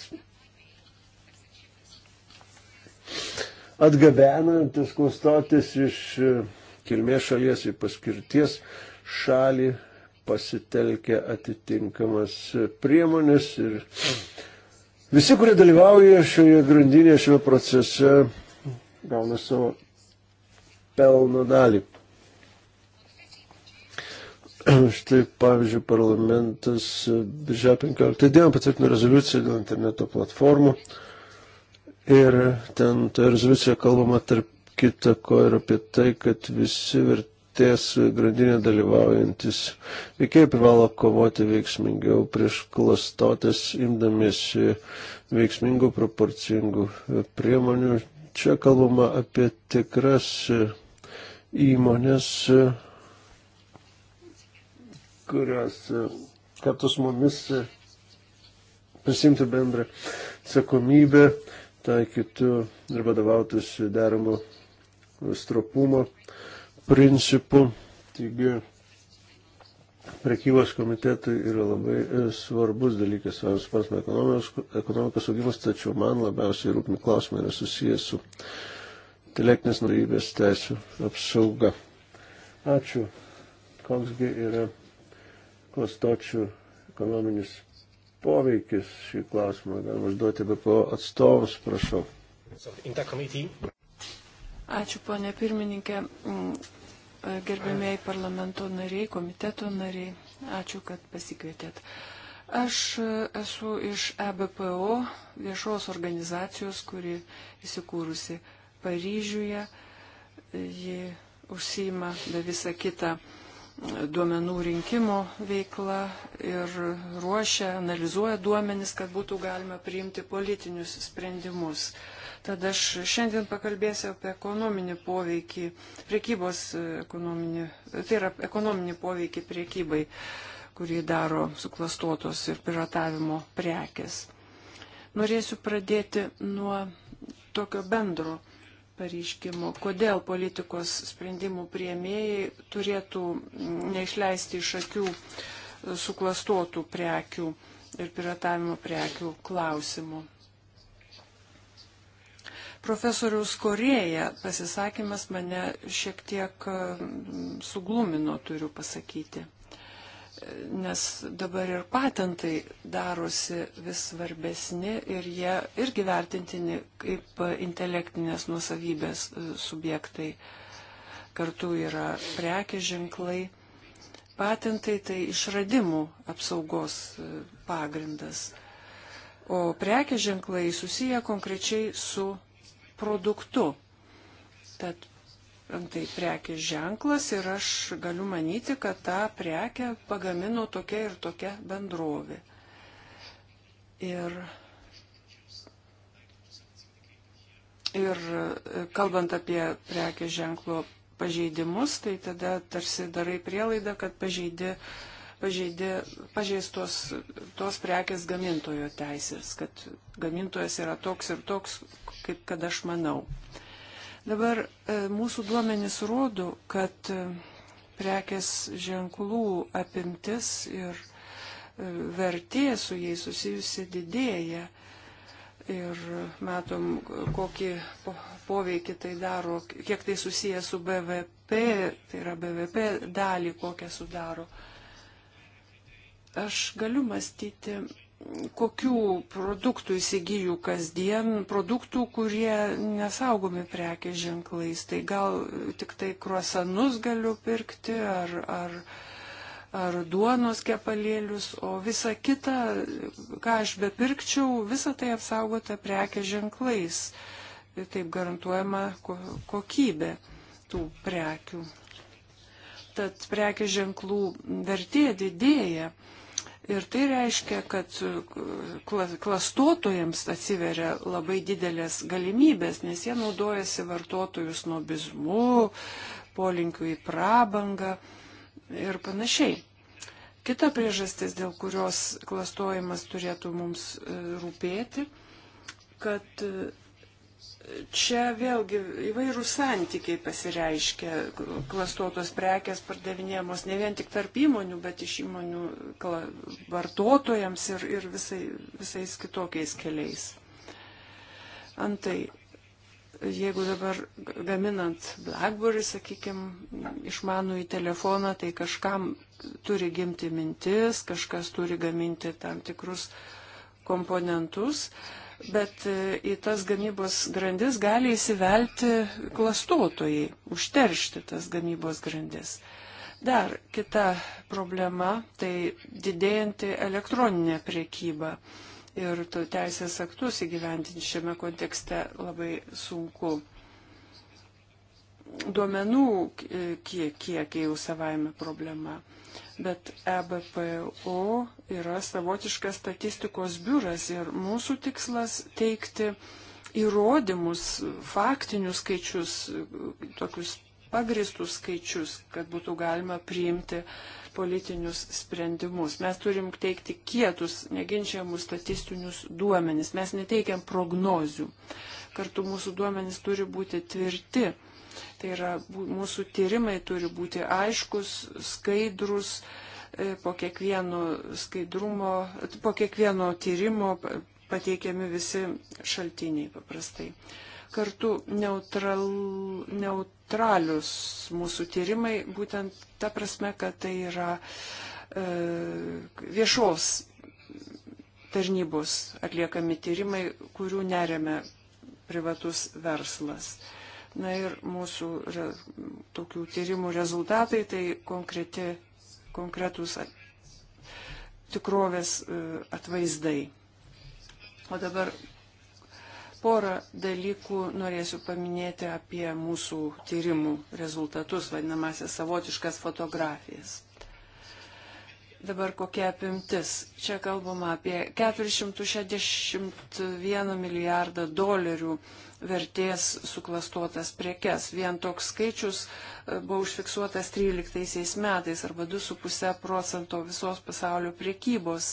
atgabenantis klastotis iš kilmės šalies, į paskirties šalį pasitelkia atitinkamas priemonės ir visi, kurie dalyvauja šioje grandinėje, šiame procese, gauna savo pelno dalį. Štai, pavyzdžiui, parlamentas birželio 15 dieną patvirtino rezoliuciją dėl interneto platformų ir ten toje rezoliucijoje kalbama tarp kita ko ir apie tai, kad visi vertės grandinė dalyvaujantis veikiai privalo kovoti veiksmingiau prieš klastotės, imdamiesi veiksmingų proporcingų priemonių. Čia kalbama apie tikras įmonės, kurios kartu su mumis prisimtų bendrą atsakomybę, taikytų ir vadovautųsi deramų stropumo principu. Taigi, prekybos komitetui yra labai e, svarbus dalykas, ar spartina ekonomikos augimas, tačiau man labiausiai rūpmi klausimai yra susijęs su intelektinės nuėjybės teisų apsauga. Ačiū. Koksgi yra klastočių ekonominis poveikis šį klausimą galima užduoti BPO atstovams, prašau. So, Ačiū, ponė pirmininkė, mm, gerbėmėjai parlamento nariai, komiteto nariai. Ačiū, kad pasikvietėt. Aš e, esu iš EBPO viešos organizacijos, kuri įsikūrusi Paryžiuje. Ji užsima be visą kitą e, duomenų rinkimo veikla ir ruošia, analizuoja duomenis, kad būtų galima priimti politinius sprendimus. Uh, Tad aš šiandien pakalbėsiu apie ekonominį poveikį, priekybos ekonominį, tai yra ekonominį poveikį priekybai, kurį daro suklastotos ir piratavimo prekes. Norėsiu pradėti nuo tokio bendro pareiškimo, kodėl politikos sprendimų prieimėjai turėtų neišleisti iš akių suklastotų prekių ir piratavimo prekių klausimų. Profesoriaus Korėja pasisakymas mane šiek tiek e, suglumino, turiu pasakyti, nes dabar ir patentai darosi vis svarbesni ir jie irgi vertintini kaip intelektinės nuosavybės e, subjektai. Kartu yra prekė ženklai. Patentai tai išradimų apsaugos e, pagrindas. O prekė ženklai susiję konkrečiai su produktu. Tad tai prekės ženklas ir aš galiu manyti, kad tą prekę pagamino tokia ir tokia bendrovė. Ir Ir e, kalbant apie prekės ženklo pažeidimus, tai tada tarsi darai prielaidą, kad pažeidi, pažeidi, pažeistos tos prekės gamintojo teisės, kad gamintojas yra toks ir toks, kaip kad aš manau. Dabar e, mūsų duomenys rodo, kad e, prekės ženklų apimtis ir e, vertė su jais susijusi didėja. Ir matom, kokį poveikį tai daro, kiek tai susiję su BVP, tai yra BVP dalį, kokią sudaro. Aš galiu mąstyti kokių produktų įsigijų kasdien, produktų, kurie nesaugomi prekės ženklais. Tai gal tik tai kruosanus galiu pirkti ar, ar, ar duonos kepalėlius, o visa kita, ką aš bepirkčiau, visa tai apsaugota prekės ženklais. Ir taip garantuojama kokybė tų prekių. Tad prekės ženklų vertė didėja Ir tai reiškia, kad klastotojams atsiveria labai didelės galimybės, nes jie naudojasi vartotojų snobizmu, polinkiu į prabangą ir panašiai. Kita priežastis, dėl kurios klastojimas turėtų mums e, rūpėti, kad čia vėlgi įvairūs santykiai pasireiškia, klastotos prekes pardavinėjamos ne vien tik tarp įmonių, bet iš įmonių vartotojams ir, ir visai, visais kitokiais keliais. Antai, jeigu dabar gaminant BlackBerry, sakykime, išmanų į telefoną, tai kažkam turi gimti mintis, kažkas turi gaminti tam tikrus komponentus. Uh, bet e, į tas gamybos grandis gali įsivelti klastotojai, užteršti tas gamybos grandis. Dar kita problema - tai didėjanti elektroninė priekyba. Ir teisės aktus įgyventinti šiame kontekste labai sunku duomenų kiekiai jau savaime problema bet EBPO yra savotiškas statistikos biuras ir mūsų tikslas teikti įrodymus, faktinius skaičius, tokius pagristus skaičius, kad būtų galima priimti politinius sprendimus. Mes turim teikti kietus, neginčiamus statistinius duomenis. Mes neteikiam prognozių. Kartu mūsų duomenis turi būti tvirti Tai yra mūsų tyrimai turi būti aiškus, skaidrus, e, po kiekvieno skaidrumo, po kiekvieno tyrimo pateikiami visi šaltiniai paprastai. Kartu neutral, neutralius mūsų tyrimai, būtent ta prasme, kad tai yra e, viešos tarnybos atliekami tyrimai, kurių neremia privatus verslas. E, Na ir mūsų re, tokių tyrimų rezultatai tai konkreti, konkretus tikrovės e, atvaizdai. O dabar porą dalykų norėsiu paminėti apie mūsų tyrimų rezultatus, vadinamasias savotiškas fotografijas. Dabar kokia apimtis? Čia kalbama apie 461 milijardą dolerių vertės suklastotas prekes. Vien toks skaičius e, buvo užfiksuotas 13 metais arba 2,5 procento visos pasaulio priekybos.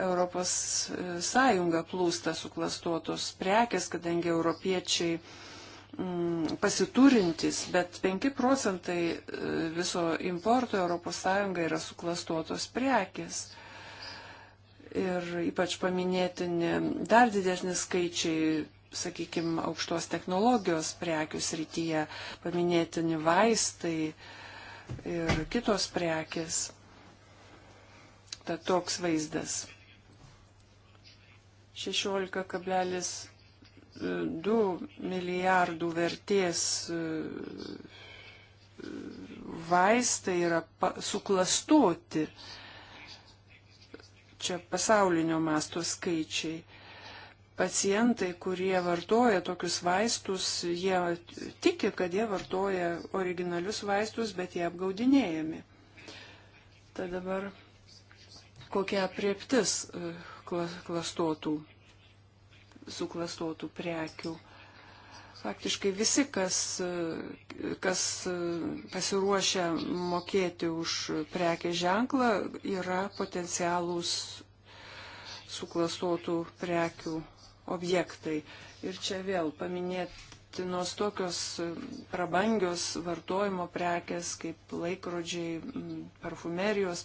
Europos e, Sąjunga plūsta suklastotos prekes, kadangi europiečiai mm, pasiturintis, bet 5 procentai e, viso importo Europos Sąjunga yra suklastotos prekes ir ypač paminėtini dar didesni skaičiai sakykime, aukštos technologijos prekių srityje, paminėtini vaistai ir kitos prekės. Tad toks vaizdas. 16,2 milijardų vertės e, vaistai yra suklastoti. Čia pasaulinio masto skaičiai pacientai, kurie vartoja tokius vaistus, jie tiki, kad jie vartoja originalius vaistus, bet jie apgaudinėjami. Tai dabar kokia prieptis e, klastotų, suklastotų prekių. Faktiškai visi, kas, e, kas e, pasiruošia mokėti už prekės ženklą, yra potencialūs suklastotų prekių objektai. Ir čia vėl paminėtinos tokios e, prabangios vartojimo prekes kaip laikrodžiai, parfumerijos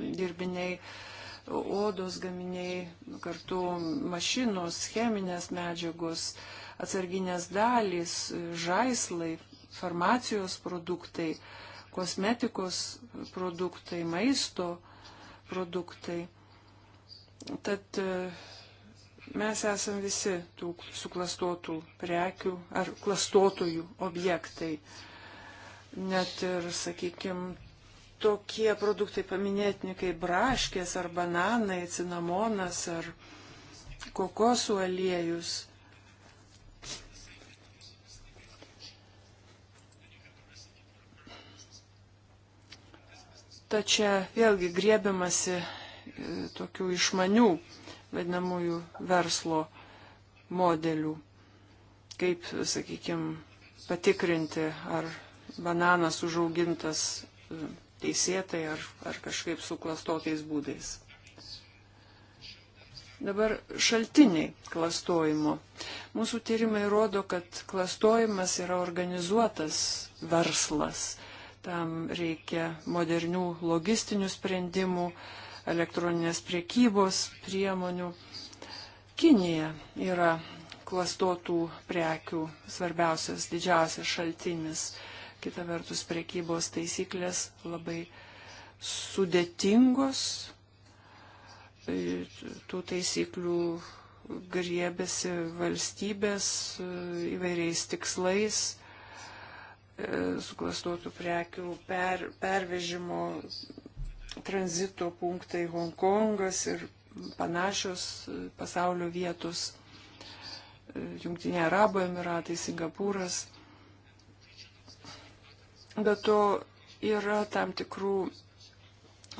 dirbiniai, odos gaminiai, kartu mašinos, cheminės medžiagos, atsarginės dalys, e, žaislai, farmacijos produktai, kosmetikos produktai, maisto produktai. Tad e, Mes esame visi tų suklastotų prekių ar klastotojų objektai. Net ir, sakykime, tokie produktai paminėtini kaip braškės ar bananai, cinamonas ar kokosų aliejus. Tačiau vėlgi griebiamasi e, tokių išmanių vadinamųjų verslo modelių. Kaip, sakykime, patikrinti, ar bananas užaugintas e, teisėtai ar, ar kažkaip suklastotais būdais. Dabar šaltiniai klastojimo. Mūsų tyrimai rodo, kad klastojimas yra organizuotas verslas. Tam reikia modernių logistinių sprendimų, uh, elektroninės priekybos priemonių. Kinija yra klastotų prekių svarbiausias didžiausias šaltinis. Kita vertus, priekybos taisyklės labai sudėtingos. E, tų taisyklių griebėsi valstybės e, įvairiais tikslais e, suklastotų prekių per, pervežimo tranzito punktai Hongkongas ir panašios e, pasaulio vietos, e, Junktinė Arabų Emiratai, Singapūras. Bet to yra tam tikrų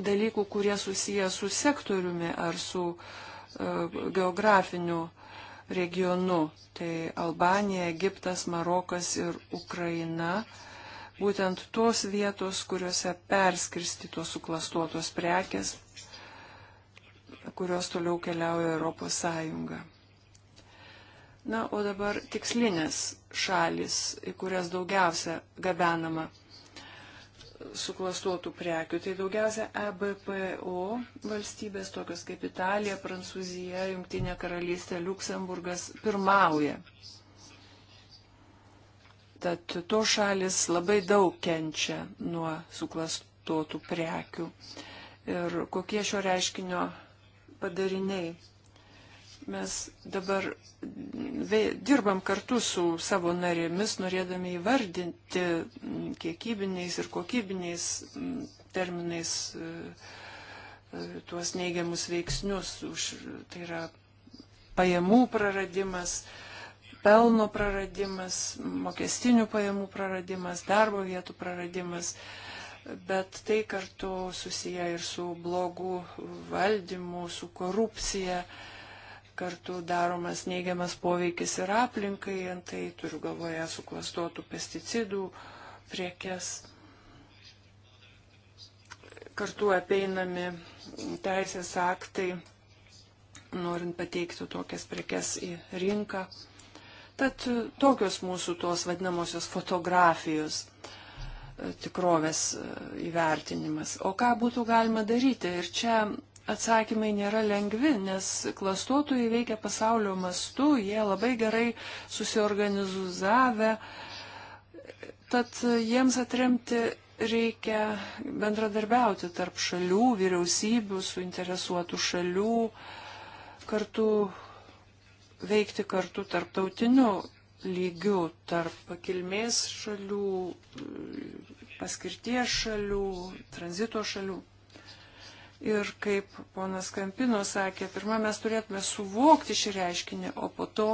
dalykų, kurie susiję su sektoriumi ar su e, geografiniu regionu. Tai Albanija, Egiptas, Marokas ir Ukraina. Uh, būtent tos vietos, kuriuose perskirstytos suklastuotos prekes, kurios toliau keliauja Europos Sąjunga. Na, o dabar tikslinės šalis, į kurias daugiausia gabenama suklastuotų prekių. Tai daugiausia EBPO valstybės, tokios kaip Italija, Prancūzija, Junktinė karalystė, Luksemburgas, pirmauja Tad to šalis labai daug kenčia nuo suklastotų prekių. Ir kokie šio reiškinio padariniai? Mes dabar dirbam kartu su savo narėmis, norėdami įvardinti kiekybiniais ir kokybiniais terminais e, e, tuos neigiamus veiksnius, už, tai yra pajamų praradimas, uh, pelno praradimas, mokestinių pajamų praradimas, darbo vietų praradimas, bet tai kartu susiję ir su blogu valdymu, su korupcija, kartu daromas neigiamas poveikis ir aplinkai, antai turiu galvoje suklastotų pesticidų priekes kartu apeinami teisės aktai, norint pateikti tokias prekes į rinką. Tad e, tokios mūsų tos vadinamosios fotografijos e, tikrovės e, įvertinimas. O ką būtų galima daryti? Ir čia atsakymai nėra lengvi, nes klastotojai veikia pasaulio mastu, jie labai gerai susiorganizavę, tad jiems atremti reikia bendradarbiauti tarp šalių, vyriausybių, suinteresuotų šalių, kartu veikti kartu tarptautiniu lygiu tarp kilmės šalių, paskirties šalių, tranzito šalių. Ir kaip ponas Kampino sakė, pirmą mes turėtume suvokti šį reiškinį, o po to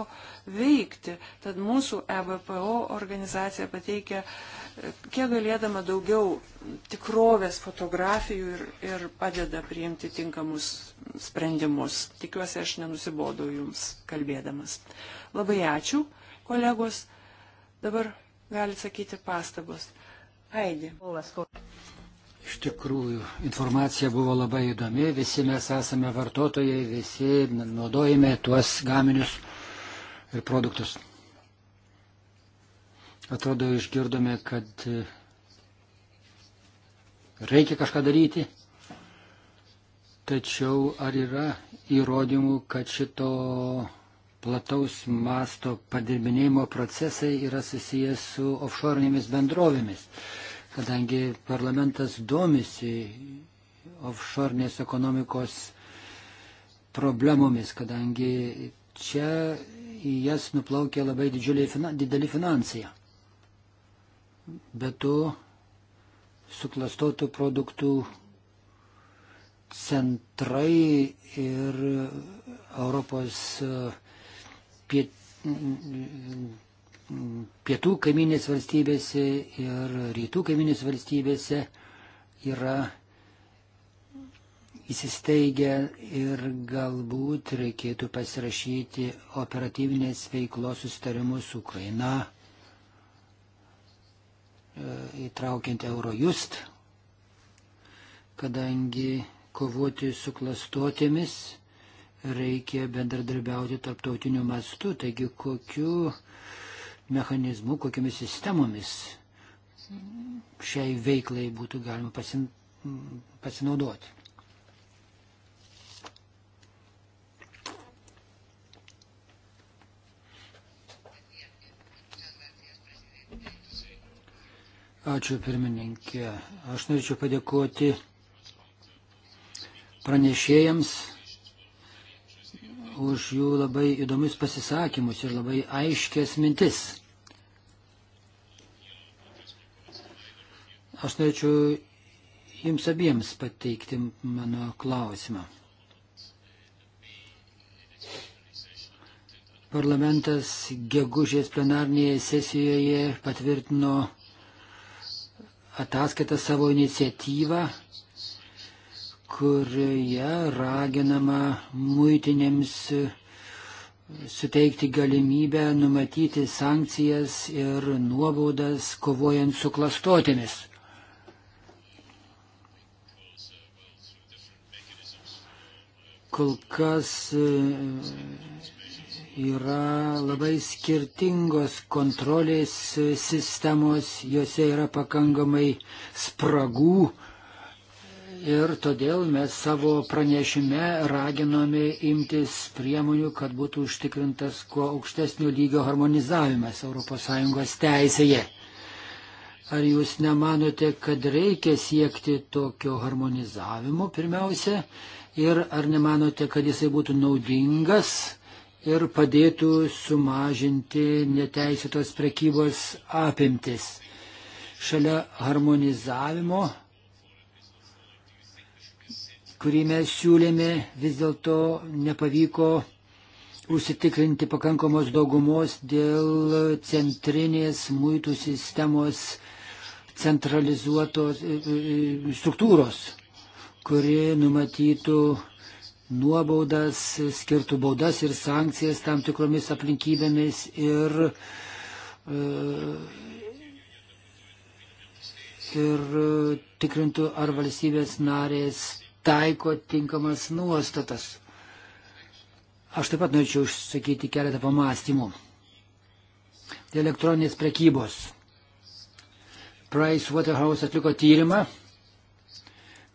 veikti. Tad mūsų EBPO organizacija pateikia kiek galėdama daugiau tikrovės fotografijų ir, ir padeda priimti tinkamus sprendimus. Tikiuosi, aš nenusibodau jums kalbėdamas. Labai ačiū, kolegos. Dabar galite sakyti pastabos. Aidi. Iš tikrųjų, informacija buvo labai įdomi, visi mes esame vartotojai, visi naudojame tuos gaminius ir produktus. Atrodo, išgirdome, kad e, reikia kažką daryti, tačiau ar yra įrodymų, kad šito plataus masto padirbinėjimo procesai yra susijęs su offshore'inėmis bendrovėmis? kadangi parlamentas domisi offshore'nės ekonomikos problemomis, kadangi čia į jas nuplaukia labai didžiuliai, dideli finansai. Bet tu suklastotų produktų centrai ir Europos piet, pietų kaiminės valstybėse ir rytų kaiminės valstybėse yra įsisteigę ir galbūt reikėtų pasirašyti operatyvinės veiklos sustarimus su Ukraina, e, įtraukiant Eurojust, kadangi kovoti su klastotėmis reikia bendradarbiauti tarptautiniu mastu, taigi kokiu mechanizmų, kokiamis sistemomis šiai veiklai būtų galima pasin, pasinaudoti. Ačiū pirmininkė. Aš norėčiau padėkoti pranešėjams už jų labai įdomius pasisakymus ir labai aiškės mintis. Aš norėčiau jums abiems pateikti mano klausimą. Parlamentas gegužės plenarnėje sesijoje patvirtino ataskaitą savo iniciatyvą kurioje raginama muitinėms e, suteikti galimybę numatyti sankcijas ir nuobaudas kovojant su klastotėmis. Kol kas e, yra labai skirtingos kontrolės sistemos, juose yra pakankamai spragų, ir todėl mes savo pranešime raginome imtis priemonių, kad būtų užtikrintas kuo aukštesnio lygio harmonizavimas ES teisėje. Ar jūs nemanote, kad reikia siekti tokio harmonizavimo pirmiausia ir ar nemanote, kad jisai būtų naudingas ir padėtų sumažinti neteisėtos prekybos apimtis? Šalia harmonizavimo kurį mes siūlėme, vis dėlto nepavyko užsitikrinti pakankamos daugumos dėl centrinės muitų sistemos centralizuotos e, e, e, struktūros, kuri numatytų nuobaudas, skirtų baudas ir sankcijas tam tikromis aplinkybėmis ir, ir tikrintų, ar valstybės narės taiko tinkamas nuostatas. Aš taip pat norėčiau išsakyti keletą pamastymų. Dėl elektroninės prekybos. Price Waterhouse atliko tyrimą,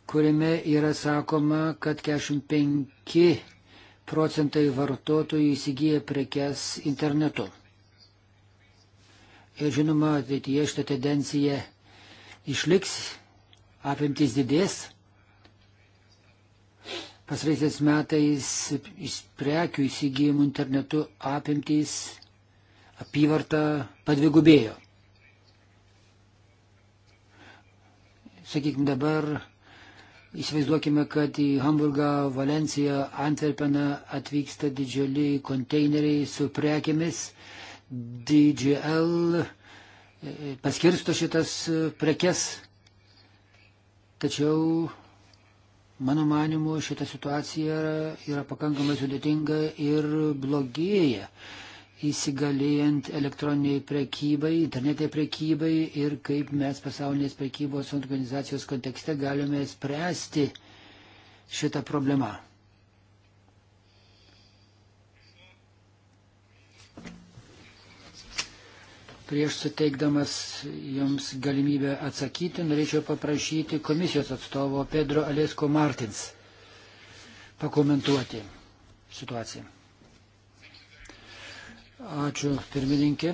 kuriame yra sakoma, kad 45 procentai vartotojų įsigyja prekes internetu. Ir žinoma, ateityje šitą tendenciją išliks, apimtis didės. Pasraisiais metais prekių įsigijimų internetu apimtys apyvarta padvigubėjo. Sakykime dabar, įsivaizduokime, kad į Hamburgą, Valenciją, Antverpeną atvyksta didžiuliai konteineriai su prekėmis. DGL e, paskirsto šitas prekes, tačiau Mano manimu, šita situacija yra pakankamai sudėtinga ir blogėja įsigalėjant elektroniniai prekybai, internetai prekybai ir kaip mes pasaulinės prekybos organizacijos kontekste galime spręsti šitą problemą. Prieš suteikdamas jums galimybę atsakyti, norėčiau paprašyti komisijos atstovo Pedro Alesko Martins pakomentuoti situaciją. Ačiū pirmininkė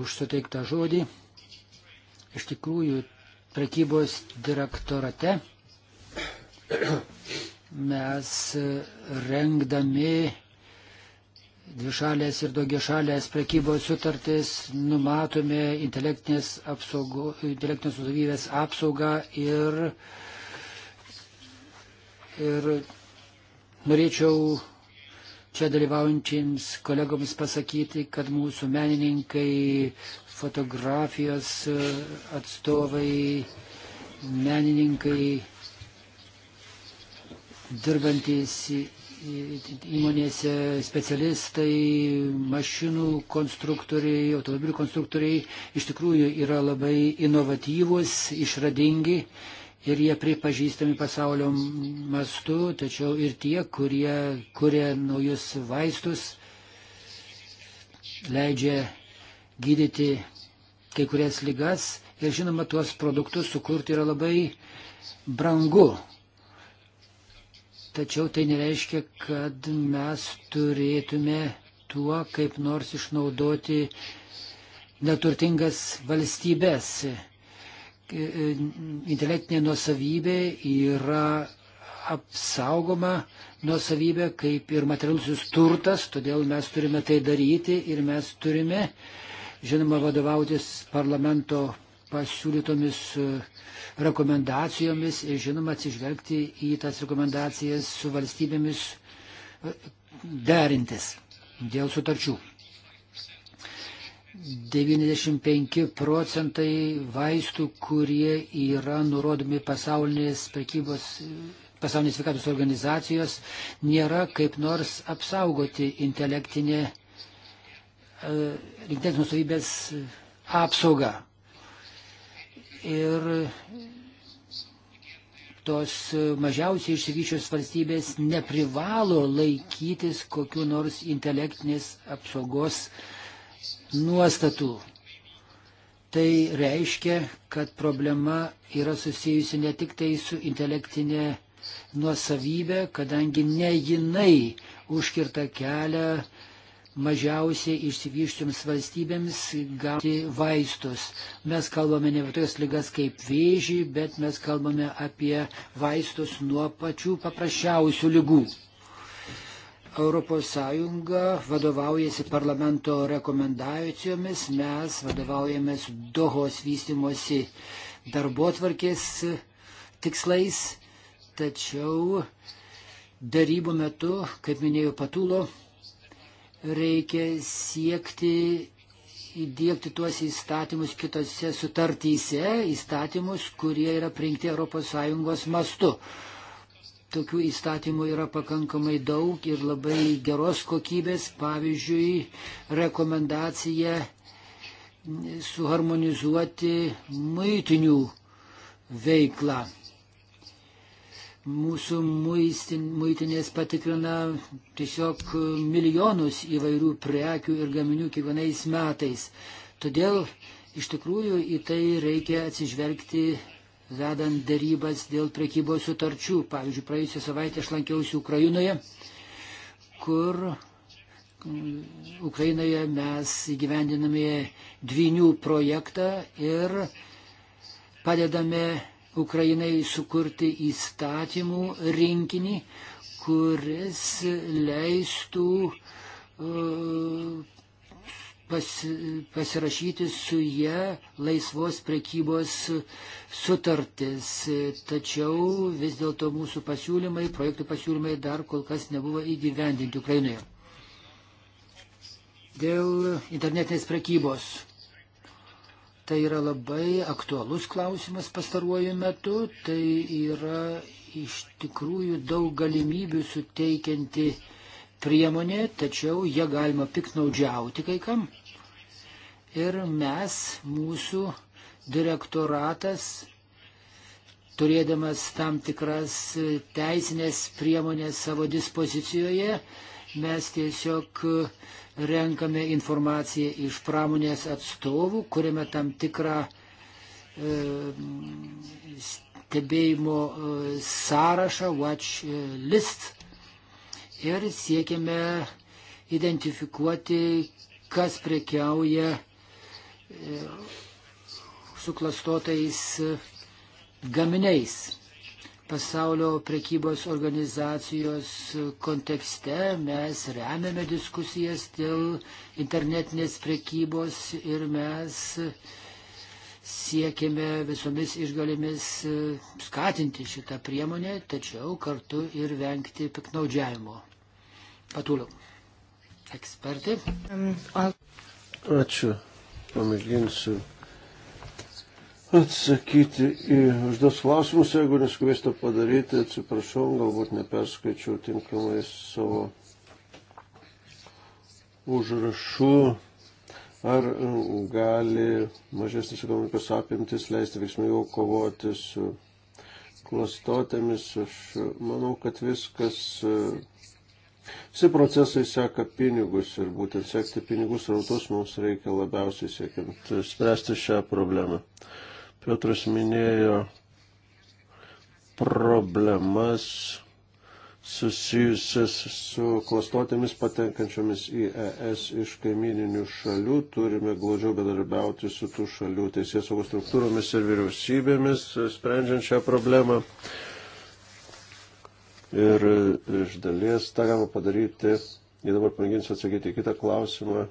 už suteiktą žodį. Iš tikrųjų, prekybos direktorate mes rengdami dvišalės ir daugiešalės prekybos sutartys numatome intelektinės, apsaugo, intelektinės nusavybės apsaugą ir, ir norėčiau čia dalyvaujančiams kolegoms pasakyti, kad mūsų menininkai, fotografijos e, atstovai, menininkai dirbantys įmonėse specialistai, mašinų konstruktoriai, automobilių konstruktoriai iš tikrųjų yra labai inovatyvūs, išradingi ir jie pripažįstami pasaulio mastu, tačiau ir tie, kurie kuria naujus vaistus, leidžia gydyti kai kurias lygas ir žinoma, tuos produktus sukurti yra labai brangu. Tačiau tai nereiškia, kad mes turėtume tuo kaip nors išnaudoti neturtingas valstybės. E, intelektinė nuosavybė yra apsaugoma nuosavybė kaip ir materialusis turtas, todėl mes turime tai daryti ir mes turime, žinoma, vadovautis parlamento pasiūlytomis e, rekomendacijomis ir žinoma atsižvelgti į tas rekomendacijas su valstybėmis e, derintis dėl sutarčių. 95 procentai vaistų, kurie yra nurodomi pasaulinės prekybos, pasaulinės sveikatos organizacijos, nėra kaip nors apsaugoti intelektinė, e, intelektinės nusavybės apsaugą ir tos mažiausiai išsivyščios valstybės neprivalo laikytis kokiu nors intelektinės apsaugos nuostatų. Tai reiškia, kad problema yra susijusi ne tik tai su intelektinė nuosavybė, kadangi ne jinai užkirta kelią mažiausiai išsivyščiams valstybėms gauti vaistus. Mes kalbame ne apie tokias lygas kaip vėžį, bet mes kalbame apie vaistus nuo pačių paprasčiausių lygų. ES vadovaujasi parlamento rekomendacijomis, mes vadovaujamės Dohos vystimosi darbo tvarkės tikslais, tačiau darybų metu, kaip minėjo Patulo, reikia siekti įdėkti tuos įstatymus kitose sutartyse, įstatymus, kurie yra prinkti ES mastu. Tokių įstatymų yra pakankamai daug ir labai geros kokybės, pavyzdžiui, rekomendacija suharmonizuoti maitinių veiklą. Mūsų muitinės patikrina tiesiog milijonus įvairių prekių ir gaminių kiekvienais metais. Todėl iš tikrųjų į tai reikia atsižvelgti vedant darybas dėl prekybos sutarčių. Pavyzdžiui, praėjusią savaitę aš lankiausi Ukrainoje, kur mm, Ukrainoje mes įgyvendiname dvinių projektą ir padedame Ukrainai sukurti įstatymų rinkinį, kuris leistų uh, pas, pasirašyti su jie laisvos prekybos sutartis. Tačiau vis dėlto mūsų pasiūlymai, projektų pasiūlymai dar kol kas nebuvo įgyvendinti Ukrainoje. Dėl internetinės prekybos Tai yra labai aktualus klausimas pastaruoju metu, tai yra iš tikrųjų daug galimybių suteikianti priemonė, tačiau ją galima piknaudžiauti kai kam. Ir mes, mūsų direktoratas, turėdamas tam tikras teisinės priemonės savo dispozicijoje, mes tiesiog renkame informaciją iš pramonės atstovų, kuriame tam tikrą e, stebėjimo e, sąrašą, watch e, list ir siekiame identifikuoti, kas prekiauja e, suklastotais gaminiais pasaulio prekybos organizacijos kontekste mes remiame diskusijas dėl internetinės prekybos ir mes siekime visomis išgalimis skatinti šitą priemonę, tačiau kartu ir vengti piknaudžiavimo. Patūliau. Ekspertai. Ačiū. Pamėginsiu atsakyti į užduos klausimus, jeigu neskubėsite padaryti, atsiprašau, galbūt neperskaičiau tinkamai savo užrašų, ar gali mažesnis ekonomikos apimtis leisti veiksmingiau kovoti su klastotėmis. Aš manau, kad viskas Visi procesai seka pinigus ir būtent sekti pinigus rautus mums reikia labiausiai siekiant spręsti šią problemą. Piotras minėjo problemas susijusias su klastotėmis patenkančiomis į ES iš kaimininių šalių. Turime glaudžiau bedarbiauti su tų šalių teisės saugos struktūromis ir vyriausybėmis, sprendžiant šią problemą. Ir iš dalies tą galima padaryti. Ir dabar pamėginsiu atsakyti kitą klausimą.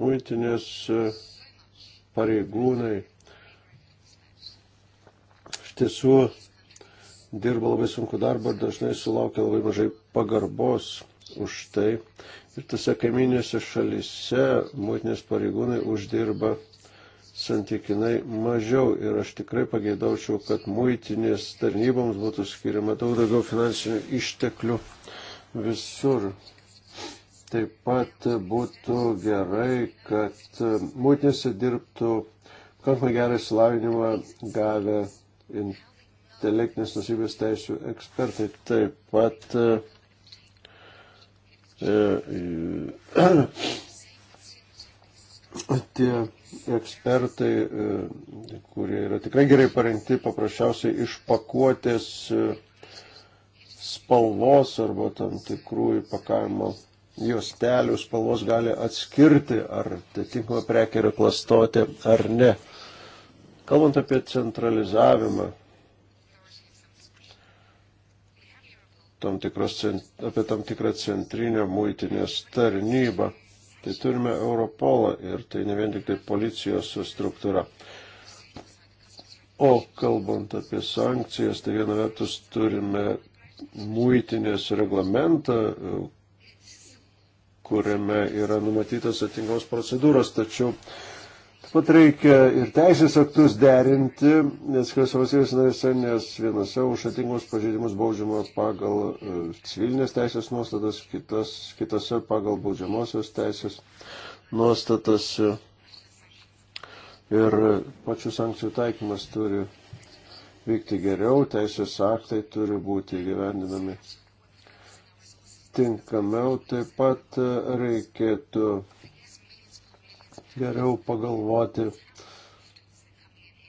Muitinės pareigūnai iš tiesų dirba labai sunku darbą ir dažnai sulaukia labai mažai pagarbos už tai. Ir tose kaiminėse šalise muitinės pareigūnai uždirba santykinai mažiau. Ir aš tikrai pageidaučiau, kad muitinės tarnyboms būtų skiriama daug daugiau finansinių išteklių visur. Taip pat būtų gerai, kad mūtinėse dirbtų pakankamai gerą išsilavinimą gavę intelektinės nusybės teisų ekspertai. Taip pat e, e, tie ekspertai, e, kurie yra tikrai gerai parengti, paprasčiausiai iš pakuotės spalvos arba tam tikrų įpakavimo juostelių spalvos gali atskirti, ar atitinkama prekė yra klastotė ar ne. Kalbant apie centralizavimą, tam tikros, apie tam tikrą centrinę muitinės tarnybą, tai turime Europolą ir tai ne vien tik tai policijos struktūra. O kalbant apie sankcijas, tai viena vertus turime muitinės reglamentą, kuriame yra numatytos atingos procedūros, tačiau taip pat reikia ir teisės aktus derinti, nes kurios valstybės narėse, nes vienose už atingus pažeidimus baudžiama pagal e, civilinės teisės nuostatas, kitas, kitose pagal baudžiamosios teisės nuostatas ir pačių sankcijų taikymas turi vykti geriau, teisės aktai turi būti gyvendinami tinkamiau. Taip pat e, reikėtų geriau pagalvoti,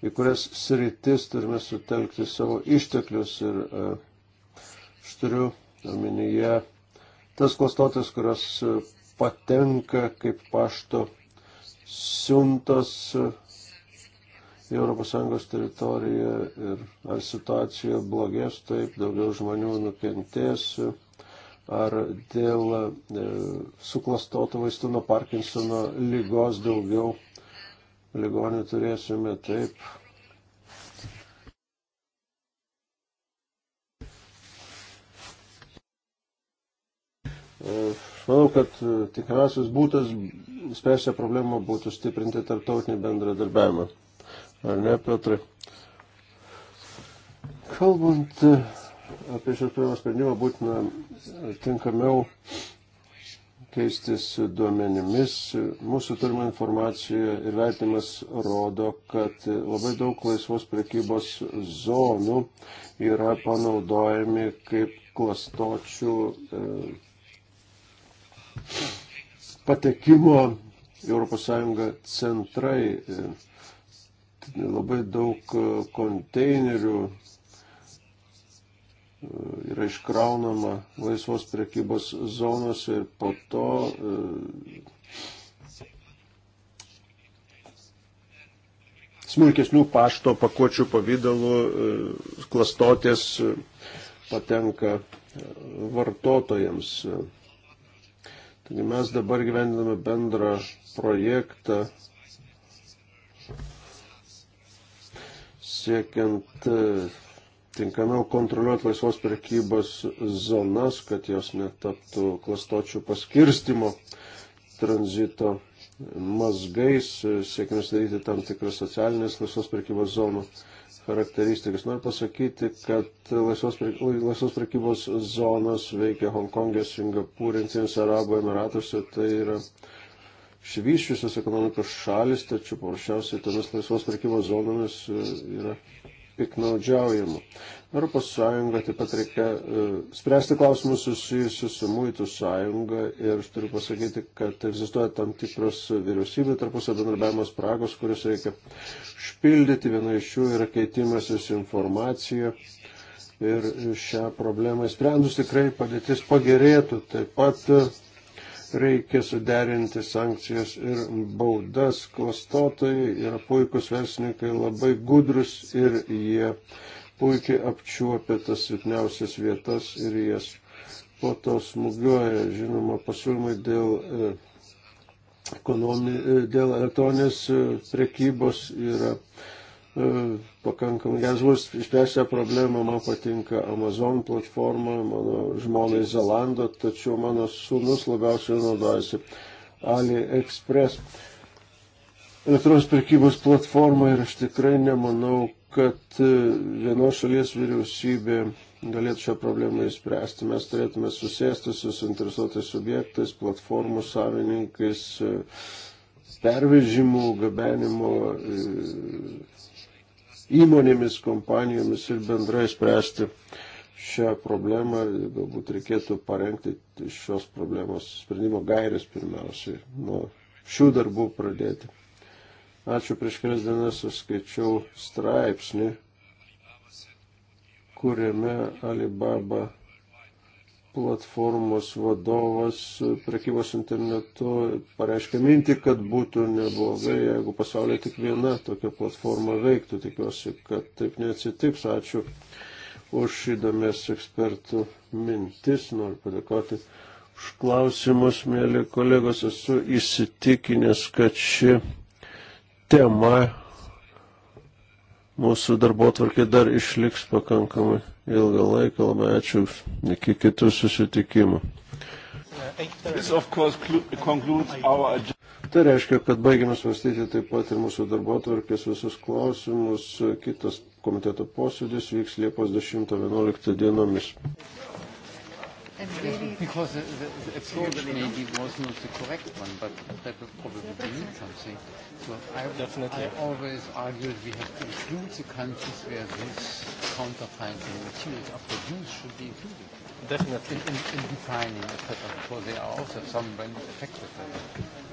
į kurias sritis turime sutelkti savo išteklius ir e, aš turiu omenyje tas klastotės, kurios e, patenka kaip pašto siuntos į ES teritoriją ir ar situacija blogės, taip daugiau žmonių nukentės, ar dėl e, suklastoto vaistų nuo Parkinsono lygos daugiau ligonių turėsime taip. Aš e, manau, kad e, tikrasis būtas spręsti problemą būtų stiprinti tarptautinį bendradarbiavimą. Ar ne, Petrai? Kalbant apie šios problemos sprendimą būtina tinkamiau keistis duomenimis. Mūsų turima informacija ir vertimas rodo, kad labai daug laisvos prekybos zonų yra panaudojami kaip klastočių e, patekimo ES centrai. E, labai daug konteinerių yra iškraunama laisvos prekybos zonose ir po to e, smulkesnių pašto pakuočių pavydalų e, klastotės e, patenka vartotojams. Taigi mes dabar gyvendame bendrą projektą siekiant tinkamiau kontroliuoti laisvos prekybos zonas, kad jos netaptų klastočių paskirstimo tranzito mazgais, siekime sudaryti tam tikras socialinės laisvos prekybos zonų charakteristikas. Noriu pasakyti, kad laisvos, pre... laisvos prekybos zonos veikia Hongkongė, e, Singapūrė, Jungtinėse Arabų Emiratuose, tai yra švyščiusios ekonomikos šalis, tačiau paprasčiausiai tomis laisvos prekybos zonomis e, yra piknaudžiaujama. Europos Sąjunga taip pat reikia e, spręsti klausimus susijusius su Muitų Sąjunga ir aš turiu pasakyti, kad egzistuoja tam tikros vyriausybių tarpusio bendradarbiavimo spragos, kurias reikia špildyti. Viena iš jų yra keitimasis informacija. Ir šią problemą sprendus tikrai padėtis pagerėtų. Taip pat reikia suderinti sankcijas ir baudas. Klastotojai yra puikus verslininkai, labai gudrus ir jie puikiai apčiuopia tas silpniausias vietas ir jas po to smūgiuoja. Žinoma, pasiūlymai dėl, e, ekonomi, e, dėl elektroninės e, prekybos yra E, pakankamai geras bus išspręsti problemą, man patinka Amazon platforma, mano žmonai Zelando, tačiau mano sūnus labiausiai naudojasi AliExpress elektroninės prekybos platforma ir aš tikrai nemanau, kad e, vienos šalies vyriausybė galėtų šią problemą įspręsti. Mes turėtume susėsti su suinteresuotais subjektais, platformų savininkais, e, pervežimų, gabenimo. E, įmonėmis, kompanijomis ir bendrai spręsti šią problemą. Galbūt reikėtų parengti šios problemos sprendimo gairės pirmiausiai nuo šių darbų pradėti. Ačiū prieš kelias dienas suskaičiau straipsnį, kuriame Alibaba platformos vadovas prekybos internetu pareiškė mintį, kad būtų neblogai, jeigu pasaulyje tik viena tokia platforma veiktų. Tikiuosi, kad taip neatsitiks. Ačiū už įdomias ekspertų mintis. Noriu padėkoti už klausimus, mėly kolegos. Esu įsitikinęs, kad ši tema mūsų darbo tvarkė dar išliks pakankamai ilgą laiką. Labai ačiū. Iki kitų susitikimų. Tai reiškia, kad baigiame svarstyti taip pat ir mūsų darbotvarkės visus klausimus. Kitas komiteto posėdis vyks Liepos 10-11 dienomis. Yes, because uh, the, the approach maybe was not the correct one, but that would probably mean something. So I, Definitely. I always argued we have to include the countries where these counterfeiting materials are produced should be included. Definitely. In, in, in defining, etc., because they are also some affected by that.